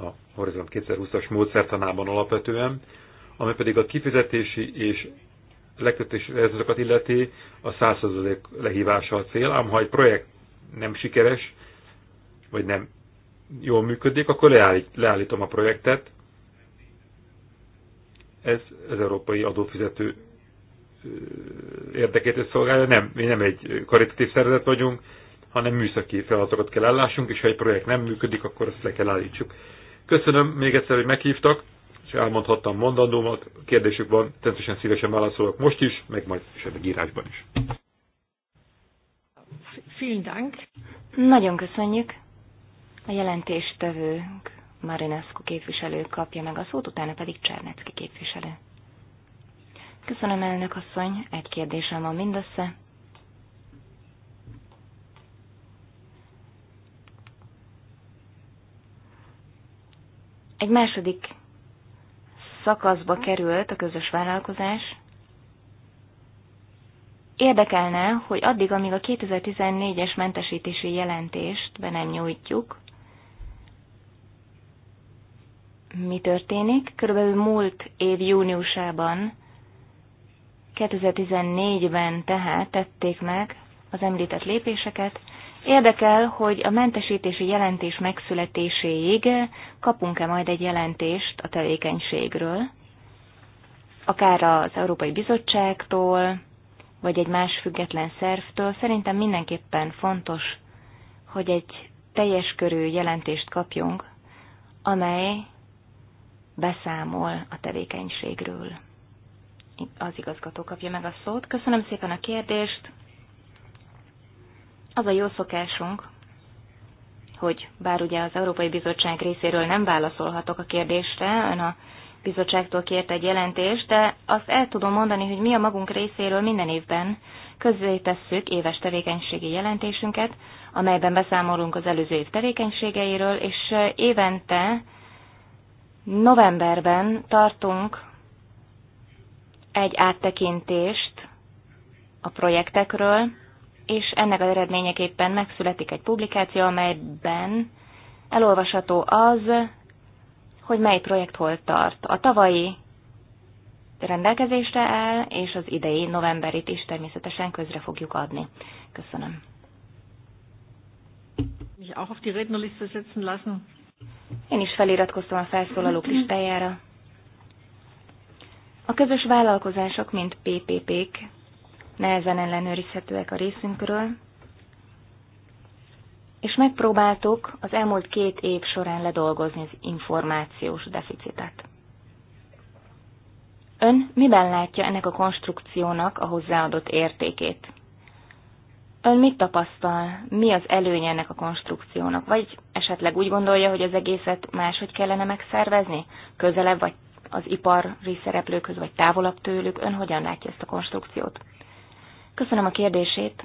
a Horizon 2020-as módszertanában alapvetően, ami pedig a kifizetési és lekötési rezervokat illeti a 100% lehívása a cél, ám ha egy projekt nem sikeres, vagy nem jól működik, akkor leállít, leállítom a projektet. Ez az európai adófizető érdekét is szolgálja. Nem, mi nem egy karitatív szervezet vagyunk, hanem műszaki feladatokat kell ellássunk, és ha egy projekt nem működik, akkor ezt le kell állítsuk. Köszönöm még egyszer, hogy meghívtak, és elmondhattam mondandómat. Kérdésük van, természetesen szívesen válaszolok most is, meg majd esetleg írásban is. Vielen Dank. Nagyon köszönjük. A jelentéstevőnk Marinescu képviselő kapja meg a szót, utána pedig Csernecki képviselő. Köszönöm, elnök asszony. Egy kérdésem van mindössze. Egy második szakaszba került a közös vállalkozás. Érdekelne, hogy addig, amíg a 2014-es mentesítési jelentést be nem nyújtjuk, mi történik? Körülbelül múlt év júniusában 2014-ben tehát tették meg az említett lépéseket. Érdekel, hogy a mentesítési jelentés megszületéséig kapunk-e majd egy jelentést a tevékenységről, akár az Európai Bizottságtól, vagy egy más független szervtől. Szerintem mindenképpen fontos, hogy egy teljes körű jelentést kapjunk, amely beszámol a tevékenységről az igazgató kapja meg a szót. Köszönöm szépen a kérdést. Az a jó szokásunk, hogy bár ugye az Európai Bizottság részéről nem válaszolhatok a kérdésre, ön a bizottságtól kért egy jelentést, de azt el tudom mondani, hogy mi a magunk részéről minden évben tesszük éves tevékenységi jelentésünket, amelyben beszámolunk az előző év tevékenységeiről, és évente novemberben tartunk egy áttekintést a projektekről, és ennek az eredményeképpen megszületik egy publikáció, amelyben elolvasható az, hogy mely projekt hol tart. A tavalyi rendelkezésre áll, és az idei novemberit is természetesen közre fogjuk adni. Köszönöm. Én is feliratkoztam a felszólalók listájára. A közös vállalkozások, mint PPP-k, nehezen ellenőrizhetőek a részünkről, és megpróbáltuk az elmúlt két év során ledolgozni az információs deficitet. Ön miben látja ennek a konstrukciónak a hozzáadott értékét? Ön mit tapasztal? Mi az előnye ennek a konstrukciónak? Vagy esetleg úgy gondolja, hogy az egészet máshogy kellene megszervezni? Közelebb vagy az ipari szereplőkhöz, vagy távolabb tőlük. Ön hogyan látja ezt a konstrukciót? Köszönöm a kérdését.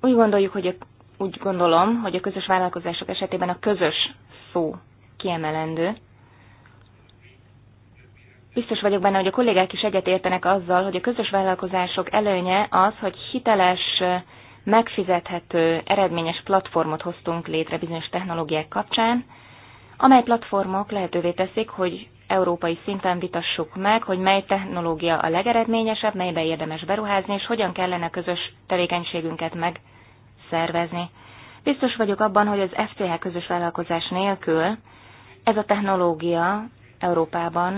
Úgy gondoljuk, hogy a, úgy gondolom, hogy a közös vállalkozások esetében a közös szó kiemelendő. Biztos vagyok benne, hogy a kollégák is egyetértenek azzal, hogy a közös vállalkozások előnye az, hogy hiteles megfizethető, eredményes platformot hoztunk létre bizonyos technológiák kapcsán, amely platformok lehetővé teszik, hogy európai szinten vitassuk meg, hogy mely technológia a legeredményesebb, melybe érdemes beruházni, és hogyan kellene közös tevékenységünket megszervezni. Biztos vagyok abban, hogy az FCH közös vállalkozás nélkül ez a technológia Európában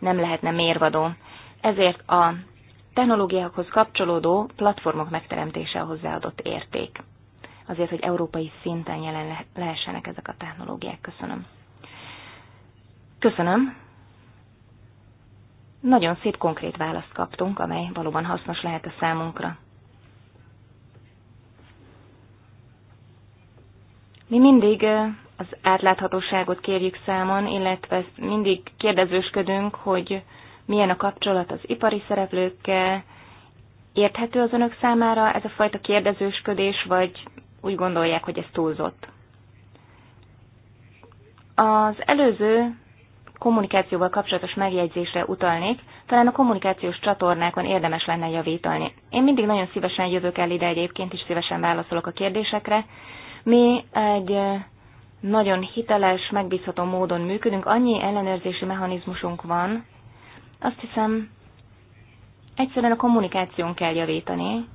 nem lehetne mérvadó. Ezért a technológiákhoz kapcsolódó platformok megteremtése a hozzáadott érték. Azért, hogy európai szinten jelen lehessenek ezek a technológiák. Köszönöm. Köszönöm. Nagyon szép konkrét választ kaptunk, amely valóban hasznos lehet a számunkra. Mi mindig az átláthatóságot kérjük számon, illetve mindig kérdezősködünk, hogy milyen a kapcsolat az ipari szereplőkkel. Érthető az önök számára ez a fajta kérdezősködés, vagy úgy gondolják, hogy ez túlzott? Az előző kommunikációval kapcsolatos megjegyzésre utalnék, talán a kommunikációs csatornákon érdemes lenne javítani. Én mindig nagyon szívesen jövök el ide egyébként, is szívesen válaszolok a kérdésekre. Mi egy nagyon hiteles, megbízható módon működünk, annyi ellenőrzési mechanizmusunk van, azt hiszem, egyszerűen a kommunikáción kell javítani,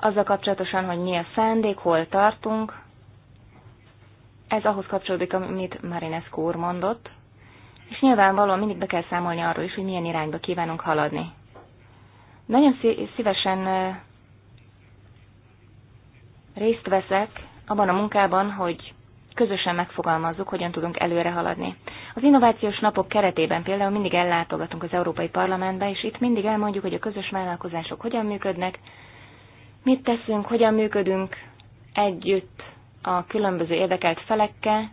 azzal kapcsolatosan, hogy mi a szándék, hol tartunk. Ez ahhoz kapcsolódik, amit Marines úr mondott, és nyilvánvalóan mindig be kell számolni arról is, hogy milyen irányba kívánunk haladni. Nagyon szívesen részt veszek abban a munkában, hogy közösen megfogalmazzuk, hogyan tudunk előre haladni. Az innovációs napok keretében például mindig ellátogatunk az Európai Parlamentbe, és itt mindig elmondjuk, hogy a közös vállalkozások hogyan működnek, mit teszünk, hogyan működünk együtt a különböző érdekelt felekkel,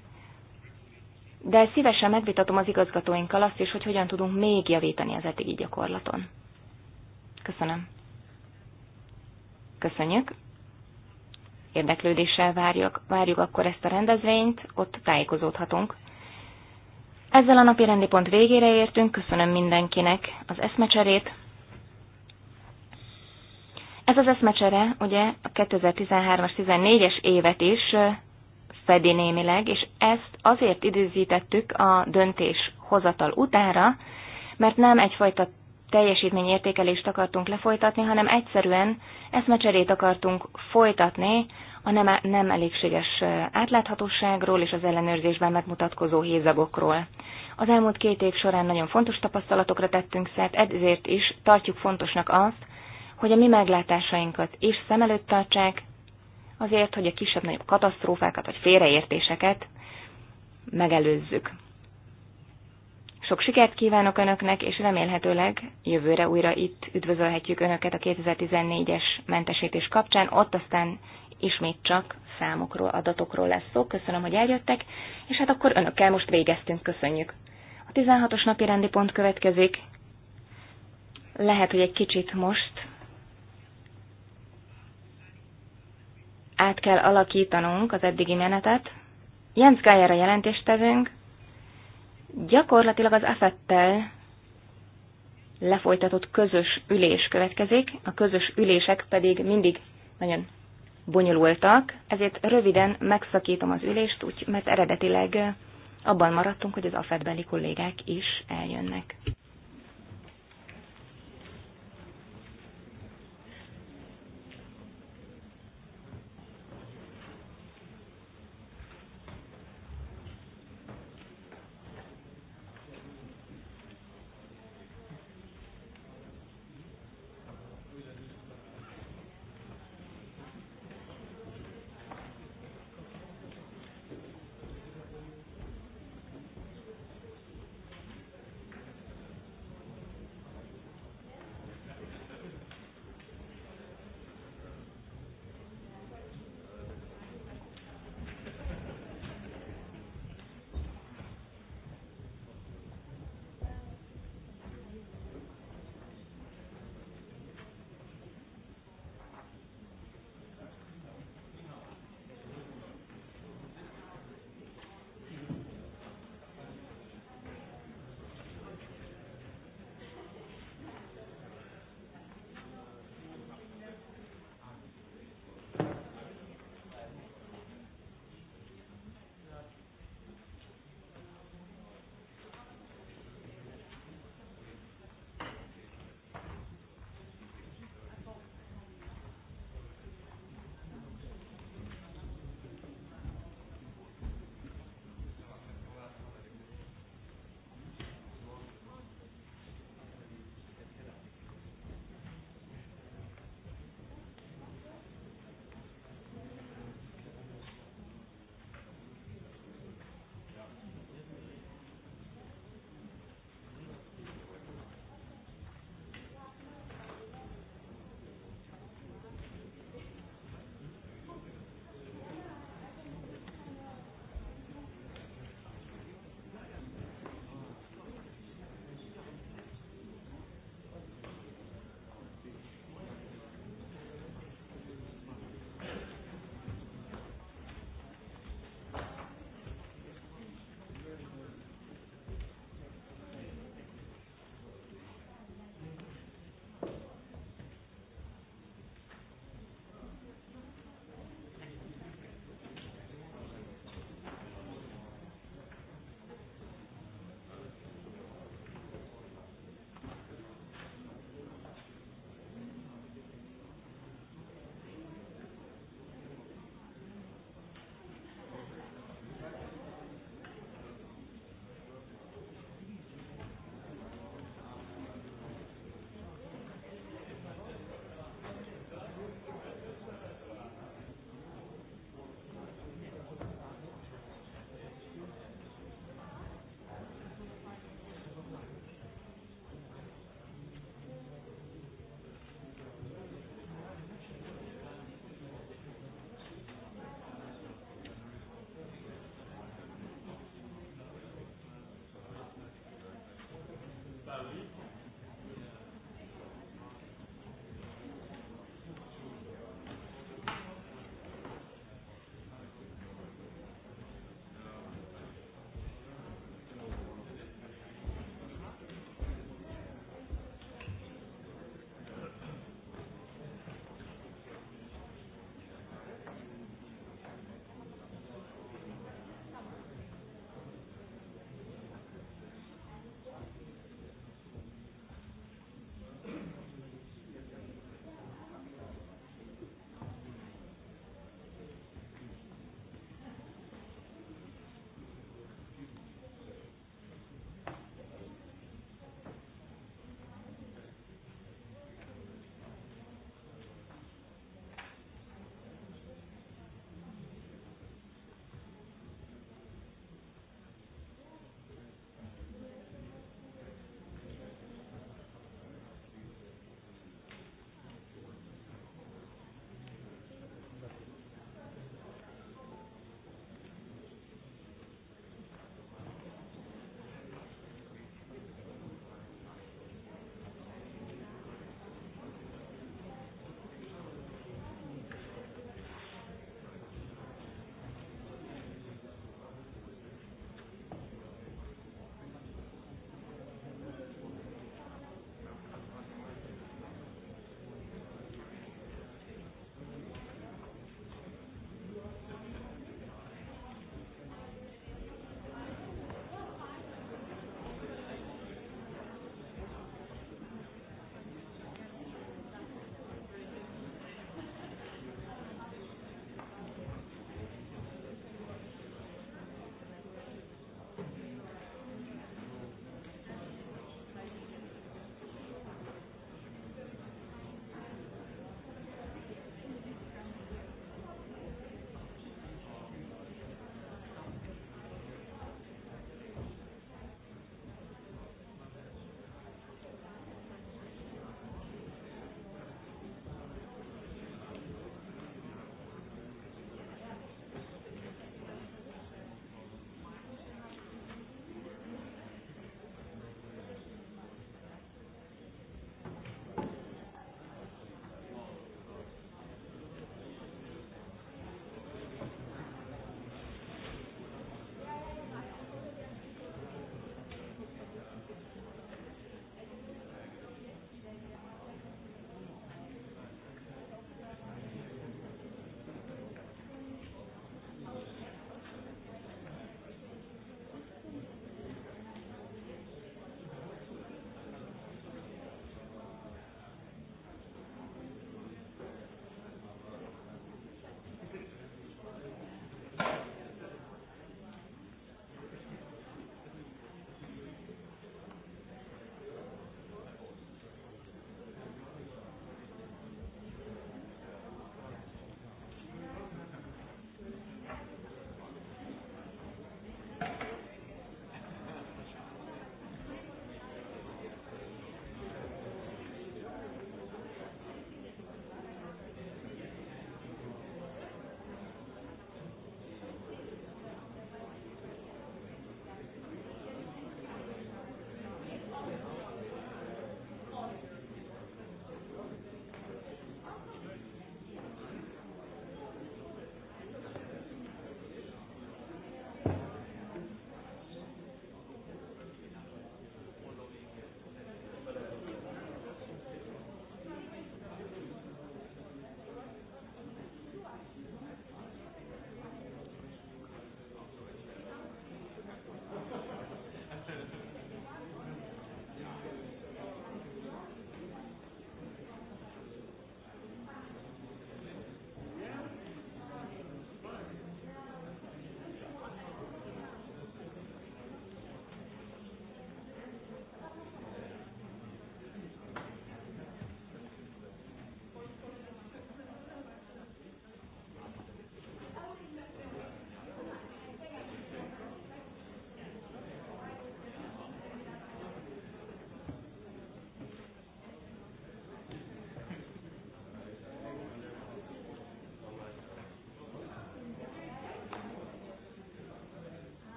de szívesen megvitatom az igazgatóinkkal azt is, hogy hogyan tudunk még javítani az etigi gyakorlaton. Köszönöm. Köszönjük. Érdeklődéssel várjuk, várjuk akkor ezt a rendezvényt, ott tájékozódhatunk. Ezzel a napi rendi pont végére értünk, köszönöm mindenkinek az eszmecserét. Ez az eszmecsere ugye a 2013-as 14-es évet is fedi némileg, és ezt azért időzítettük a döntés hozatal utára, mert nem egyfajta teljesítményértékelést akartunk lefolytatni, hanem egyszerűen eszmecserét akartunk folytatni a nem, nem elégséges átláthatóságról és az ellenőrzésben megmutatkozó hézagokról. Az elmúlt két év során nagyon fontos tapasztalatokra tettünk szert, ezért is tartjuk fontosnak azt, hogy a mi meglátásainkat is szem előtt tartsák, azért, hogy a kisebb-nagyobb katasztrófákat vagy félreértéseket megelőzzük. Sok sikert kívánok Önöknek, és remélhetőleg jövőre újra itt üdvözölhetjük Önöket a 2014-es mentesítés kapcsán, ott aztán ismét csak számokról, adatokról lesz szó. Köszönöm, hogy eljöttek, és hát akkor önökkel most végeztünk, köszönjük. A 16-os napi rendi pont következik. Lehet, hogy egy kicsit most át kell alakítanunk az eddigi menetet. Jens Geyer a tevünk. Gyakorlatilag az afettel lefolytatott közös ülés következik, a közös ülések pedig mindig nagyon bonyolultak, ezért röviden megszakítom az ülést, úgy, mert eredetileg abban maradtunk, hogy az afetbeli kollégák is eljönnek.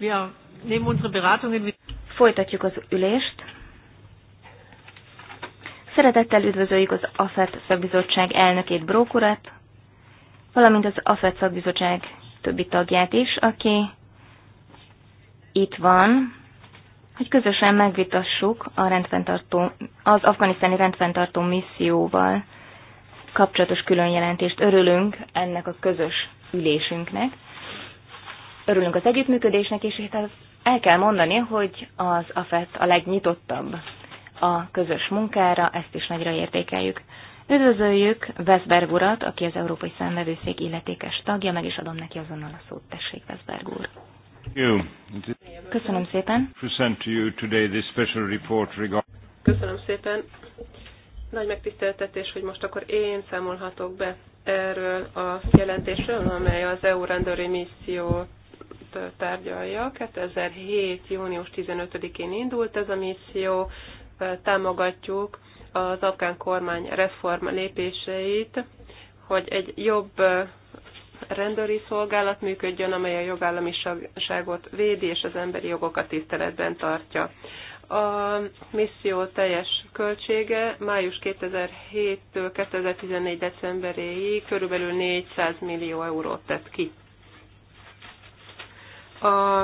Wir nehmen unsere Beratungen. Folytatjuk az ülést. Szeretettel üdvözöljük az AFET szakbizottság elnökét, Brókurat, valamint az AFET szakbizottság többi tagját is, aki itt van, hogy közösen megvitassuk a rendfenntartó, az afganisztáni rendfenntartó misszióval kapcsolatos különjelentést. Örülünk ennek a közös ülésünknek örülünk az együttműködésnek, és hát el kell mondani, hogy az AFET a legnyitottabb a közös munkára, ezt is nagyra értékeljük. Üdvözöljük Veszberg urat, aki az Európai Számvevőszék illetékes tagja, meg is adom neki azonnal a szót. Tessék, Veszberg úr. Köszönöm szépen. Köszönöm szépen. Nagy megtiszteltetés, hogy most akkor én számolhatok be erről a jelentésről, amely az EU rendőri missziót tárgyalja. 2007. június 15-én indult ez a misszió, támogatjuk az afgán kormány reform lépéseit, hogy egy jobb rendőri szolgálat működjön, amely a jogállamiságot védi és az emberi jogokat tiszteletben tartja. A misszió teljes költsége május 2007-től 2014. decemberéig körülbelül 400 millió eurót tett ki. A,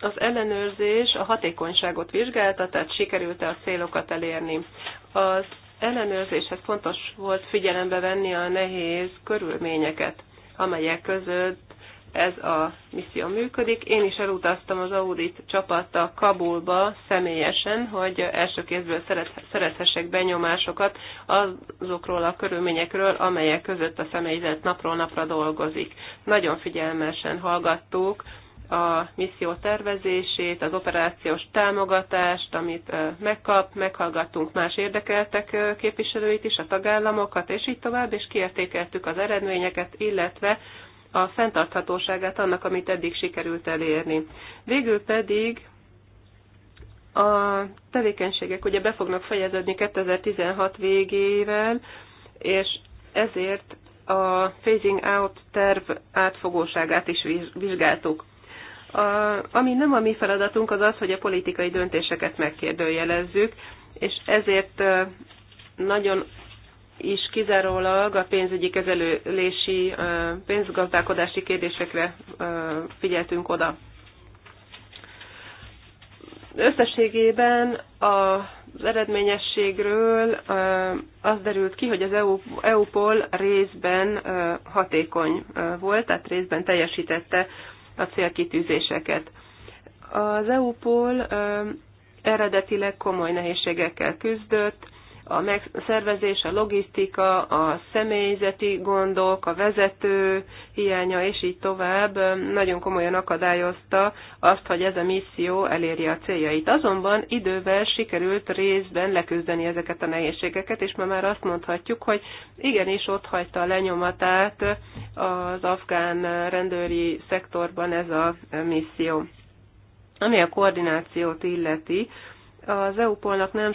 az ellenőrzés a hatékonyságot vizsgálta, tehát sikerült-e a célokat elérni. Az ellenőrzéshez fontos volt figyelembe venni a nehéz körülményeket, amelyek között ez a misszió működik. Én is elutaztam az Audit csapata Kabulba személyesen, hogy első kézből szerezhessek benyomásokat azokról a körülményekről, amelyek között a személyzet napról napra dolgozik. Nagyon figyelmesen hallgattuk a misszió tervezését, az operációs támogatást, amit megkap, meghallgattunk más érdekeltek képviselőit is, a tagállamokat, és így tovább, és kiértékeltük az eredményeket, illetve a fenntarthatóságát annak, amit eddig sikerült elérni. Végül pedig a tevékenységek ugye be fognak fejeződni 2016 végével, és ezért a phasing out terv átfogóságát is vizsgáltuk. A, ami nem a mi feladatunk, az az, hogy a politikai döntéseket megkérdőjelezzük, és ezért nagyon is kizárólag a pénzügyi kezelési, pénzgazdálkodási kérdésekre figyeltünk oda. Összességében az eredményességről az derült ki, hogy az EU, EUPOL részben hatékony volt, tehát részben teljesítette a célkitűzéseket. Az EUPOL eredetileg komoly nehézségekkel küzdött, a szervezés, a logisztika, a személyzeti gondok, a vezető hiánya, és így tovább nagyon komolyan akadályozta azt, hogy ez a misszió elérje a céljait. Azonban idővel sikerült részben leküzdeni ezeket a nehézségeket, és ma már azt mondhatjuk, hogy igenis ott hagyta a lenyomatát az afgán rendőri szektorban ez a misszió. Ami a koordinációt illeti, az EU-polnak nem,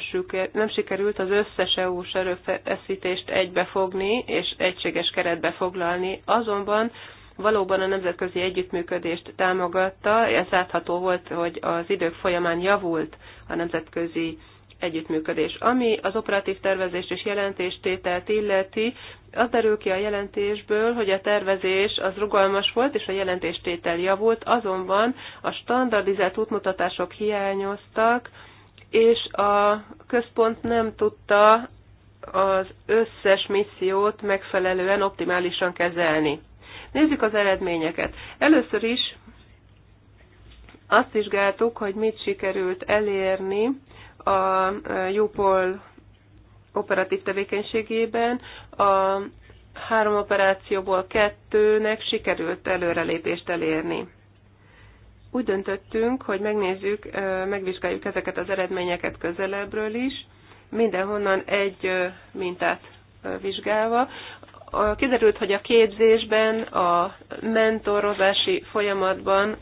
nem sikerült az összes EU-s erőfeszítést egybefogni és egységes keretbe foglalni, azonban valóban a nemzetközi együttműködést támogatta, ez látható volt, hogy az idők folyamán javult a nemzetközi együttműködés. Ami az operatív tervezés és jelentéstételt illeti, az derül ki a jelentésből, hogy a tervezés az rugalmas volt, és a jelentéstétel javult, azonban a standardizált útmutatások hiányoztak, és a központ nem tudta az összes missziót megfelelően, optimálisan kezelni. Nézzük az eredményeket. Először is azt vizsgáltuk, hogy mit sikerült elérni a Jupol operatív tevékenységében. A három operációból kettőnek sikerült előrelépést elérni úgy döntöttünk, hogy megnézzük, megvizsgáljuk ezeket az eredményeket közelebbről is, mindenhonnan egy mintát vizsgálva. Kiderült, hogy a képzésben, a mentorozási folyamatban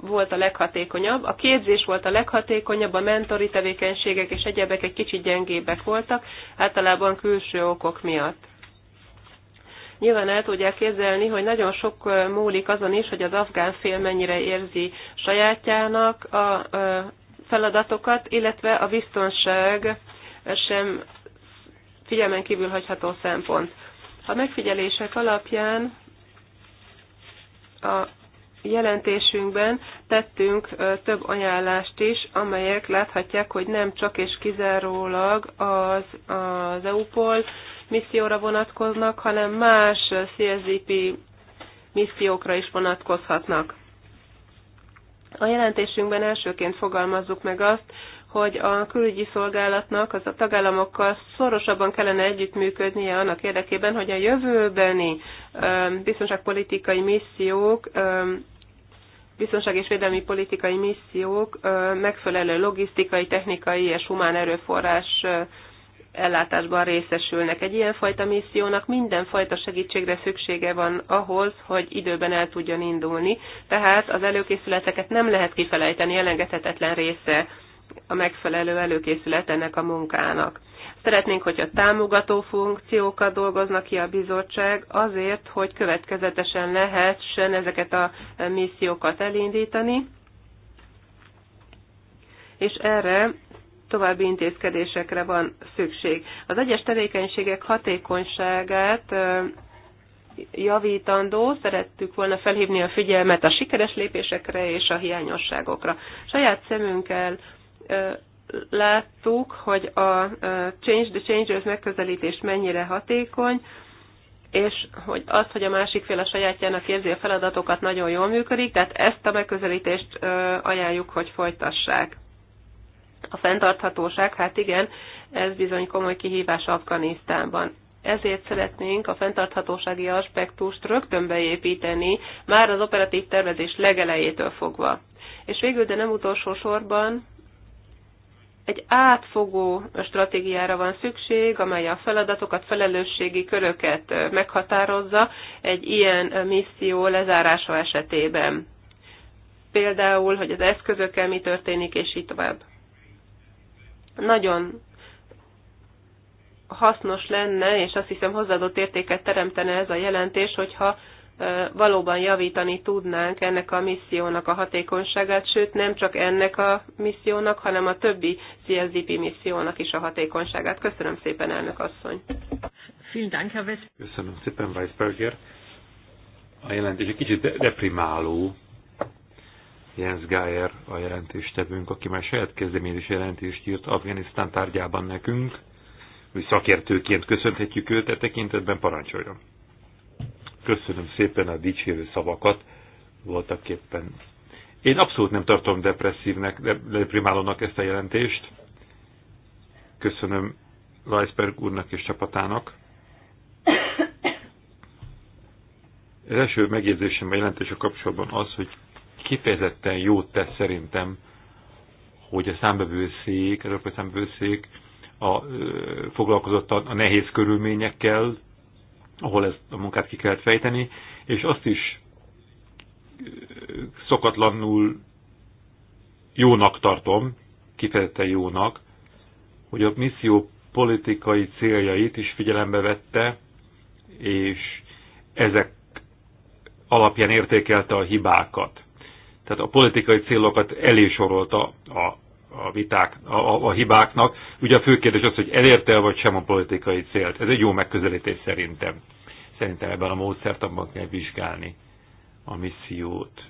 volt a leghatékonyabb. A képzés volt a leghatékonyabb, a mentori tevékenységek és egyebek egy kicsit gyengébbek voltak, általában külső okok miatt. Nyilván el tudják képzelni, hogy nagyon sok múlik azon is, hogy az afgán fél mennyire érzi sajátjának a feladatokat, illetve a biztonság sem figyelmen kívül hagyható szempont. A megfigyelések alapján a jelentésünkben tettünk több ajánlást is, amelyek láthatják, hogy nem csak és kizárólag az, az EU-pol, misszióra vonatkoznak, hanem más CSZP missziókra is vonatkozhatnak. A jelentésünkben elsőként fogalmazzuk meg azt, hogy a külügyi szolgálatnak az a tagállamokkal szorosabban kellene együttműködnie annak érdekében, hogy a jövőbeni biztonságpolitikai missziók, biztonság és védelmi politikai missziók megfelelő logisztikai, technikai és humán erőforrás ellátásban részesülnek. Egy ilyenfajta missziónak mindenfajta segítségre szüksége van ahhoz, hogy időben el tudjon indulni, tehát az előkészületeket nem lehet kifelejteni, elengedhetetlen része a megfelelő előkészület ennek a munkának. Szeretnénk, hogy a támogató funkciókat dolgozna ki a bizottság azért, hogy következetesen lehessen ezeket a missziókat elindítani, és erre további intézkedésekre van szükség. Az egyes tevékenységek hatékonyságát javítandó, szerettük volna felhívni a figyelmet a sikeres lépésekre és a hiányosságokra. Saját szemünkkel láttuk, hogy a Change the Changers megközelítés mennyire hatékony, és hogy az, hogy a másik fél a sajátjának érzi a feladatokat, nagyon jól működik, tehát ezt a megközelítést ajánljuk, hogy folytassák. A fenntarthatóság, hát igen, ez bizony komoly kihívás Afganisztánban. Ezért szeretnénk a fenntarthatósági aspektust rögtön beépíteni, már az operatív tervezés legelejétől fogva. És végül, de nem utolsó sorban, egy átfogó stratégiára van szükség, amely a feladatokat, felelősségi köröket meghatározza egy ilyen misszió lezárása esetében. Például, hogy az eszközökkel mi történik, és így tovább. Nagyon hasznos lenne, és azt hiszem hozzáadott értéket teremtene ez a jelentés, hogyha valóban javítani tudnánk ennek a missziónak a hatékonyságát, sőt nem csak ennek a missziónak, hanem a többi CSDP missziónak is a hatékonyságát. Köszönöm szépen, elnök asszony. Köszönöm szépen, Weisberger. A jelentés egy kicsit deprimáló, Jens Geyer a jelentéstevőnk, aki már saját kezdeményezés jelentést írt Afganisztán tárgyában nekünk, hogy szakértőként köszönhetjük őt, e tekintetben parancsoljon. Köszönöm szépen a dicsérő szavakat, voltak éppen. Én abszolút nem tartom depresszívnek, deprimálónak ezt a jelentést. Köszönöm Weisberg úrnak és csapatának. Az első megjegyzésem a jelentése kapcsolatban az, hogy kifejezetten jót tesz szerintem, hogy a számbevőszék, az Európai Számbevőszék a, ö, foglalkozott a, a nehéz körülményekkel, ahol ezt a munkát ki kellett fejteni, és azt is szokatlanul jónak tartom, kifejezetten jónak, hogy a misszió politikai céljait is figyelembe vette, és ezek alapján értékelte a hibákat tehát a politikai célokat elésorolta a, a viták, a, a, a hibáknak. Ugye a fő kérdés az, hogy elérte el vagy sem a politikai célt. Ez egy jó megközelítés szerintem. Szerintem ebben a módszertanban kell vizsgálni a missziót.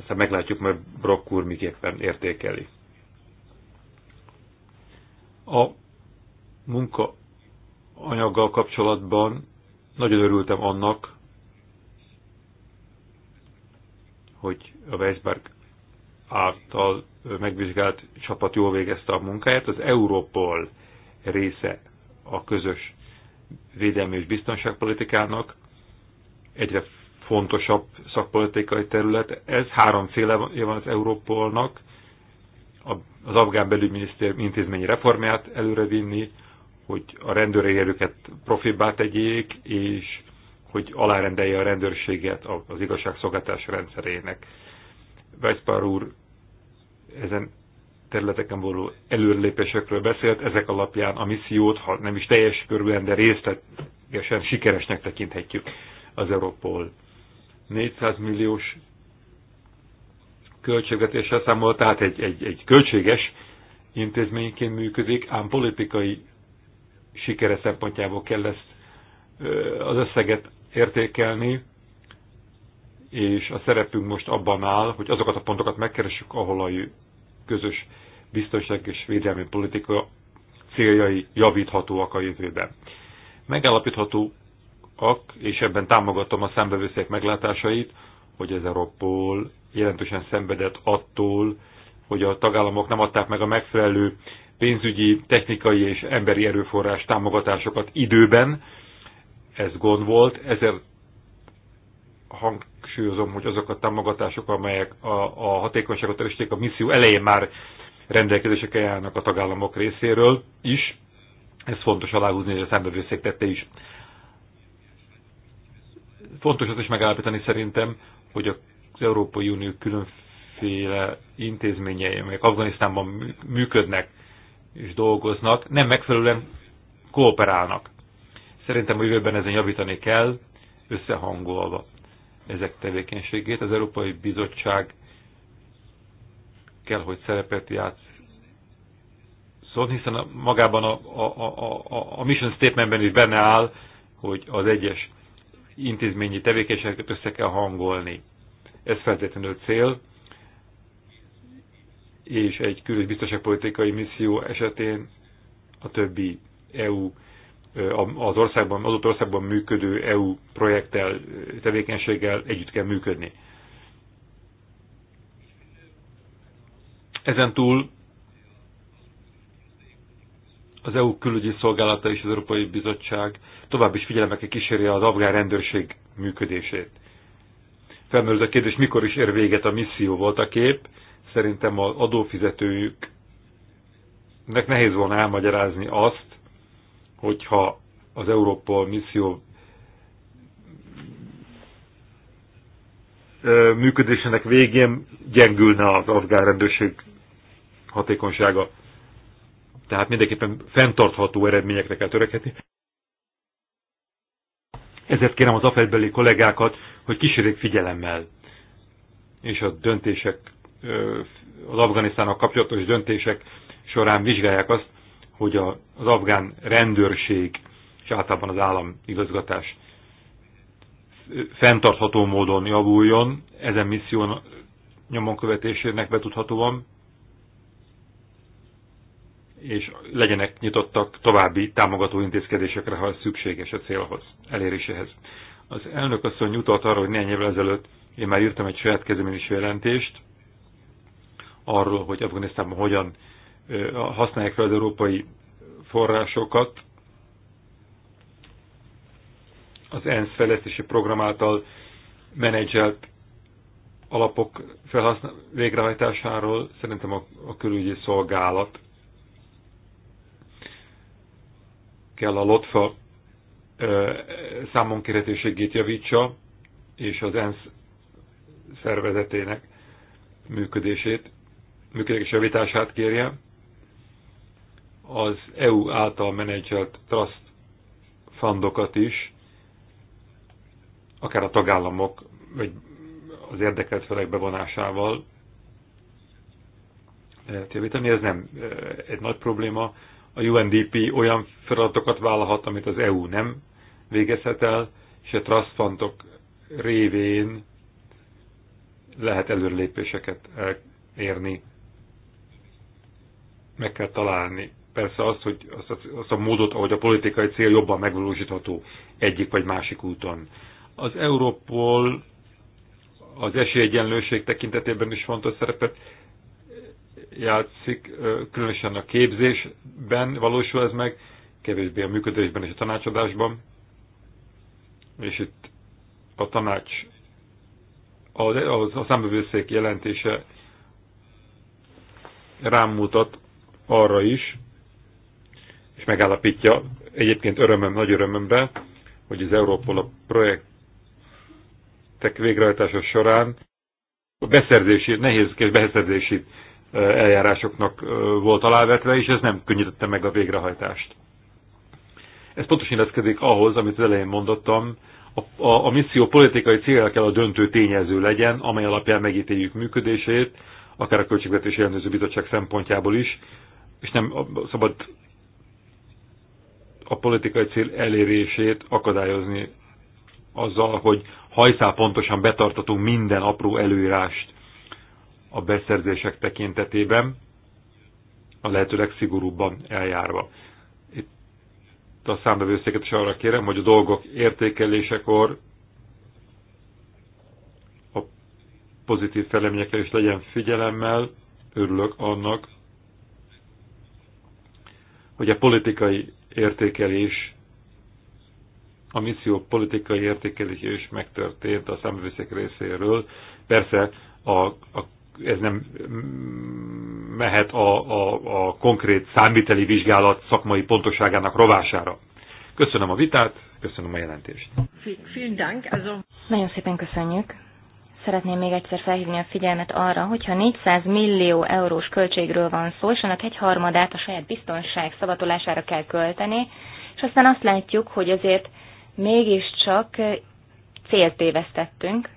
Aztán meglátjuk, mert Brock úr miképpen értékeli. A munka anyaggal kapcsolatban nagyon örültem annak, hogy a Weisberg által megvizsgált csapat jól végezte a munkáját. Az Európol része a közös védelmi és biztonságpolitikának egyre fontosabb szakpolitikai terület. Ez háromféle van az Európolnak, az afgán belügyminisztérium intézményi reformját előrevinni, hogy a rendőrérőket profibbá tegyék, és hogy alárendelje a rendőrséget az igazságszolgáltás rendszerének. Vegypár úr ezen területeken való előrelépésekről beszélt, ezek alapján a missziót, ha nem is teljes körülön, de részletesen sikeresnek tekinthetjük az Europol. 400 milliós költségvetéssel számolt, tehát egy, egy, egy költséges intézményként működik, ám politikai sikere szempontjából kell ezt az összeget értékelni, és a szerepünk most abban áll, hogy azokat a pontokat megkeressük, ahol a közös biztonság és védelmi politika céljai javíthatóak a jövőben. Megállapíthatóak, és ebben támogatom a szembevőszék meglátásait, hogy ez Europol jelentősen szenvedett attól, hogy a tagállamok nem adták meg a megfelelő pénzügyi, technikai és emberi erőforrás támogatásokat időben. Ez gond volt, ezért hangsúlyozom, hogy azok a támogatások, amelyek a, a hatékonyságot erősítik, a misszió elején már rendelkezésekkel járnak a tagállamok részéről is. Ez fontos aláhúzni, hogy a számbevőszék tette is. Fontos az is megállapítani szerintem, hogy az Európai Unió különféle intézményei, amelyek Afganisztánban működnek, is dolgoznak, nem megfelelően kooperálnak. Szerintem a jövőben ezen javítani kell, összehangolva ezek tevékenységét. Az Európai Bizottság kell, hogy szerepet játszon, szóval hiszen a, magában a, a, a, a, a mission statementben is benne áll, hogy az egyes intézményi tevékenységeket össze kell hangolni. Ez feltétlenül cél, és egy külös biztonságpolitikai misszió esetén a többi EU az országban, az országban működő EU projekttel, tevékenységgel együtt kell működni. Ezen túl az EU külügyi szolgálata és az Európai Bizottság tovább is figyelembe kíséri az afgán rendőrség működését. Felmerült a kérdés, mikor is ér véget a misszió volt a kép, szerintem az adófizetőjüknek nehéz volna elmagyarázni azt, hogyha az Európol misszió működésének végén gyengülne az afgárrendőrség hatékonysága. Tehát mindenképpen fenntartható eredményekre kell törekedni. Ezért kérem az afegybeli kollégákat, hogy kísérjék figyelemmel, és a döntések az Afganisztának kapcsolatos döntések során vizsgálják azt, hogy az afgán rendőrség és általában az állam igazgatás fenntartható módon javuljon, ezen misszió nyomon követésének betudhatóan, és legyenek nyitottak további támogató intézkedésekre, ha ez szükséges a célhoz, eléréséhez. Az elnök asszony utalt arra, hogy néhány évvel ezelőtt én már írtam egy saját kezdeményező jelentést, arról, hogy Afganisztánban hogyan használják fel az európai forrásokat. Az ENSZ fejlesztési program által menedzselt alapok végrehajtásáról szerintem a, a külügyi szolgálat kell a LOTFA számon kérhetőségét javítsa, és az ENSZ szervezetének működését működés javítását kérje, az EU által menedzselt trust fundokat is, akár a tagállamok, vagy az érdekelt felek bevonásával lehet javítani. Ez nem egy nagy probléma. A UNDP olyan feladatokat vállalhat, amit az EU nem végezhet el, és a trust fundok révén lehet előrelépéseket érni meg kell találni. Persze azt, hogy azt, azt a módot, ahogy a politikai cél jobban megvalósítható egyik vagy másik úton. Az Európol az esélyegyenlőség tekintetében is fontos szerepet játszik, különösen a képzésben valósul ez meg, kevésbé a működésben és a tanácsadásban. És itt a tanács, a, a, a számbevőszék jelentése rámutat arra is, és megállapítja egyébként örömöm, nagy örömömre, hogy az Európol a projektek végrehajtása során a beszerzési, nehézkes beszerzési eljárásoknak volt alávetve, és ez nem könnyítette meg a végrehajtást. Ez pontosan illeszkedik ahhoz, amit az elején mondottam, a, a, a misszió politikai célja kell a döntő tényező legyen, amely alapján megítéljük működését, akár a Költségvetési Ellenőrző Bizottság szempontjából is, és nem szabad a politikai cél elérését akadályozni azzal, hogy hajszál pontosan betartatunk minden apró előírást a beszerzések tekintetében, a lehető legszigorúbban eljárva. Itt a számbevőszéket is arra kérem, hogy a dolgok értékelésekor a pozitív feleményekre is legyen figyelemmel, örülök annak, hogy a politikai értékelés, a misszió politikai értékelése is megtörtént a számvőszék részéről. Persze a, a, ez nem mehet a, a, a konkrét számviteli vizsgálat szakmai pontoságának rovására. Köszönöm a vitát, köszönöm a jelentést. Nagyon szépen köszönjük szeretném még egyszer felhívni a figyelmet arra, hogyha 400 millió eurós költségről van szó, és annak egy harmadát a saját biztonság szavatolására kell költeni, és aztán azt látjuk, hogy azért mégiscsak céltévesztettünk,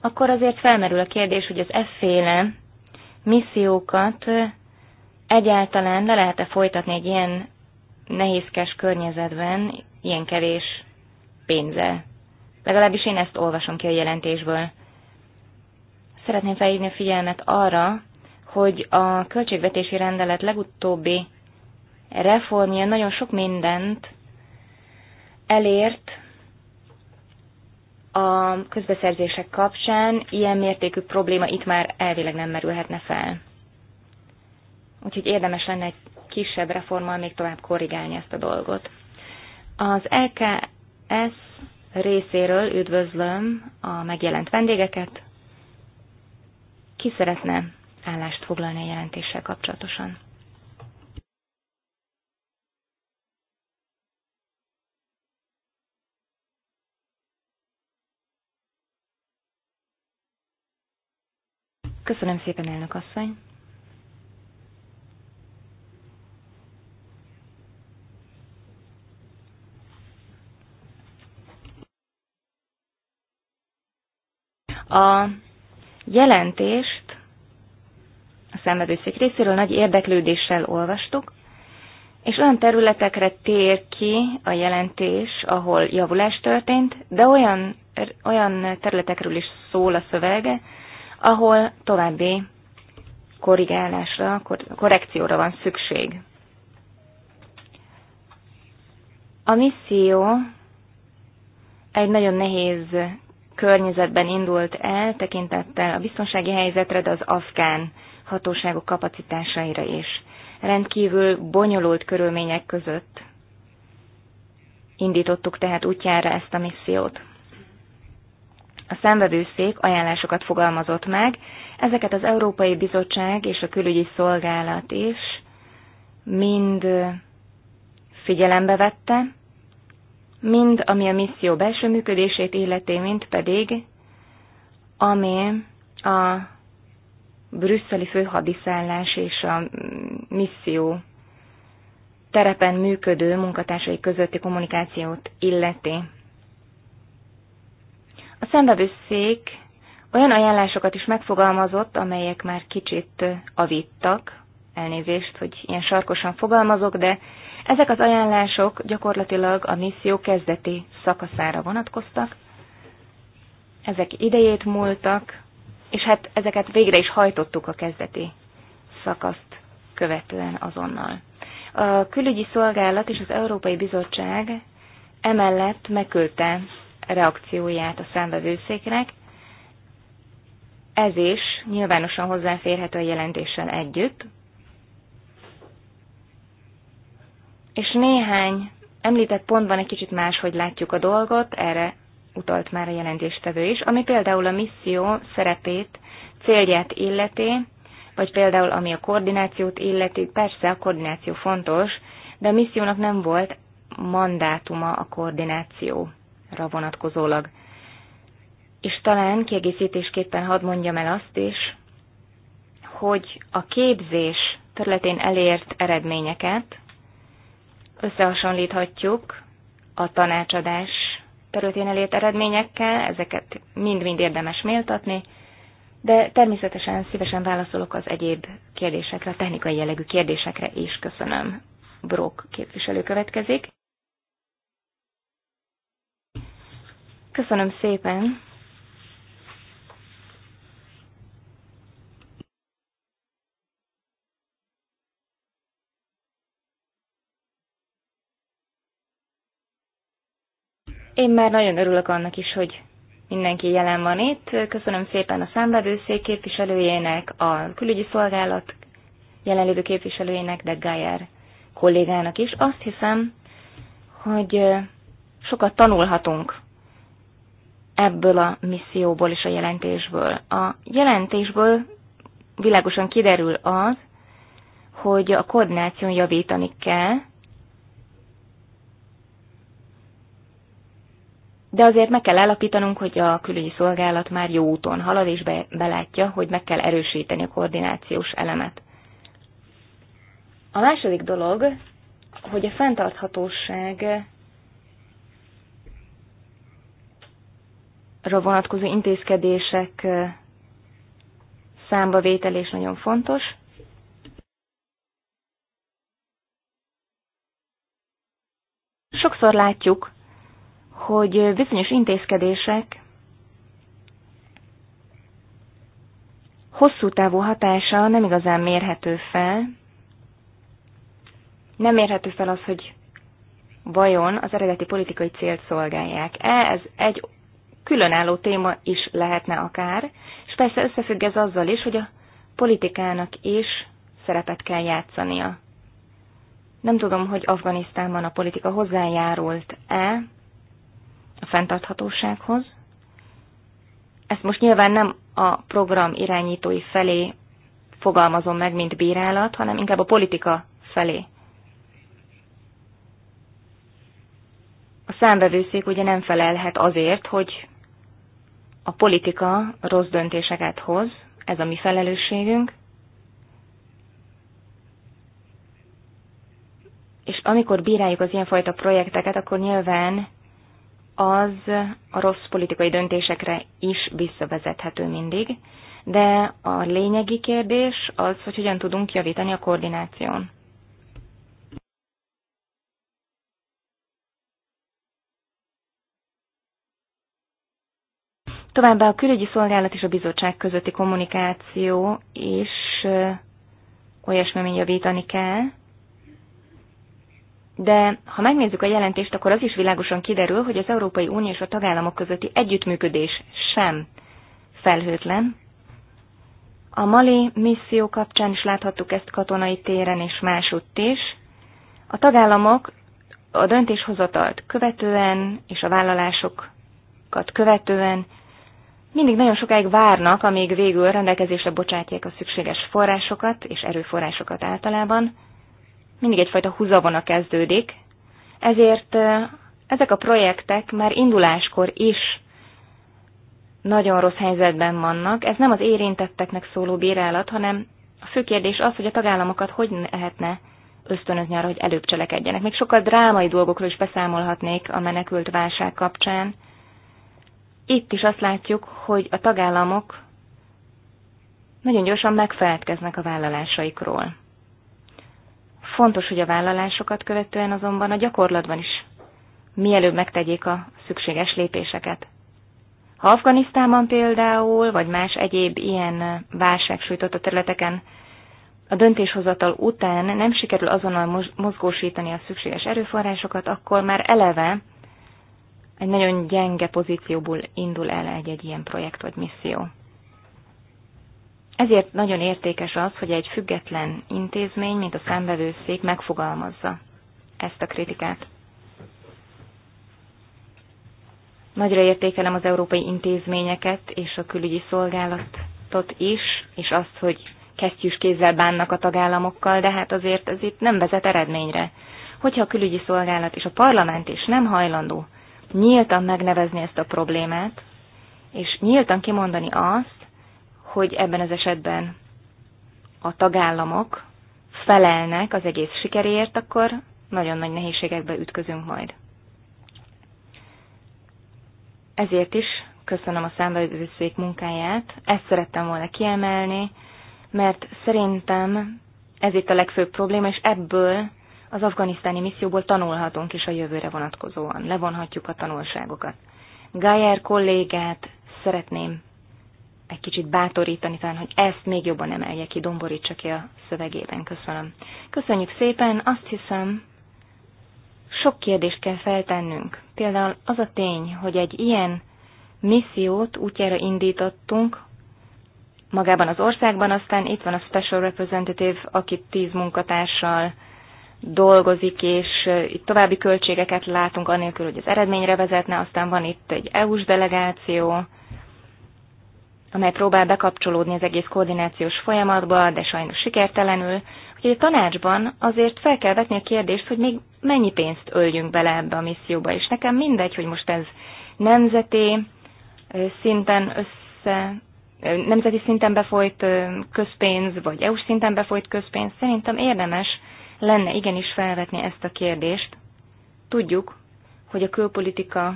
akkor azért felmerül a kérdés, hogy az efféle missziókat egyáltalán le lehet-e folytatni egy ilyen nehézkes környezetben, ilyen kevés pénzzel. Legalábbis én ezt olvasom ki a jelentésből. Szeretném felhívni a figyelmet arra, hogy a költségvetési rendelet legutóbbi reformja nagyon sok mindent elért a közbeszerzések kapcsán, ilyen mértékű probléma itt már elvileg nem merülhetne fel. Úgyhogy érdemes lenne egy kisebb reformmal még tovább korrigálni ezt a dolgot. Az LKS részéről üdvözlöm a megjelent vendégeket, ki szeretne állást foglalni a jelentéssel kapcsolatosan? Köszönöm szépen, elnök asszony. A jelentést a szemmelőszék részéről nagy érdeklődéssel olvastuk, és olyan területekre tér ki a jelentés, ahol javulás történt, de olyan, olyan területekről is szól a szövege, ahol további korrigálásra, korrekcióra van szükség. A misszió egy nagyon nehéz környezetben indult el, tekintettel a biztonsági helyzetre, de az afgán hatóságok kapacitásaira is. Rendkívül bonyolult körülmények között indítottuk tehát útjára ezt a missziót. A szenvedőszék ajánlásokat fogalmazott meg, ezeket az Európai Bizottság és a Külügyi Szolgálat is mind figyelembe vette, mind ami a misszió belső működését illeti, mind pedig ami a brüsszeli főhadiszállás és a misszió terepen működő munkatársai közötti kommunikációt illeti. A szembevőszék olyan ajánlásokat is megfogalmazott, amelyek már kicsit avittak, elnézést, hogy ilyen sarkosan fogalmazok, de ezek az ajánlások gyakorlatilag a misszió kezdeti szakaszára vonatkoztak, ezek idejét múltak, és hát ezeket végre is hajtottuk a kezdeti szakaszt követően azonnal. A külügyi szolgálat és az Európai Bizottság emellett megküldte reakcióját a számvevőszéknek, ez is nyilvánosan hozzáférhető a jelentéssel együtt. és néhány említett pontban egy kicsit máshogy látjuk a dolgot, erre utalt már a jelentéstevő is, ami például a misszió szerepét, célját illeti, vagy például ami a koordinációt illeti, persze a koordináció fontos, de a missziónak nem volt mandátuma a koordinációra vonatkozólag. És talán kiegészítésképpen hadd mondjam el azt is, hogy a képzés területén elért eredményeket összehasonlíthatjuk a tanácsadás területén elért eredményekkel, ezeket mind-mind érdemes méltatni, de természetesen szívesen válaszolok az egyéb kérdésekre, a technikai jellegű kérdésekre is. Köszönöm. Brok képviselő következik. Köszönöm szépen. Én már nagyon örülök annak is, hogy mindenki jelen van itt. Köszönöm szépen a számvevőszék képviselőjének, a külügyi szolgálat jelenlévő képviselőjének, de Geyer kollégának is. Azt hiszem, hogy sokat tanulhatunk ebből a misszióból és a jelentésből. A jelentésből világosan kiderül az, hogy a koordináción javítani kell, de azért meg kell állapítanunk, hogy a külügyi szolgálat már jó úton halad, és be, belátja, hogy meg kell erősíteni a koordinációs elemet. A második dolog, hogy a fenntarthatóság vonatkozó intézkedések számba vételés nagyon fontos. Sokszor látjuk, hogy bizonyos intézkedések hosszú távú hatása nem igazán mérhető fel. Nem mérhető fel az, hogy vajon az eredeti politikai célt szolgálják-e. Ez egy különálló téma is lehetne akár, és persze összefügg ez azzal is, hogy a politikának is szerepet kell játszania. Nem tudom, hogy Afganisztánban a politika hozzájárult-e a fenntarthatósághoz. Ezt most nyilván nem a program irányítói felé fogalmazom meg, mint bírálat, hanem inkább a politika felé. A számbevőszék ugye nem felelhet azért, hogy a politika rossz döntéseket hoz, ez a mi felelősségünk, és amikor bíráljuk az ilyenfajta projekteket, akkor nyilván az a rossz politikai döntésekre is visszavezethető mindig, de a lényegi kérdés az, hogy hogyan tudunk javítani a koordináción. Továbbá a külügyi szolgálat és a bizottság közötti kommunikáció is olyasmi, javítani kell, de ha megnézzük a jelentést, akkor az is világosan kiderül, hogy az Európai Unió és a tagállamok közötti együttműködés sem felhőtlen. A mali misszió kapcsán is láthattuk ezt katonai téren és másutt is. A tagállamok a döntéshozatalt követően és a vállalásokat követően mindig nagyon sokáig várnak, amíg végül rendelkezésre bocsátják a szükséges forrásokat és erőforrásokat általában, mindig egyfajta húzavona kezdődik, ezért ezek a projektek már induláskor is nagyon rossz helyzetben vannak. Ez nem az érintetteknek szóló bírálat, hanem a fő kérdés az, hogy a tagállamokat hogy lehetne ösztönözni arra, hogy előbb cselekedjenek. Még sokkal drámai dolgokról is beszámolhatnék a menekült válság kapcsán. Itt is azt látjuk, hogy a tagállamok nagyon gyorsan megfeledkeznek a vállalásaikról. Fontos, hogy a vállalásokat követően azonban a gyakorlatban is mielőbb megtegyék a szükséges lépéseket. Ha Afganisztánban például, vagy más egyéb ilyen válság a területeken a döntéshozatal után nem sikerül azonnal mozgósítani a szükséges erőforrásokat, akkor már eleve egy nagyon gyenge pozícióból indul el egy-egy ilyen projekt vagy misszió. Ezért nagyon értékes az, hogy egy független intézmény, mint a számbevőszék megfogalmazza ezt a kritikát. Nagyra értékelem az európai intézményeket és a külügyi szolgálatot is, és azt, hogy kesztyűs kézzel bánnak a tagállamokkal, de hát azért ez itt nem vezet eredményre. Hogyha a külügyi szolgálat és a parlament is nem hajlandó nyíltan megnevezni ezt a problémát, és nyíltan kimondani azt, hogy ebben az esetben a tagállamok felelnek az egész sikeréért, akkor nagyon nagy nehézségekbe ütközünk majd. Ezért is köszönöm a számbevőszék munkáját, ezt szerettem volna kiemelni, mert szerintem ez itt a legfőbb probléma, és ebből az afganisztáni misszióból tanulhatunk is a jövőre vonatkozóan, levonhatjuk a tanulságokat. Gájer kollégát szeretném egy kicsit bátorítani, talán, hogy ezt még jobban emelje ki, domborítsa ki a szövegében. Köszönöm. Köszönjük szépen, azt hiszem, sok kérdést kell feltennünk. Például az a tény, hogy egy ilyen missziót útjára indítottunk, magában az országban, aztán itt van a Special Representative, aki tíz munkatársal dolgozik, és itt további költségeket látunk, anélkül, hogy az eredményre vezetne, aztán van itt egy EU-s delegáció, amely próbál bekapcsolódni az egész koordinációs folyamatba, de sajnos sikertelenül. Úgyhogy a tanácsban azért fel kell vetni a kérdést, hogy még mennyi pénzt öljünk bele ebbe a misszióba, és nekem mindegy, hogy most ez nemzeti szinten össze, nemzeti szinten befolyt közpénz, vagy EU-s szinten befolyt közpénz, szerintem érdemes lenne igenis felvetni ezt a kérdést. Tudjuk, hogy a külpolitika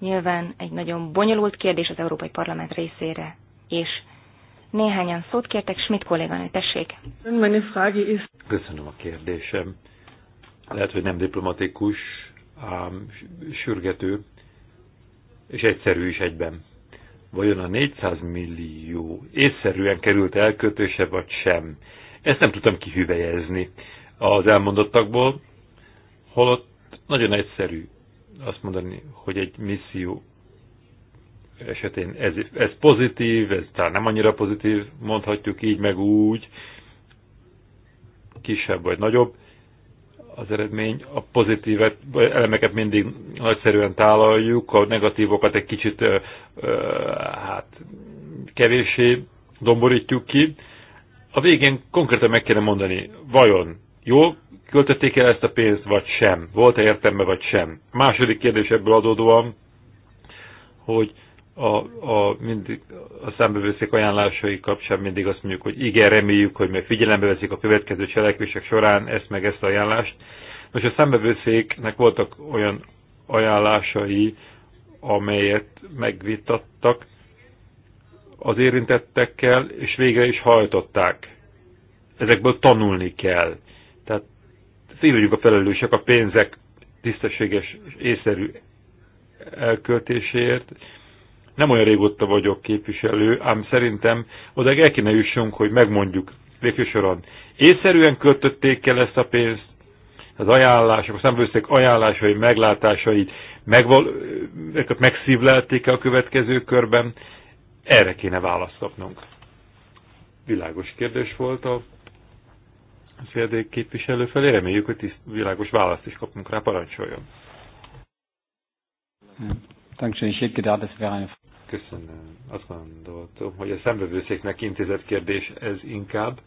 nyilván egy nagyon bonyolult kérdés az Európai Parlament részére és Néhányan szót kértek, Schmidt kolléganő, tessék. Köszönöm a kérdésem. Lehet, hogy nem diplomatikus, ám sürgető, és egyszerű is egyben. Vajon a 400 millió észszerűen került elkötése, vagy sem? Ezt nem tudtam kihüvelyezni az elmondottakból, holott nagyon egyszerű azt mondani, hogy egy misszió esetén ez, ez pozitív, ez talán nem annyira pozitív, mondhatjuk így meg úgy, kisebb vagy nagyobb az eredmény. A pozitív elemeket mindig nagyszerűen tálaljuk, a negatívokat egy kicsit ö, ö, hát, kevéssé domborítjuk ki. A végén konkrétan meg kéne mondani, vajon jó költötték el ezt a pénzt, vagy sem? Volt-e értelme, vagy sem? A második kérdés ebből adódóan, hogy a, a, mindig, a számbevőszék ajánlásai kapcsán mindig azt mondjuk, hogy igen, reméljük, hogy meg figyelembe veszik a következő cselekvések során ezt meg ezt a ajánlást. Most a számbevőszéknek voltak olyan ajánlásai, amelyet megvitattak az érintettekkel, és végre is hajtották. Ezekből tanulni kell. Tehát szívügyük a felelősek a pénzek tisztességes és észszerű elköltéséért, nem olyan régóta vagyok képviselő, ám szerintem oda el kéne jussunk, hogy megmondjuk végsősoron. Észszerűen költötték el ezt a pénzt, az ajánlások, a számbőszék ajánlásai, meglátásait megval, megszívlelték a következő körben. Erre kéne választoknunk. Világos kérdés volt a széldék képviselő felé. Reméljük, hogy tiszt, világos választ is kapunk rá. Parancsoljon. Köszönöm. Azt gondoltam, hogy a szembevőszéknek intézett kérdés ez inkább,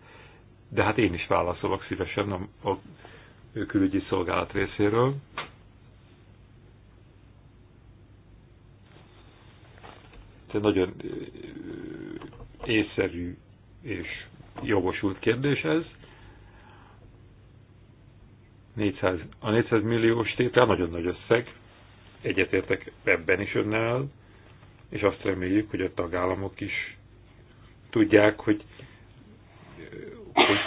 de hát én is válaszolok szívesen a, a külügyi szolgálat részéről. Ez nagyon észszerű és jogosult kérdés ez. 400, a 400 milliós tétel nagyon nagy összeg, egyetértek ebben is önnel, és azt reméljük, hogy a tagállamok is tudják, hogy, hogy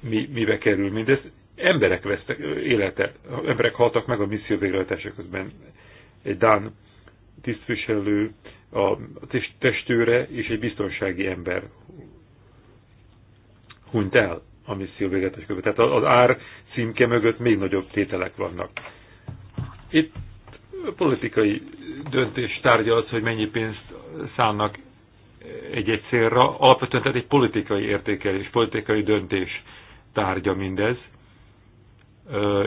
mi, mibe kerül mindez. Emberek vesztek élete, emberek haltak meg a misszió végrehajtása közben. Egy Dán tisztviselő, a testőre és egy biztonsági ember hunyt el a misszió végrehajtása közben. Tehát az ár címke mögött még nagyobb tételek vannak. Itt politikai döntés tárgya az, hogy mennyi pénzt szánnak egy-egy célra. Alapvetően tehát egy politikai értékelés, politikai döntés tárgya mindez,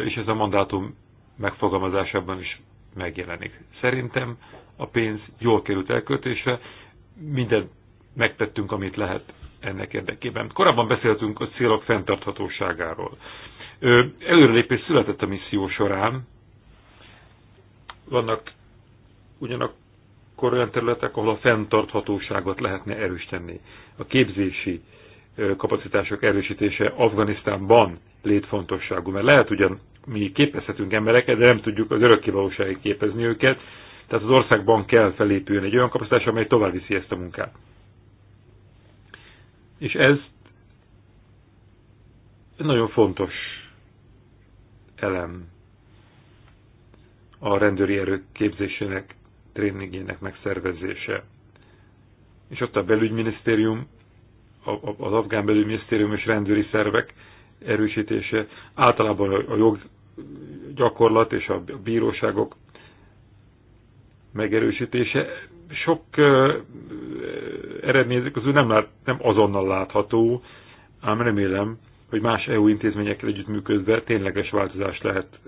és ez a mandátum megfogalmazásában is megjelenik. Szerintem a pénz jól került elköltésre, mindent megtettünk, amit lehet ennek érdekében. Korábban beszéltünk a célok fenntarthatóságáról. Előrelépés született a misszió során, vannak ugyanakkor olyan területek, ahol a fenntarthatóságot lehetne erősíteni. A képzési kapacitások erősítése Afganisztánban létfontosságú, mert lehet ugyan mi képezhetünk embereket, de nem tudjuk az valóságig képezni őket, tehát az országban kell felépülni egy olyan kapacitás, amely tovább viszi ezt a munkát. És ez egy nagyon fontos elem a rendőri erők képzésének tréningének megszervezése. És ott a belügyminisztérium, az afgán belügyminisztérium és rendőri szervek erősítése, általában a joggyakorlat és a bíróságok megerősítése. Sok eredmények közül nem, lát, nem azonnal látható, ám remélem, hogy más EU intézményekkel együttműködve tényleges változást lehet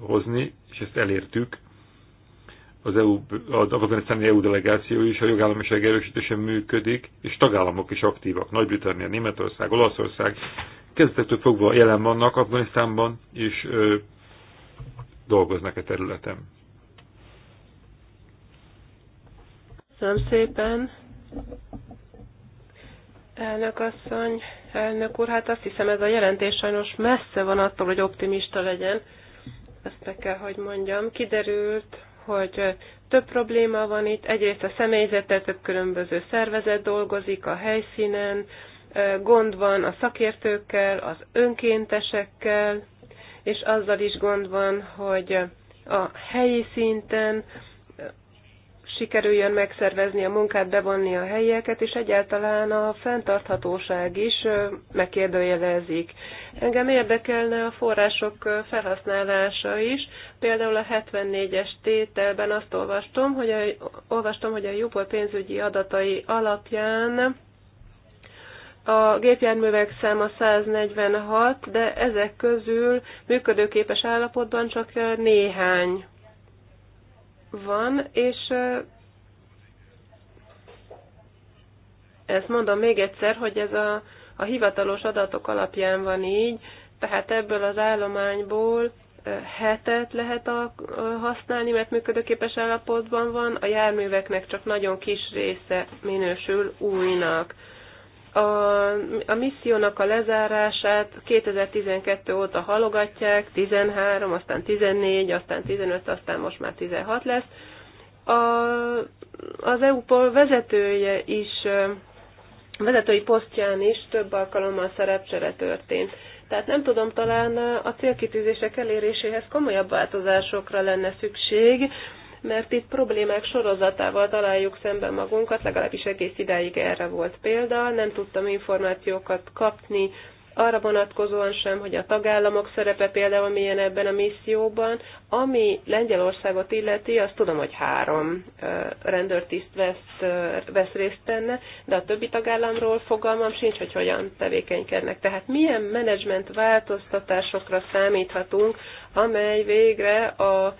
hozni, és ezt elértük az, EU, az afganisztáni EU delegáció is a jogállamiság erősítése működik, és tagállamok is aktívak. Nagy-Britannia, Németország, Olaszország kezdetektől fogva jelen vannak Afganisztánban, és ö, dolgoznak a e területen. Köszönöm szépen. Elnök asszony, elnök úr, hát azt hiszem ez a jelentés sajnos messze van attól, hogy optimista legyen. Ezt meg kell, hogy mondjam. Kiderült, hogy több probléma van itt. Egyrészt a személyzete több különböző szervezet dolgozik a helyszínen, gond van a szakértőkkel, az önkéntesekkel, és azzal is gond van, hogy a helyi szinten sikerüljön megszervezni a munkát, bevonni a helyeket, és egyáltalán a fenntarthatóság is megkérdőjelezik. Engem érdekelne a források felhasználása is. Például a 74-es tételben azt olvastam, hogy a, olvastam, hogy a Jupol pénzügyi adatai alapján a gépjárművek száma 146, de ezek közül működőképes állapotban csak néhány van, és ezt mondom még egyszer, hogy ez a, a hivatalos adatok alapján van így, tehát ebből az állományból hetet lehet a, használni, mert működőképes állapotban van, a járműveknek csak nagyon kis része minősül újnak a, a missziónak a lezárását 2012 óta halogatják, 13, aztán 14, aztán 15, aztán most már 16 lesz. A, az EU-pol vezetője is, vezetői posztján is több alkalommal szerepcsere történt. Tehát nem tudom, talán a célkitűzések eléréséhez komolyabb változásokra lenne szükség, mert itt problémák sorozatával találjuk szemben magunkat, legalábbis egész idáig erre volt példa, nem tudtam információkat kapni arra vonatkozóan sem, hogy a tagállamok szerepe például milyen ebben a misszióban. Ami Lengyelországot illeti, azt tudom, hogy három rendőrtiszt vesz, vesz részt benne, de a többi tagállamról fogalmam sincs, hogy hogyan tevékenykednek. Tehát milyen menedzsment változtatásokra számíthatunk, amely végre a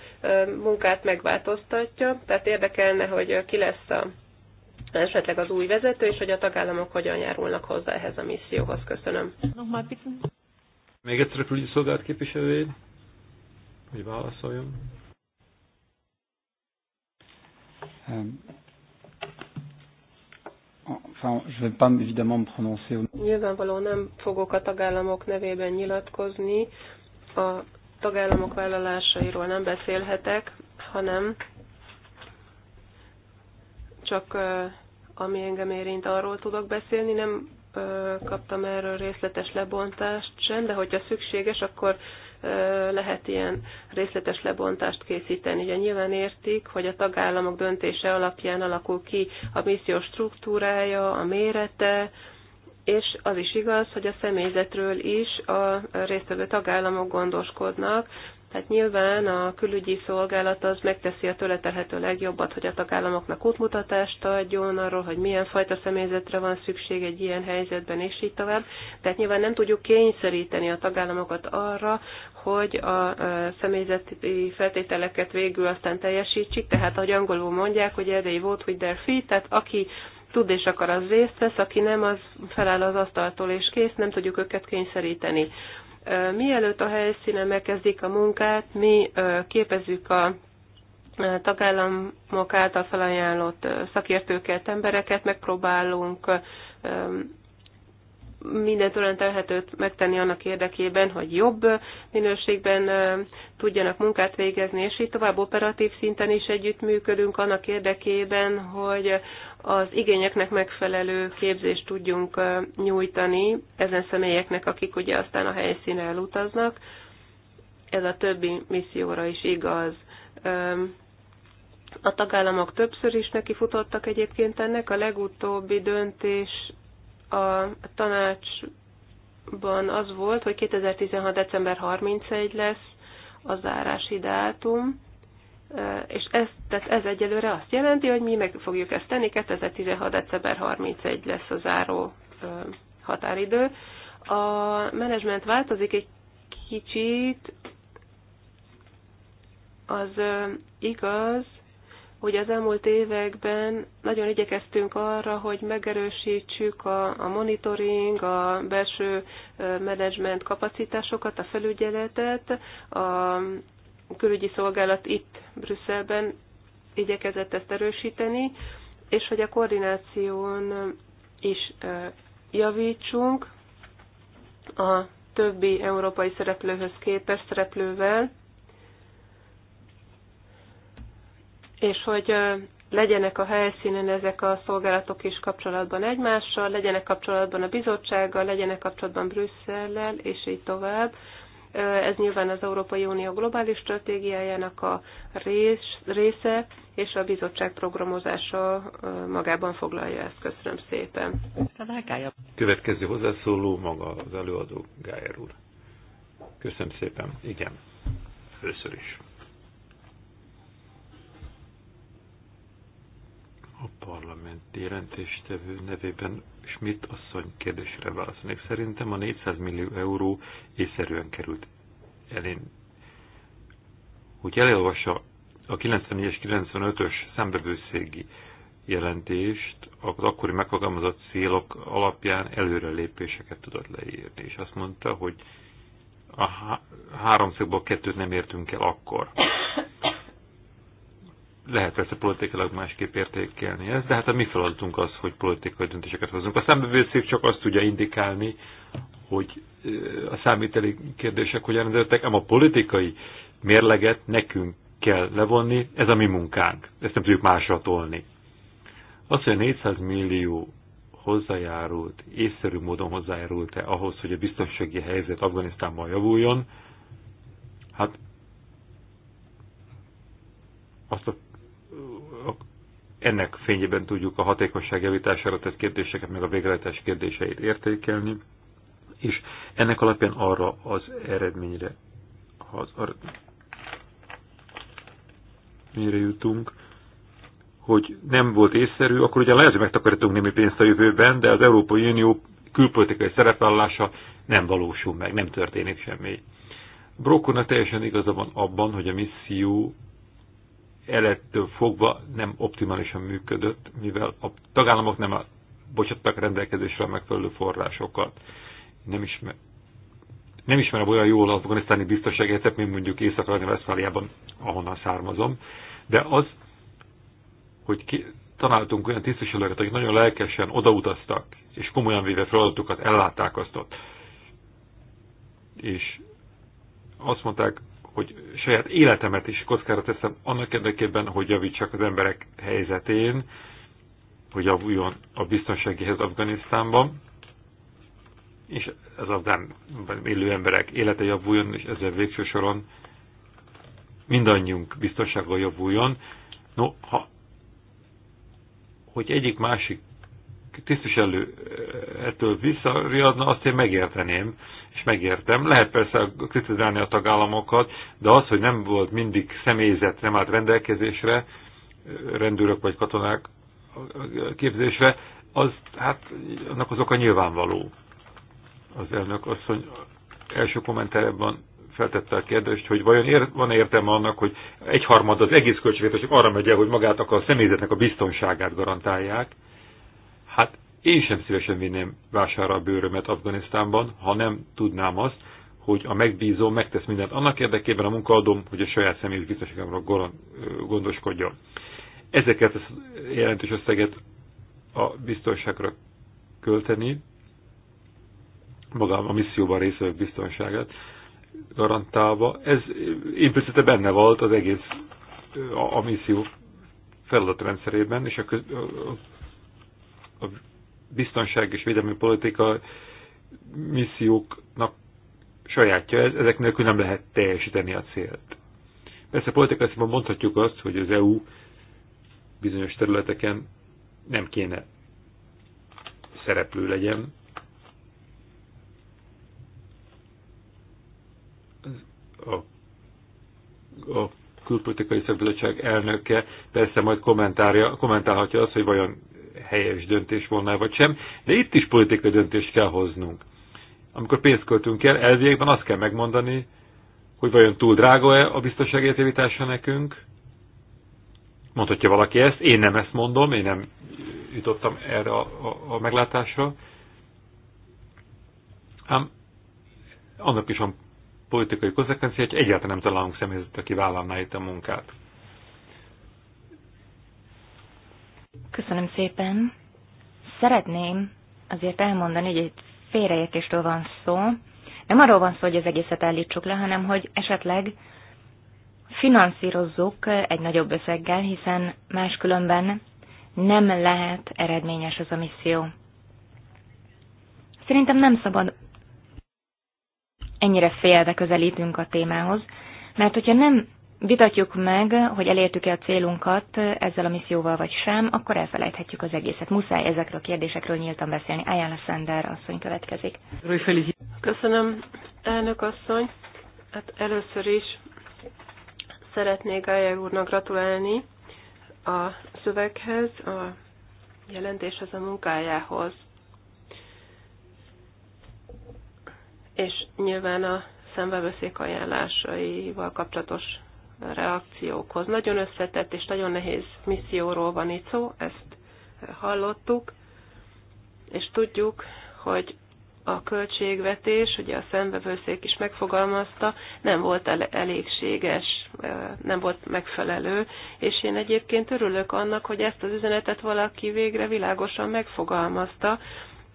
munkát megváltoztatja, tehát érdekelne, hogy ki lesz a esetleg az új vezető, és hogy a tagállamok hogyan járulnak hozzá ehhez a misszióhoz. Köszönöm. Még egyszer a külügyi szolgált képviselőjét, hogy válaszoljon. Um, Nyilvánvalóan nem fogok a tagállamok nevében nyilatkozni. A tagállamok vállalásairól nem beszélhetek, hanem csak uh, ami engem érint, arról tudok beszélni, nem ö, kaptam erről részletes lebontást sem, de hogyha szükséges, akkor ö, lehet ilyen részletes lebontást készíteni. Ugye nyilván értik, hogy a tagállamok döntése alapján alakul ki a misszió struktúrája, a mérete, és az is igaz, hogy a személyzetről is a résztvevő tagállamok gondoskodnak, tehát nyilván a külügyi szolgálat az megteszi a tőle legjobbat, hogy a tagállamoknak útmutatást adjon arról, hogy milyen fajta személyzetre van szükség egy ilyen helyzetben, és így tovább. Tehát nyilván nem tudjuk kényszeríteni a tagállamokat arra, hogy a személyzeti feltételeket végül aztán teljesítsük. Tehát, ahogy angolul mondják, hogy erdei volt, hogy der feet, tehát aki tud és akar, az részt vesz, aki nem, az feláll az asztaltól és kész, nem tudjuk őket kényszeríteni. Mielőtt a helyszínen megkezdik a munkát, mi képezzük a tagállamok által felajánlott szakértőket, embereket, megpróbálunk mindent olyan telhetőt megtenni annak érdekében, hogy jobb minőségben tudjanak munkát végezni, és így tovább operatív szinten is együttműködünk annak érdekében, hogy az igényeknek megfelelő képzést tudjunk nyújtani ezen személyeknek, akik ugye aztán a helyszínen elutaznak. Ez a többi misszióra is igaz. A tagállamok többször is nekifutottak egyébként ennek. A legutóbbi döntés a tanácsban az volt, hogy 2016. december 31 lesz a zárási dátum, és ez, tehát ez egyelőre azt jelenti, hogy mi meg fogjuk ezt tenni, 2016. december 31 lesz a záró határidő. A menedzsment változik egy kicsit, az igaz, hogy az elmúlt években nagyon igyekeztünk arra, hogy megerősítsük a, a monitoring, a belső menedzsment kapacitásokat, a felügyeletet, a külügyi szolgálat itt Brüsszelben igyekezett ezt erősíteni, és hogy a koordináción is javítsunk a többi európai szereplőhöz képest szereplővel, és hogy legyenek a helyszínen ezek a szolgálatok is kapcsolatban egymással, legyenek kapcsolatban a bizottsággal, legyenek kapcsolatban Brüsszellel, és így tovább, ez nyilván az Európai Unió globális stratégiájának a része, és a bizottság programozása magában foglalja ezt. Köszönöm szépen. Következő hozzászóló maga az előadó Gájer úr. Köszönöm szépen. Igen, először is. a parlament jelentéstevő nevében Schmidt asszony kérdésre válaszolnék. Szerintem a 400 millió euró észszerűen került elén. Hogy elolvassa a 94-es 95-ös szembevőszégi jelentést, az akkori megfogalmazott célok alapján előrelépéseket tudott leírni, és azt mondta, hogy a háromszögből kettőt nem értünk el akkor lehet persze politikailag másképp értékelni ezt, de hát a mi feladatunk az, hogy politikai döntéseket hozunk. A számbevőszék csak azt tudja indikálni, hogy a számíteli kérdések hogyan rendeltek, ám a politikai mérleget nekünk kell levonni, ez a mi munkánk. Ezt nem tudjuk másra tolni. Az, hogy a 400 millió hozzájárult, észszerű módon hozzájárult-e ahhoz, hogy a biztonsági helyzet Afganisztánban javuljon, hát azt a ennek fényében tudjuk a hatékonyság javítására tett kérdéseket, meg a végrehajtás kérdéseit értékelni, és ennek alapján arra az eredményre, ha az ar- mire jutunk, hogy nem volt észszerű, akkor ugye lehet, hogy megtakarítunk némi pénzt a jövőben, de az Európai Unió külpolitikai szerepvállása nem valósul meg, nem történik semmi. Brokkónak teljesen igaza van abban, hogy a misszió elettől fogva nem optimálisan működött, mivel a tagállamok nem bocsattak rendelkezésre a megfelelő forrásokat. Nem ismer, nem ismerem olyan jól az afganisztáni biztonságértet, mint mondjuk észak veszfáliában ahonnan származom, de az, hogy ki, találtunk olyan tisztviselőket, akik nagyon lelkesen odautaztak, és komolyan véve feladatukat ellátták azt ott. És azt mondták, hogy saját életemet is kockára teszem annak érdekében, hogy javítsak az emberek helyzetén, hogy javuljon a biztonságihez Afganisztánban, és az afgánban élő emberek élete javuljon, és ezzel végső soron mindannyiunk biztonsággal javuljon. No, ha, hogy egyik másik tisztviselő eh, ettől visszariadna, azt én megérteném, és megértem. Lehet persze kritizálni a tagállamokat, de az, hogy nem volt mindig személyzet, nem állt rendelkezésre, eh, rendőrök vagy katonák eh, képzésre, az, hát annak az oka nyilvánvaló. Az elnök asszony első kommentárban feltette a kérdést, hogy vajon ér, van-e értelme annak, hogy egyharmad az egész költségvetés arra megy el, hogy magát akar a személyzetnek a biztonságát garantálják, Hát én sem szívesen vinném vására a bőrömet Afganisztánban, ha nem tudnám azt, hogy a megbízó megtesz mindent annak érdekében a munkaadóm, hogy a saját személyes biztonságomra gondoskodjon. Ezeket a jelentős összeget a biztonságra költeni, maga a misszióban részvevők biztonságát garantálva. Ez implicite benne volt az egész a, a misszió feladatrendszerében, és a, köz, a a biztonság és védelmi politika misszióknak sajátja ezek nélkül nem lehet teljesíteni a célt. Persze politikai szemben mondhatjuk azt, hogy az EU bizonyos területeken nem kéne szereplő legyen. A, a külpolitikai szakbizottság elnöke persze majd kommentálja, kommentálhatja azt, hogy vajon helyes döntés volna, vagy sem, de itt is politikai döntést kell hoznunk. Amikor pénzt költünk el, elvégben azt kell megmondani, hogy vajon túl drága-e a biztonságértévítása nekünk. Mondhatja valaki ezt, én nem ezt mondom, én nem jutottam erre a, a, a meglátásra. Ám annak is van politikai konzekvencia, hogy egyáltalán nem találunk személyzet, aki vállalná itt a munkát. Köszönöm szépen. Szeretném azért elmondani, hogy egy félreértéstől van szó. Nem arról van szó, hogy az egészet állítsuk le, hanem hogy esetleg finanszírozzuk egy nagyobb összeggel, hiszen máskülönben nem lehet eredményes az a misszió. Szerintem nem szabad ennyire félve közelítünk a témához, mert hogyha nem vitatjuk meg, hogy elértük-e a célunkat ezzel a misszióval vagy sem, akkor elfelejthetjük az egészet. Muszáj ezekről a kérdésekről nyíltan beszélni. Ayala Sander asszony következik. Köszönöm, elnök asszony. Hát először is szeretnék Ayala úrnak gratulálni a szöveghez, a jelentéshez, a munkájához. És nyilván a szembeveszék ajánlásaival kapcsolatos reakciókhoz. Nagyon összetett és nagyon nehéz misszióról van itt szó, ezt hallottuk, és tudjuk, hogy a költségvetés, ugye a szemvevőszék is megfogalmazta, nem volt elégséges, nem volt megfelelő, és én egyébként örülök annak, hogy ezt az üzenetet valaki végre világosan megfogalmazta,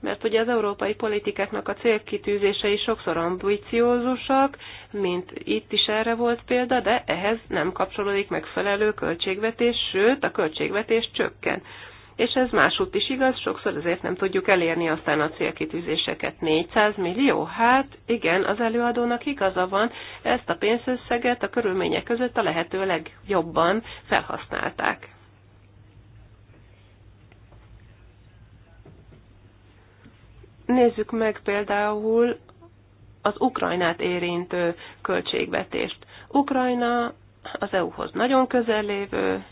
mert ugye az európai politikáknak a célkitűzései sokszor ambiciózusak, mint itt is erre volt példa, de ehhez nem kapcsolódik megfelelő költségvetés, sőt a költségvetés csökken. És ez máshogy is igaz, sokszor azért nem tudjuk elérni aztán a célkitűzéseket. 400 millió? Hát igen, az előadónak igaza van, ezt a pénzösszeget a körülmények között a lehető legjobban felhasználták. Nézzük meg például az Ukrajnát érintő költségvetést. Ukrajna az EU-hoz nagyon közel lévő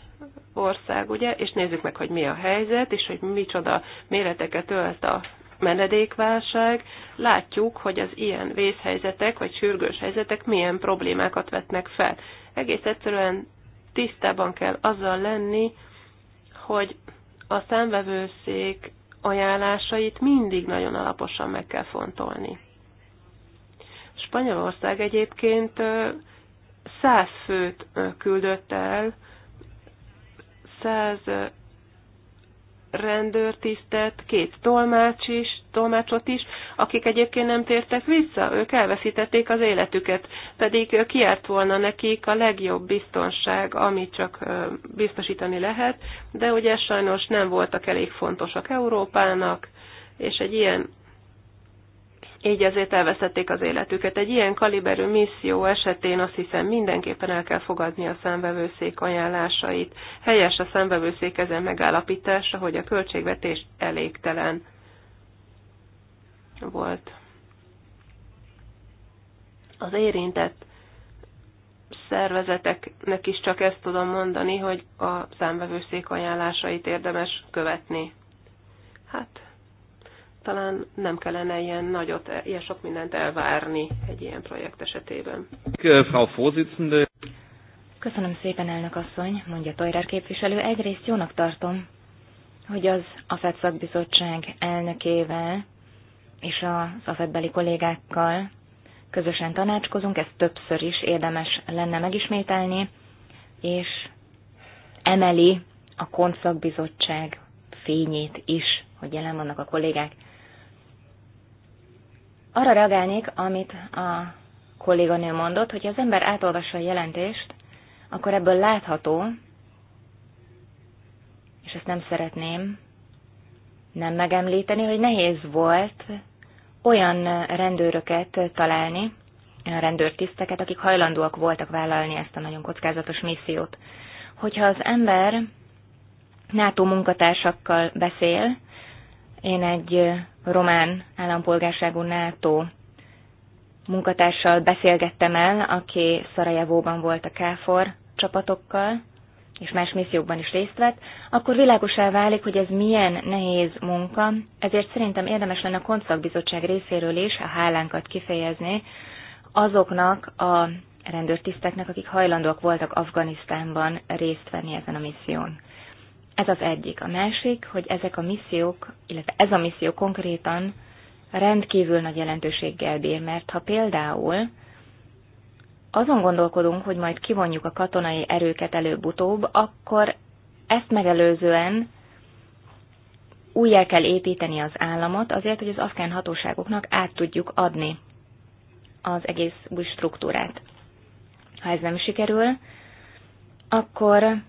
ország, ugye, és nézzük meg, hogy mi a helyzet, és hogy micsoda méreteket ölt a menedékválság. Látjuk, hogy az ilyen vészhelyzetek, vagy sürgős helyzetek milyen problémákat vetnek fel. Egész egyszerűen tisztában kell azzal lenni, hogy a számvevőszék ajánlásait mindig nagyon alaposan meg kell fontolni. Spanyolország egyébként száz főt küldött el, száz rendőrtisztet, két tolmács is, tolmácsot is, akik egyébként nem tértek vissza, ők elveszítették az életüket, pedig kiárt volna nekik a legjobb biztonság, amit csak biztosítani lehet, de ugye sajnos nem voltak elég fontosak Európának, és egy ilyen így ezért elvesztették az életüket. Egy ilyen kaliberű misszió esetén azt hiszem mindenképpen el kell fogadni a számvevőszék ajánlásait. Helyes a számvevőszék ezen megállapítása, hogy a költségvetés elégtelen volt. Az érintett szervezeteknek is csak ezt tudom mondani, hogy a számvevőszék ajánlásait érdemes követni. Hát, talán nem kellene ilyen nagyot, ilyen sok mindent elvárni egy ilyen projekt esetében. Köszönöm szépen, elnök asszony, mondja Tojrer képviselő. Egyrészt jónak tartom, hogy az AFED szakbizottság elnökével és az AFED beli kollégákkal közösen tanácskozunk, ezt többször is érdemes lenne megismételni, és emeli a konszakbizottság fényét is, hogy jelen vannak a kollégák. Arra reagálnék, amit a kolléganő mondott, hogy az ember átolvassa a jelentést, akkor ebből látható, és ezt nem szeretném nem megemlíteni, hogy nehéz volt olyan rendőröket találni, olyan rendőrtiszteket, akik hajlandóak voltak vállalni ezt a nagyon kockázatos missziót. Hogyha az ember NATO munkatársakkal beszél, én egy román állampolgárságú NATO munkatársal beszélgettem el, aki Szarajevóban volt a KFOR csapatokkal, és más missziókban is részt vett, akkor világosá válik, hogy ez milyen nehéz munka, ezért szerintem érdemes lenne a Konszakbizottság részéről is a hálánkat kifejezni azoknak a rendőrtiszteknek, akik hajlandóak voltak Afganisztánban részt venni ezen a misszión. Ez az egyik. A másik, hogy ezek a missziók, illetve ez a misszió konkrétan rendkívül nagy jelentőséggel bír, mert ha például azon gondolkodunk, hogy majd kivonjuk a katonai erőket előbb-utóbb, akkor ezt megelőzően újjá kell építeni az államot azért, hogy az afgán hatóságoknak át tudjuk adni az egész új struktúrát. Ha ez nem sikerül, akkor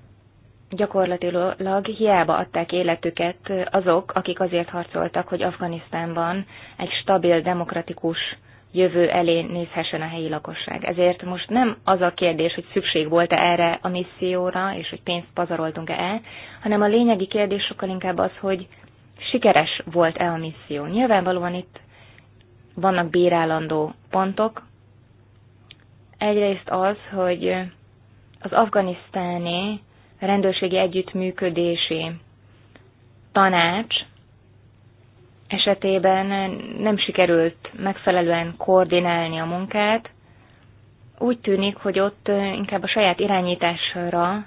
gyakorlatilag hiába adták életüket azok, akik azért harcoltak, hogy Afganisztánban egy stabil, demokratikus jövő elé nézhessen a helyi lakosság. Ezért most nem az a kérdés, hogy szükség volt-e erre a misszióra, és hogy pénzt pazaroltunk-e el, hanem a lényegi kérdés sokkal inkább az, hogy sikeres volt-e a misszió. Nyilvánvalóan itt vannak bírálandó pontok. Egyrészt az, hogy az afganisztáni rendőrségi együttműködési tanács esetében nem sikerült megfelelően koordinálni a munkát. Úgy tűnik, hogy ott inkább a saját irányításra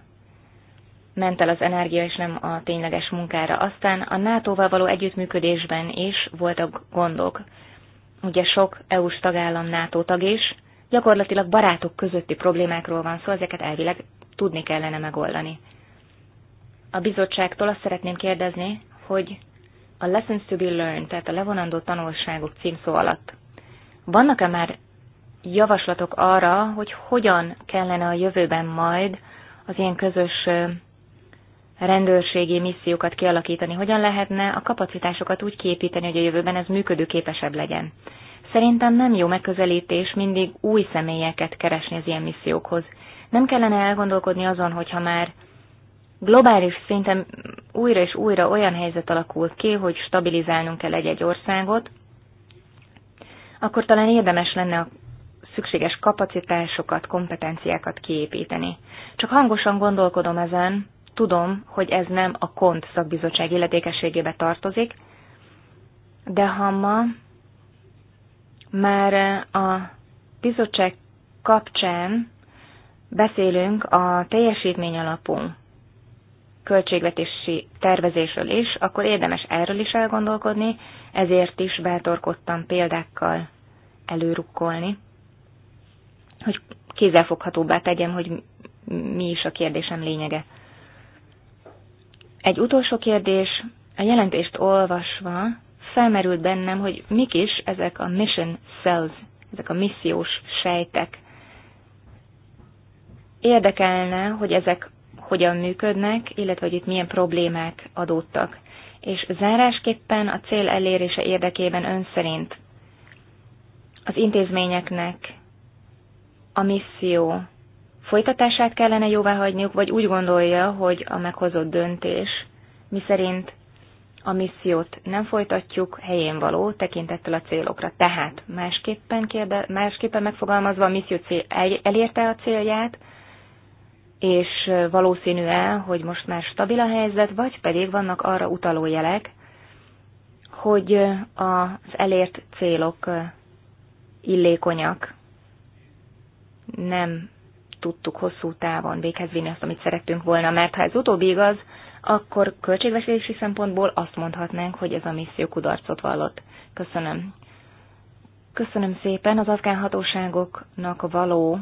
ment el az energia, és nem a tényleges munkára. Aztán a NATO-val való együttműködésben is voltak gondok. Ugye sok EU-s tagállam NATO tag is, gyakorlatilag barátok közötti problémákról van szó, ezeket elvileg tudni kellene megoldani. A bizottságtól azt szeretném kérdezni, hogy a Lessons to be Learned, tehát a levonandó tanulságok címszó alatt vannak-e már javaslatok arra, hogy hogyan kellene a jövőben majd az ilyen közös rendőrségi missziókat kialakítani, hogyan lehetne a kapacitásokat úgy képíteni, hogy a jövőben ez működőképesebb legyen. Szerintem nem jó megközelítés mindig új személyeket keresni az ilyen missziókhoz. Nem kellene elgondolkodni azon, hogyha már globális szinten újra és újra olyan helyzet alakul ki, hogy stabilizálnunk kell egy-egy országot, akkor talán érdemes lenne a szükséges kapacitásokat, kompetenciákat kiépíteni. Csak hangosan gondolkodom ezen, tudom, hogy ez nem a KONT szakbizottság illetékességébe tartozik, de ha ma már a bizottság kapcsán beszélünk a teljesítmény alapú költségvetési tervezésről is, akkor érdemes erről is elgondolkodni, ezért is bátorkodtam példákkal előrukkolni, hogy kézzelfoghatóbbá tegyem, hogy mi is a kérdésem lényege. Egy utolsó kérdés, a jelentést olvasva felmerült bennem, hogy mik is ezek a mission cells, ezek a missziós sejtek. Érdekelne, hogy ezek hogyan működnek, illetve hogy itt milyen problémák adódtak. És zárásképpen a cél elérése érdekében ön szerint az intézményeknek a misszió folytatását kellene jóváhagyniuk, vagy úgy gondolja, hogy a meghozott döntés, miszerint a missziót nem folytatjuk, helyén való, tekintettel a célokra. Tehát másképpen, kérde, másképpen megfogalmazva a misszió cél, elérte a célját, és valószínű-e, hogy most már stabil a helyzet, vagy pedig vannak arra utaló jelek, hogy az elért célok illékonyak. Nem tudtuk hosszú távon véghez vinni azt, amit szerettünk volna, mert ha ez utóbbi igaz, akkor költségvetési szempontból azt mondhatnánk, hogy ez a misszió kudarcot vallott. Köszönöm. Köszönöm szépen az afgán hatóságoknak való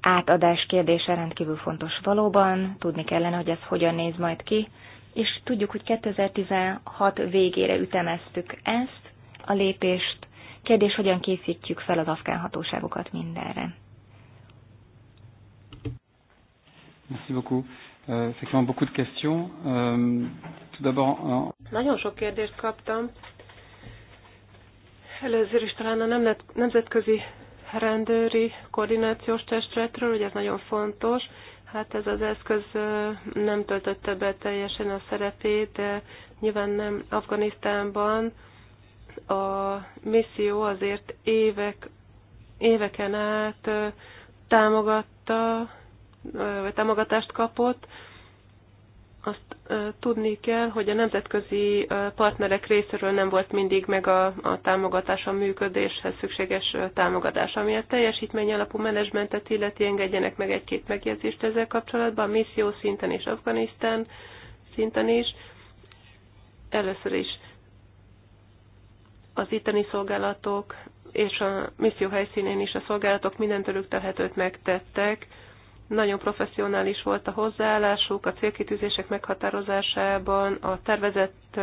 átadás kérdése rendkívül fontos valóban, tudni kellene, hogy ez hogyan néz majd ki, és tudjuk, hogy 2016 végére ütemeztük ezt, a lépést, kérdés, hogyan készítjük fel az afgán hatóságokat mindenre. Merci beaucoup. Euh, effectivement, beaucoup de questions. Euh, tout d'abord, euh, Nagyon sok kérdést kaptam. Először is talán a nemzetközi rendőri koordinációs testületről, ugye ez nagyon fontos. Hát ez az eszköz nem töltötte be teljesen a szerepét, de nyilván nem Afganisztánban a misszió azért évek, éveken át támogatta, vagy támogatást kapott, azt tudni kell, hogy a nemzetközi partnerek részéről nem volt mindig meg a, a támogatás a működéshez szükséges támogatás, ami a teljesítmény alapú menedzsmentet illeti engedjenek meg egy-két megjegyzést ezzel kapcsolatban, a misszió szinten és Afganisztán szinten is. Először is az itteni szolgálatok és a misszió helyszínén is a szolgálatok mindentőlük tehetőt megtettek, nagyon professzionális volt a hozzáállásuk a célkitűzések meghatározásában, a tervezett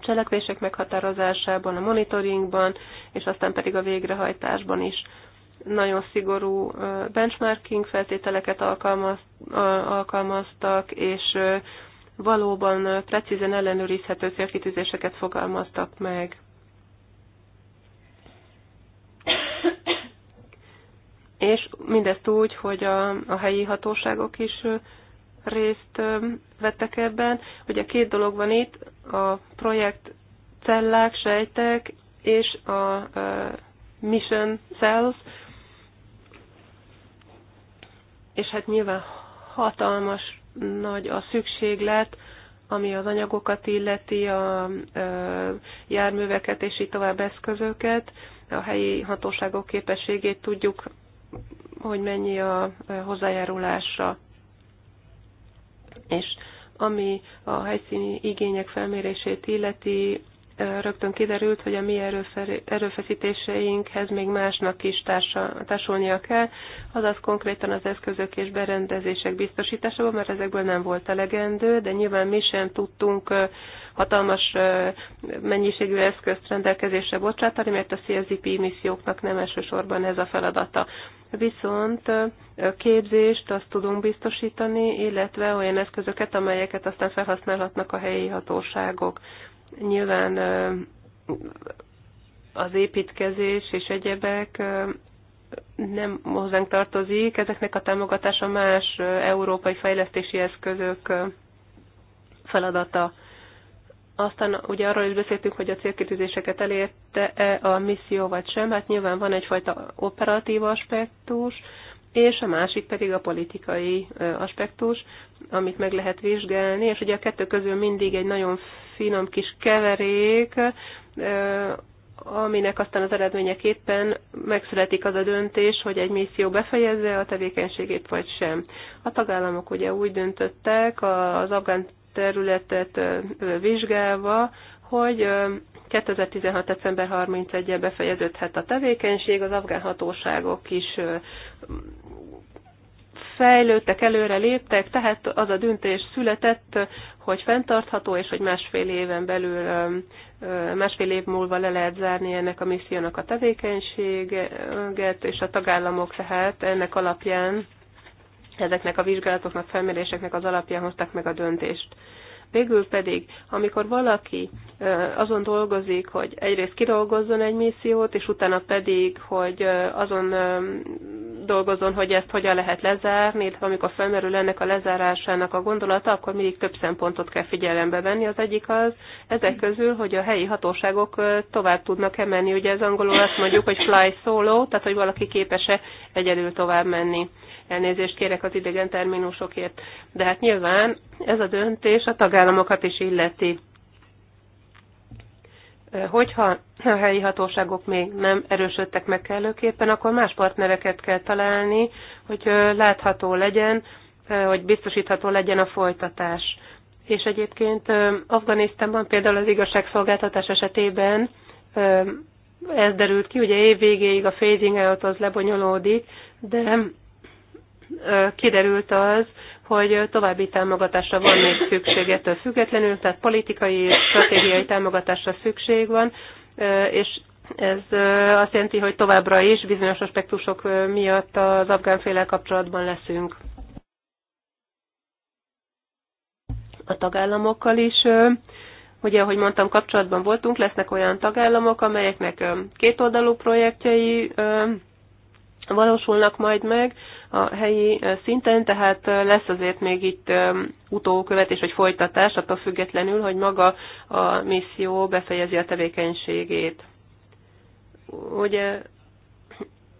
cselekvések meghatározásában, a monitoringban, és aztán pedig a végrehajtásban is. Nagyon szigorú benchmarking feltételeket alkalmaztak, és valóban precízen ellenőrizhető célkitűzéseket fogalmaztak meg. és mindezt úgy, hogy a, a helyi hatóságok is részt vettek ebben. Ugye két dolog van itt, a projekt cellák, sejtek és a, a mission cells, és hát nyilván hatalmas nagy a szükséglet, ami az anyagokat illeti, a járműveket és így tovább eszközöket, a helyi hatóságok képességét tudjuk hogy mennyi a hozzájárulása. És ami a helyszíni igények felmérését illeti, rögtön kiderült, hogy a mi erőfeszítéseinkhez még másnak is társulnia kell, azaz konkrétan az eszközök és berendezések biztosításában, mert ezekből nem volt elegendő, de nyilván mi sem tudtunk hatalmas mennyiségű eszközt rendelkezésre bocsátani, mert a CSZP misszióknak nem elsősorban ez a feladata. Viszont képzést azt tudunk biztosítani, illetve olyan eszközöket, amelyeket aztán felhasználhatnak a helyi hatóságok. Nyilván az építkezés és egyebek nem hozzánk tartozik, ezeknek a támogatása más európai fejlesztési eszközök feladata. Aztán ugye arról is beszéltünk, hogy a célkitűzéseket elérte-e a misszió vagy sem, hát nyilván van egyfajta operatív aspektus, és a másik pedig a politikai aspektus, amit meg lehet vizsgálni, és ugye a kettő közül mindig egy nagyon finom kis keverék, aminek aztán az eredményeképpen megszületik az a döntés, hogy egy misszió befejezze a tevékenységét vagy sem. A tagállamok ugye úgy döntöttek az afgán területet vizsgálva, hogy 2016. december 31-e befejeződhet a tevékenység, az afgán hatóságok is fejlődtek, előre léptek, tehát az a döntés született, hogy fenntartható, és hogy másfél éven belül, másfél év múlva le lehet zárni ennek a missziónak a tevékenységet, és a tagállamok tehát ennek alapján, ezeknek a vizsgálatoknak, felméréseknek az alapján hozták meg a döntést. Végül pedig, amikor valaki azon dolgozik, hogy egyrészt kidolgozzon egy missziót, és utána pedig, hogy azon dolgozzon, hogy ezt hogyan lehet lezárni, de amikor felmerül ennek a lezárásának a gondolata, akkor mindig több szempontot kell figyelembe venni. Az egyik az ezek közül, hogy a helyi hatóságok tovább tudnak-e menni. Ugye ez angolul azt mondjuk, hogy fly solo, tehát hogy valaki képes-e egyedül tovább menni. Elnézést kérek az idegen terminusokért. De hát nyilván ez a döntés a tagállamokat is illeti. Hogyha a helyi hatóságok még nem erősödtek meg kellőképpen, akkor más partnereket kell találni, hogy látható legyen, hogy biztosítható legyen a folytatás. És egyébként Afganisztánban például az igazságszolgáltatás esetében ez derült ki, ugye év végéig a phasing out az lebonyolódik, de kiderült az, hogy további támogatásra van még szükség ettől függetlenül, tehát politikai és stratégiai támogatásra szükség van, és ez azt jelenti, hogy továbbra is bizonyos aspektusok miatt az afgánféle kapcsolatban leszünk. A tagállamokkal is, ugye, ahogy mondtam, kapcsolatban voltunk, lesznek olyan tagállamok, amelyeknek kétoldalú projektjei valósulnak majd meg, a helyi szinten, tehát lesz azért még itt utókövetés vagy folytatás, attól függetlenül, hogy maga a misszió befejezi a tevékenységét. Ugye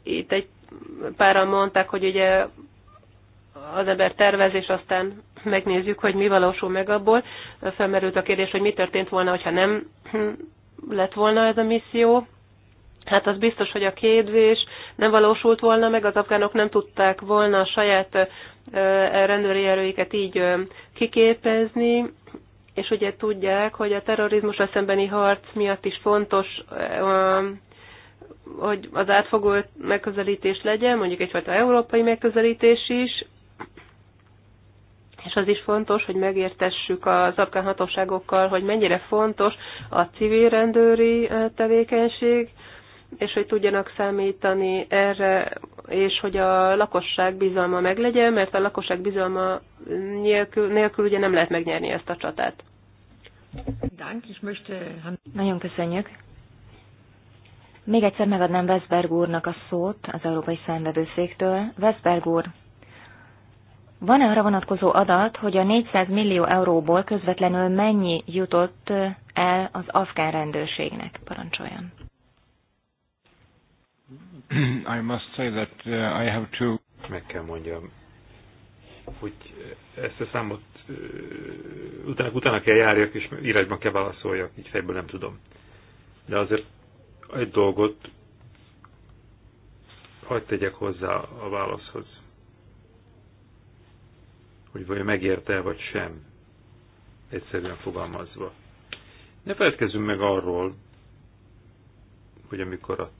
itt egy páran mondták, hogy ugye az ember tervez, és aztán megnézzük, hogy mi valósul meg abból. Felmerült a kérdés, hogy mi történt volna, hogyha nem lett volna ez a misszió, Hát az biztos, hogy a kérdés nem valósult volna meg, az afgánok nem tudták volna a saját rendőri erőiket így kiképezni, és ugye tudják, hogy a terrorizmus szembeni harc miatt is fontos, hogy az átfogó megközelítés legyen, mondjuk egyfajta európai megközelítés is, és az is fontos, hogy megértessük az afgán hatóságokkal, hogy mennyire fontos a civil rendőri tevékenység, és hogy tudjanak számítani erre, és hogy a lakosság bizalma meglegyen, mert a lakosság bizalma nélkül, nélkül ugye nem lehet megnyerni ezt a csatát. Nagyon köszönjük. Még egyszer megadnám Veszberg úrnak a szót az Európai Szenvedőszéktől. Veszberg úr, van-e arra vonatkozó adat, hogy a 400 millió euróból közvetlenül mennyi jutott el az afgán rendőrségnek? Parancsoljon. I must say that uh, I have to... Meg kell mondjam, hogy ezt a számot uh, utána, utána kell járjak, és írásban kell válaszoljak, így fejből nem tudom. De azért egy dolgot hagyd tegyek hozzá a válaszhoz. Hogy vajon megérte vagy sem. Egyszerűen fogalmazva. Ne feledkezzünk meg arról, hogy amikor a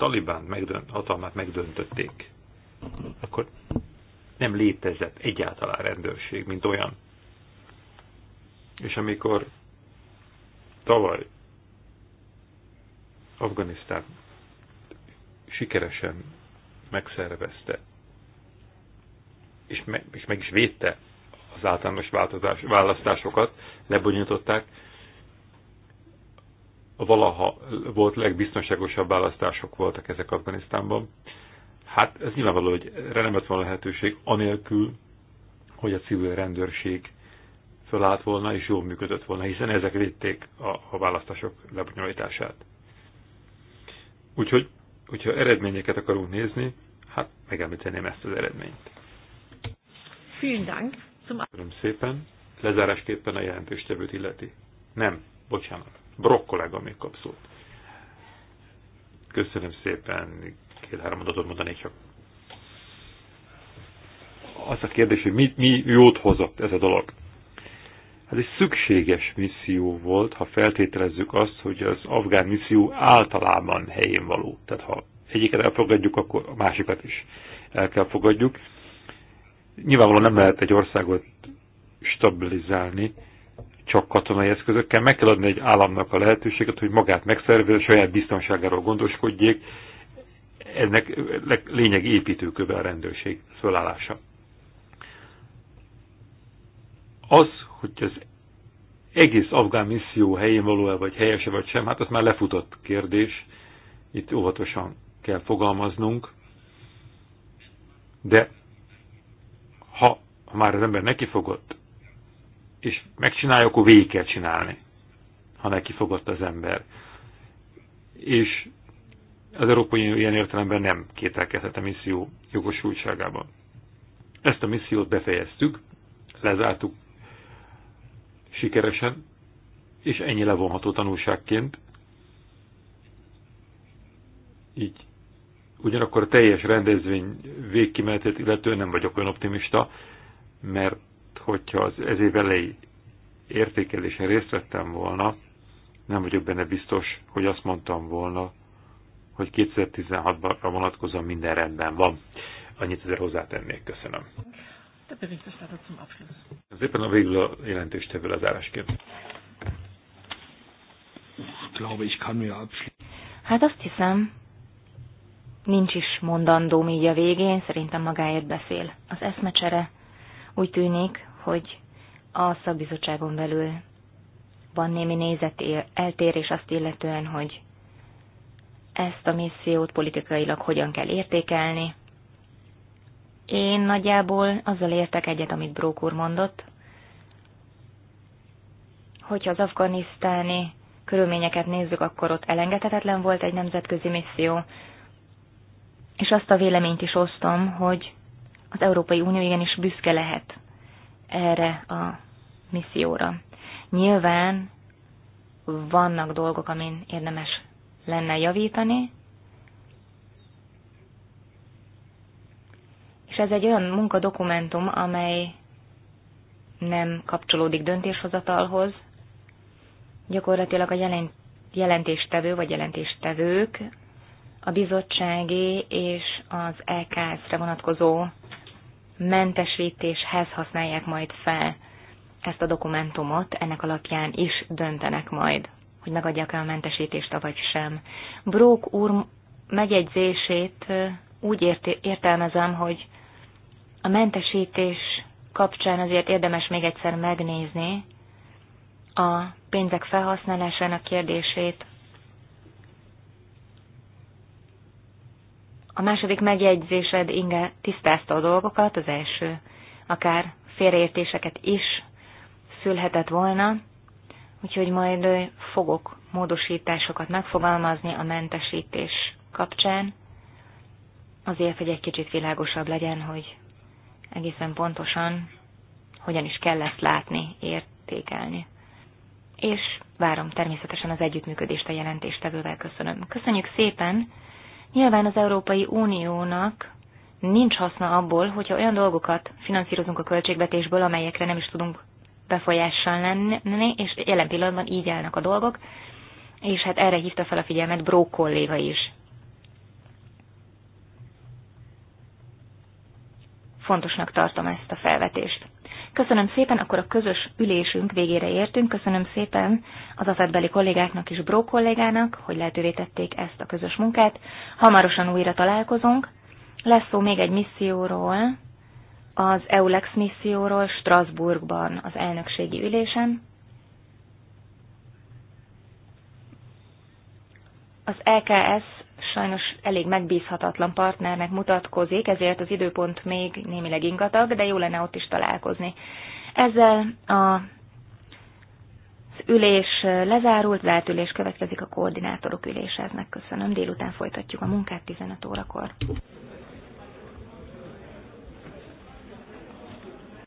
talibán megdönt, hatalmát megdöntötték, akkor nem létezett egyáltalán rendőrség, mint olyan. És amikor tavaly Afganisztán sikeresen megszervezte, és, me, és meg is védte az általános változás, választásokat, lebonyolították, a valaha volt legbiztonságosabb választások voltak ezek Afganisztánban. Hát ez nyilvánvaló, hogy erre nem lett volna lehetőség, anélkül, hogy a civil rendőrség fölállt volna és jól működött volna, hiszen ezek védték a, a választások lebonyolítását. Úgyhogy, hogyha eredményeket akarunk nézni, hát megemlíteném ezt az eredményt. Vielen Dank. Köszönöm szépen. Lezárásképpen a jelentőstevőt illeti. Nem, bocsánat brokkolega még kapszult. Köszönöm szépen, két-három mondatot mondanék csak. Az a kérdés, hogy mi, mi jót hozott ez a dolog. Ez hát egy szükséges misszió volt, ha feltételezzük azt, hogy az afgán misszió általában helyén való. Tehát ha egyiket elfogadjuk, akkor a másikat is el kell fogadjuk. Nyilvánvalóan nem lehet egy országot stabilizálni, csak katonai eszközökkel, meg kell adni egy államnak a lehetőséget, hogy magát megszervezze, saját biztonságáról gondoskodjék, ennek lényegi építőköve a rendőrség fölállása. Az, hogy az egész afgán misszió helyén való-e, vagy helyese, vagy sem, hát az már lefutott kérdés, itt óvatosan kell fogalmaznunk, de ha, ha már az ember nekifogott és megcsinálja, akkor végig kell csinálni, ha neki fogott az ember. És az Európai Unió ilyen értelemben nem kételkedhet a misszió jogosultságában. Ezt a missziót befejeztük, lezártuk sikeresen, és ennyi levonható tanulságként. Így. Ugyanakkor a teljes rendezvény végkimenetét illetően nem vagyok olyan optimista, mert hogyha az ez év elejé értékelésen részt vettem volna, nem vagyok benne biztos, hogy azt mondtam volna, hogy 2016-ra vonatkozóan minden rendben van. Annyit ezzel hozzátennék. Köszönöm. Der Berichterstatter zum Abschluss. Ez éppen a végül a jelentéstevő lezárásként. Glaube ich kann mir Hát azt hiszem, nincs is mondandó így a végén, szerintem magáért beszél. Az eszmecsere úgy tűnik, hogy a szabizottságon belül van némi nézet eltérés azt illetően, hogy ezt a missziót politikailag hogyan kell értékelni. Én nagyjából azzal értek egyet, amit Brók úr mondott, hogyha az afganisztáni körülményeket nézzük, akkor ott elengedhetetlen volt egy nemzetközi misszió, és azt a véleményt is osztom, hogy az Európai Unió igenis büszke lehet erre a misszióra. Nyilván vannak dolgok, amin érdemes lenne javítani, és ez egy olyan munkadokumentum, amely nem kapcsolódik döntéshozatalhoz. Gyakorlatilag a jelentéstevő vagy jelentéstevők a bizottsági és az EKS-re vonatkozó mentesítéshez használják majd fel ezt a dokumentumot, ennek alapján is döntenek majd, hogy megadják-e a mentesítést, vagy sem. Brók úr megjegyzését úgy értelmezem, hogy a mentesítés kapcsán azért érdemes még egyszer megnézni a pénzek felhasználásának kérdését, A második megjegyzésed inge tisztázta a dolgokat, az első akár félreértéseket is szülhetett volna, úgyhogy majd fogok módosításokat megfogalmazni a mentesítés kapcsán, azért, hogy egy kicsit világosabb legyen, hogy egészen pontosan hogyan is kell ezt látni, értékelni. És várom természetesen az együttműködést a jelentéstevővel. Köszönöm. Köszönjük szépen! Nyilván az Európai Uniónak nincs haszna abból, hogyha olyan dolgokat finanszírozunk a költségvetésből, amelyekre nem is tudunk befolyással lenni, és jelen pillanatban így állnak a dolgok, és hát erre hívta fel a figyelmet Bró kolléga is. Fontosnak tartom ezt a felvetést. Köszönöm szépen, akkor a közös ülésünk végére értünk. Köszönöm szépen az afetbeli kollégáknak és Bró kollégának, hogy lehetővé tették ezt a közös munkát. Hamarosan újra találkozunk. Lesz szó még egy misszióról, az EULEX misszióról Strasbourgban az elnökségi ülésen. Az EKS sajnos elég megbízhatatlan partnernek mutatkozik, ezért az időpont még némileg ingatag, de jó lenne ott is találkozni. Ezzel a ülés lezárult, zárt ülés következik a koordinátorok üléseznek. Köszönöm, délután folytatjuk a munkát 15 órakor.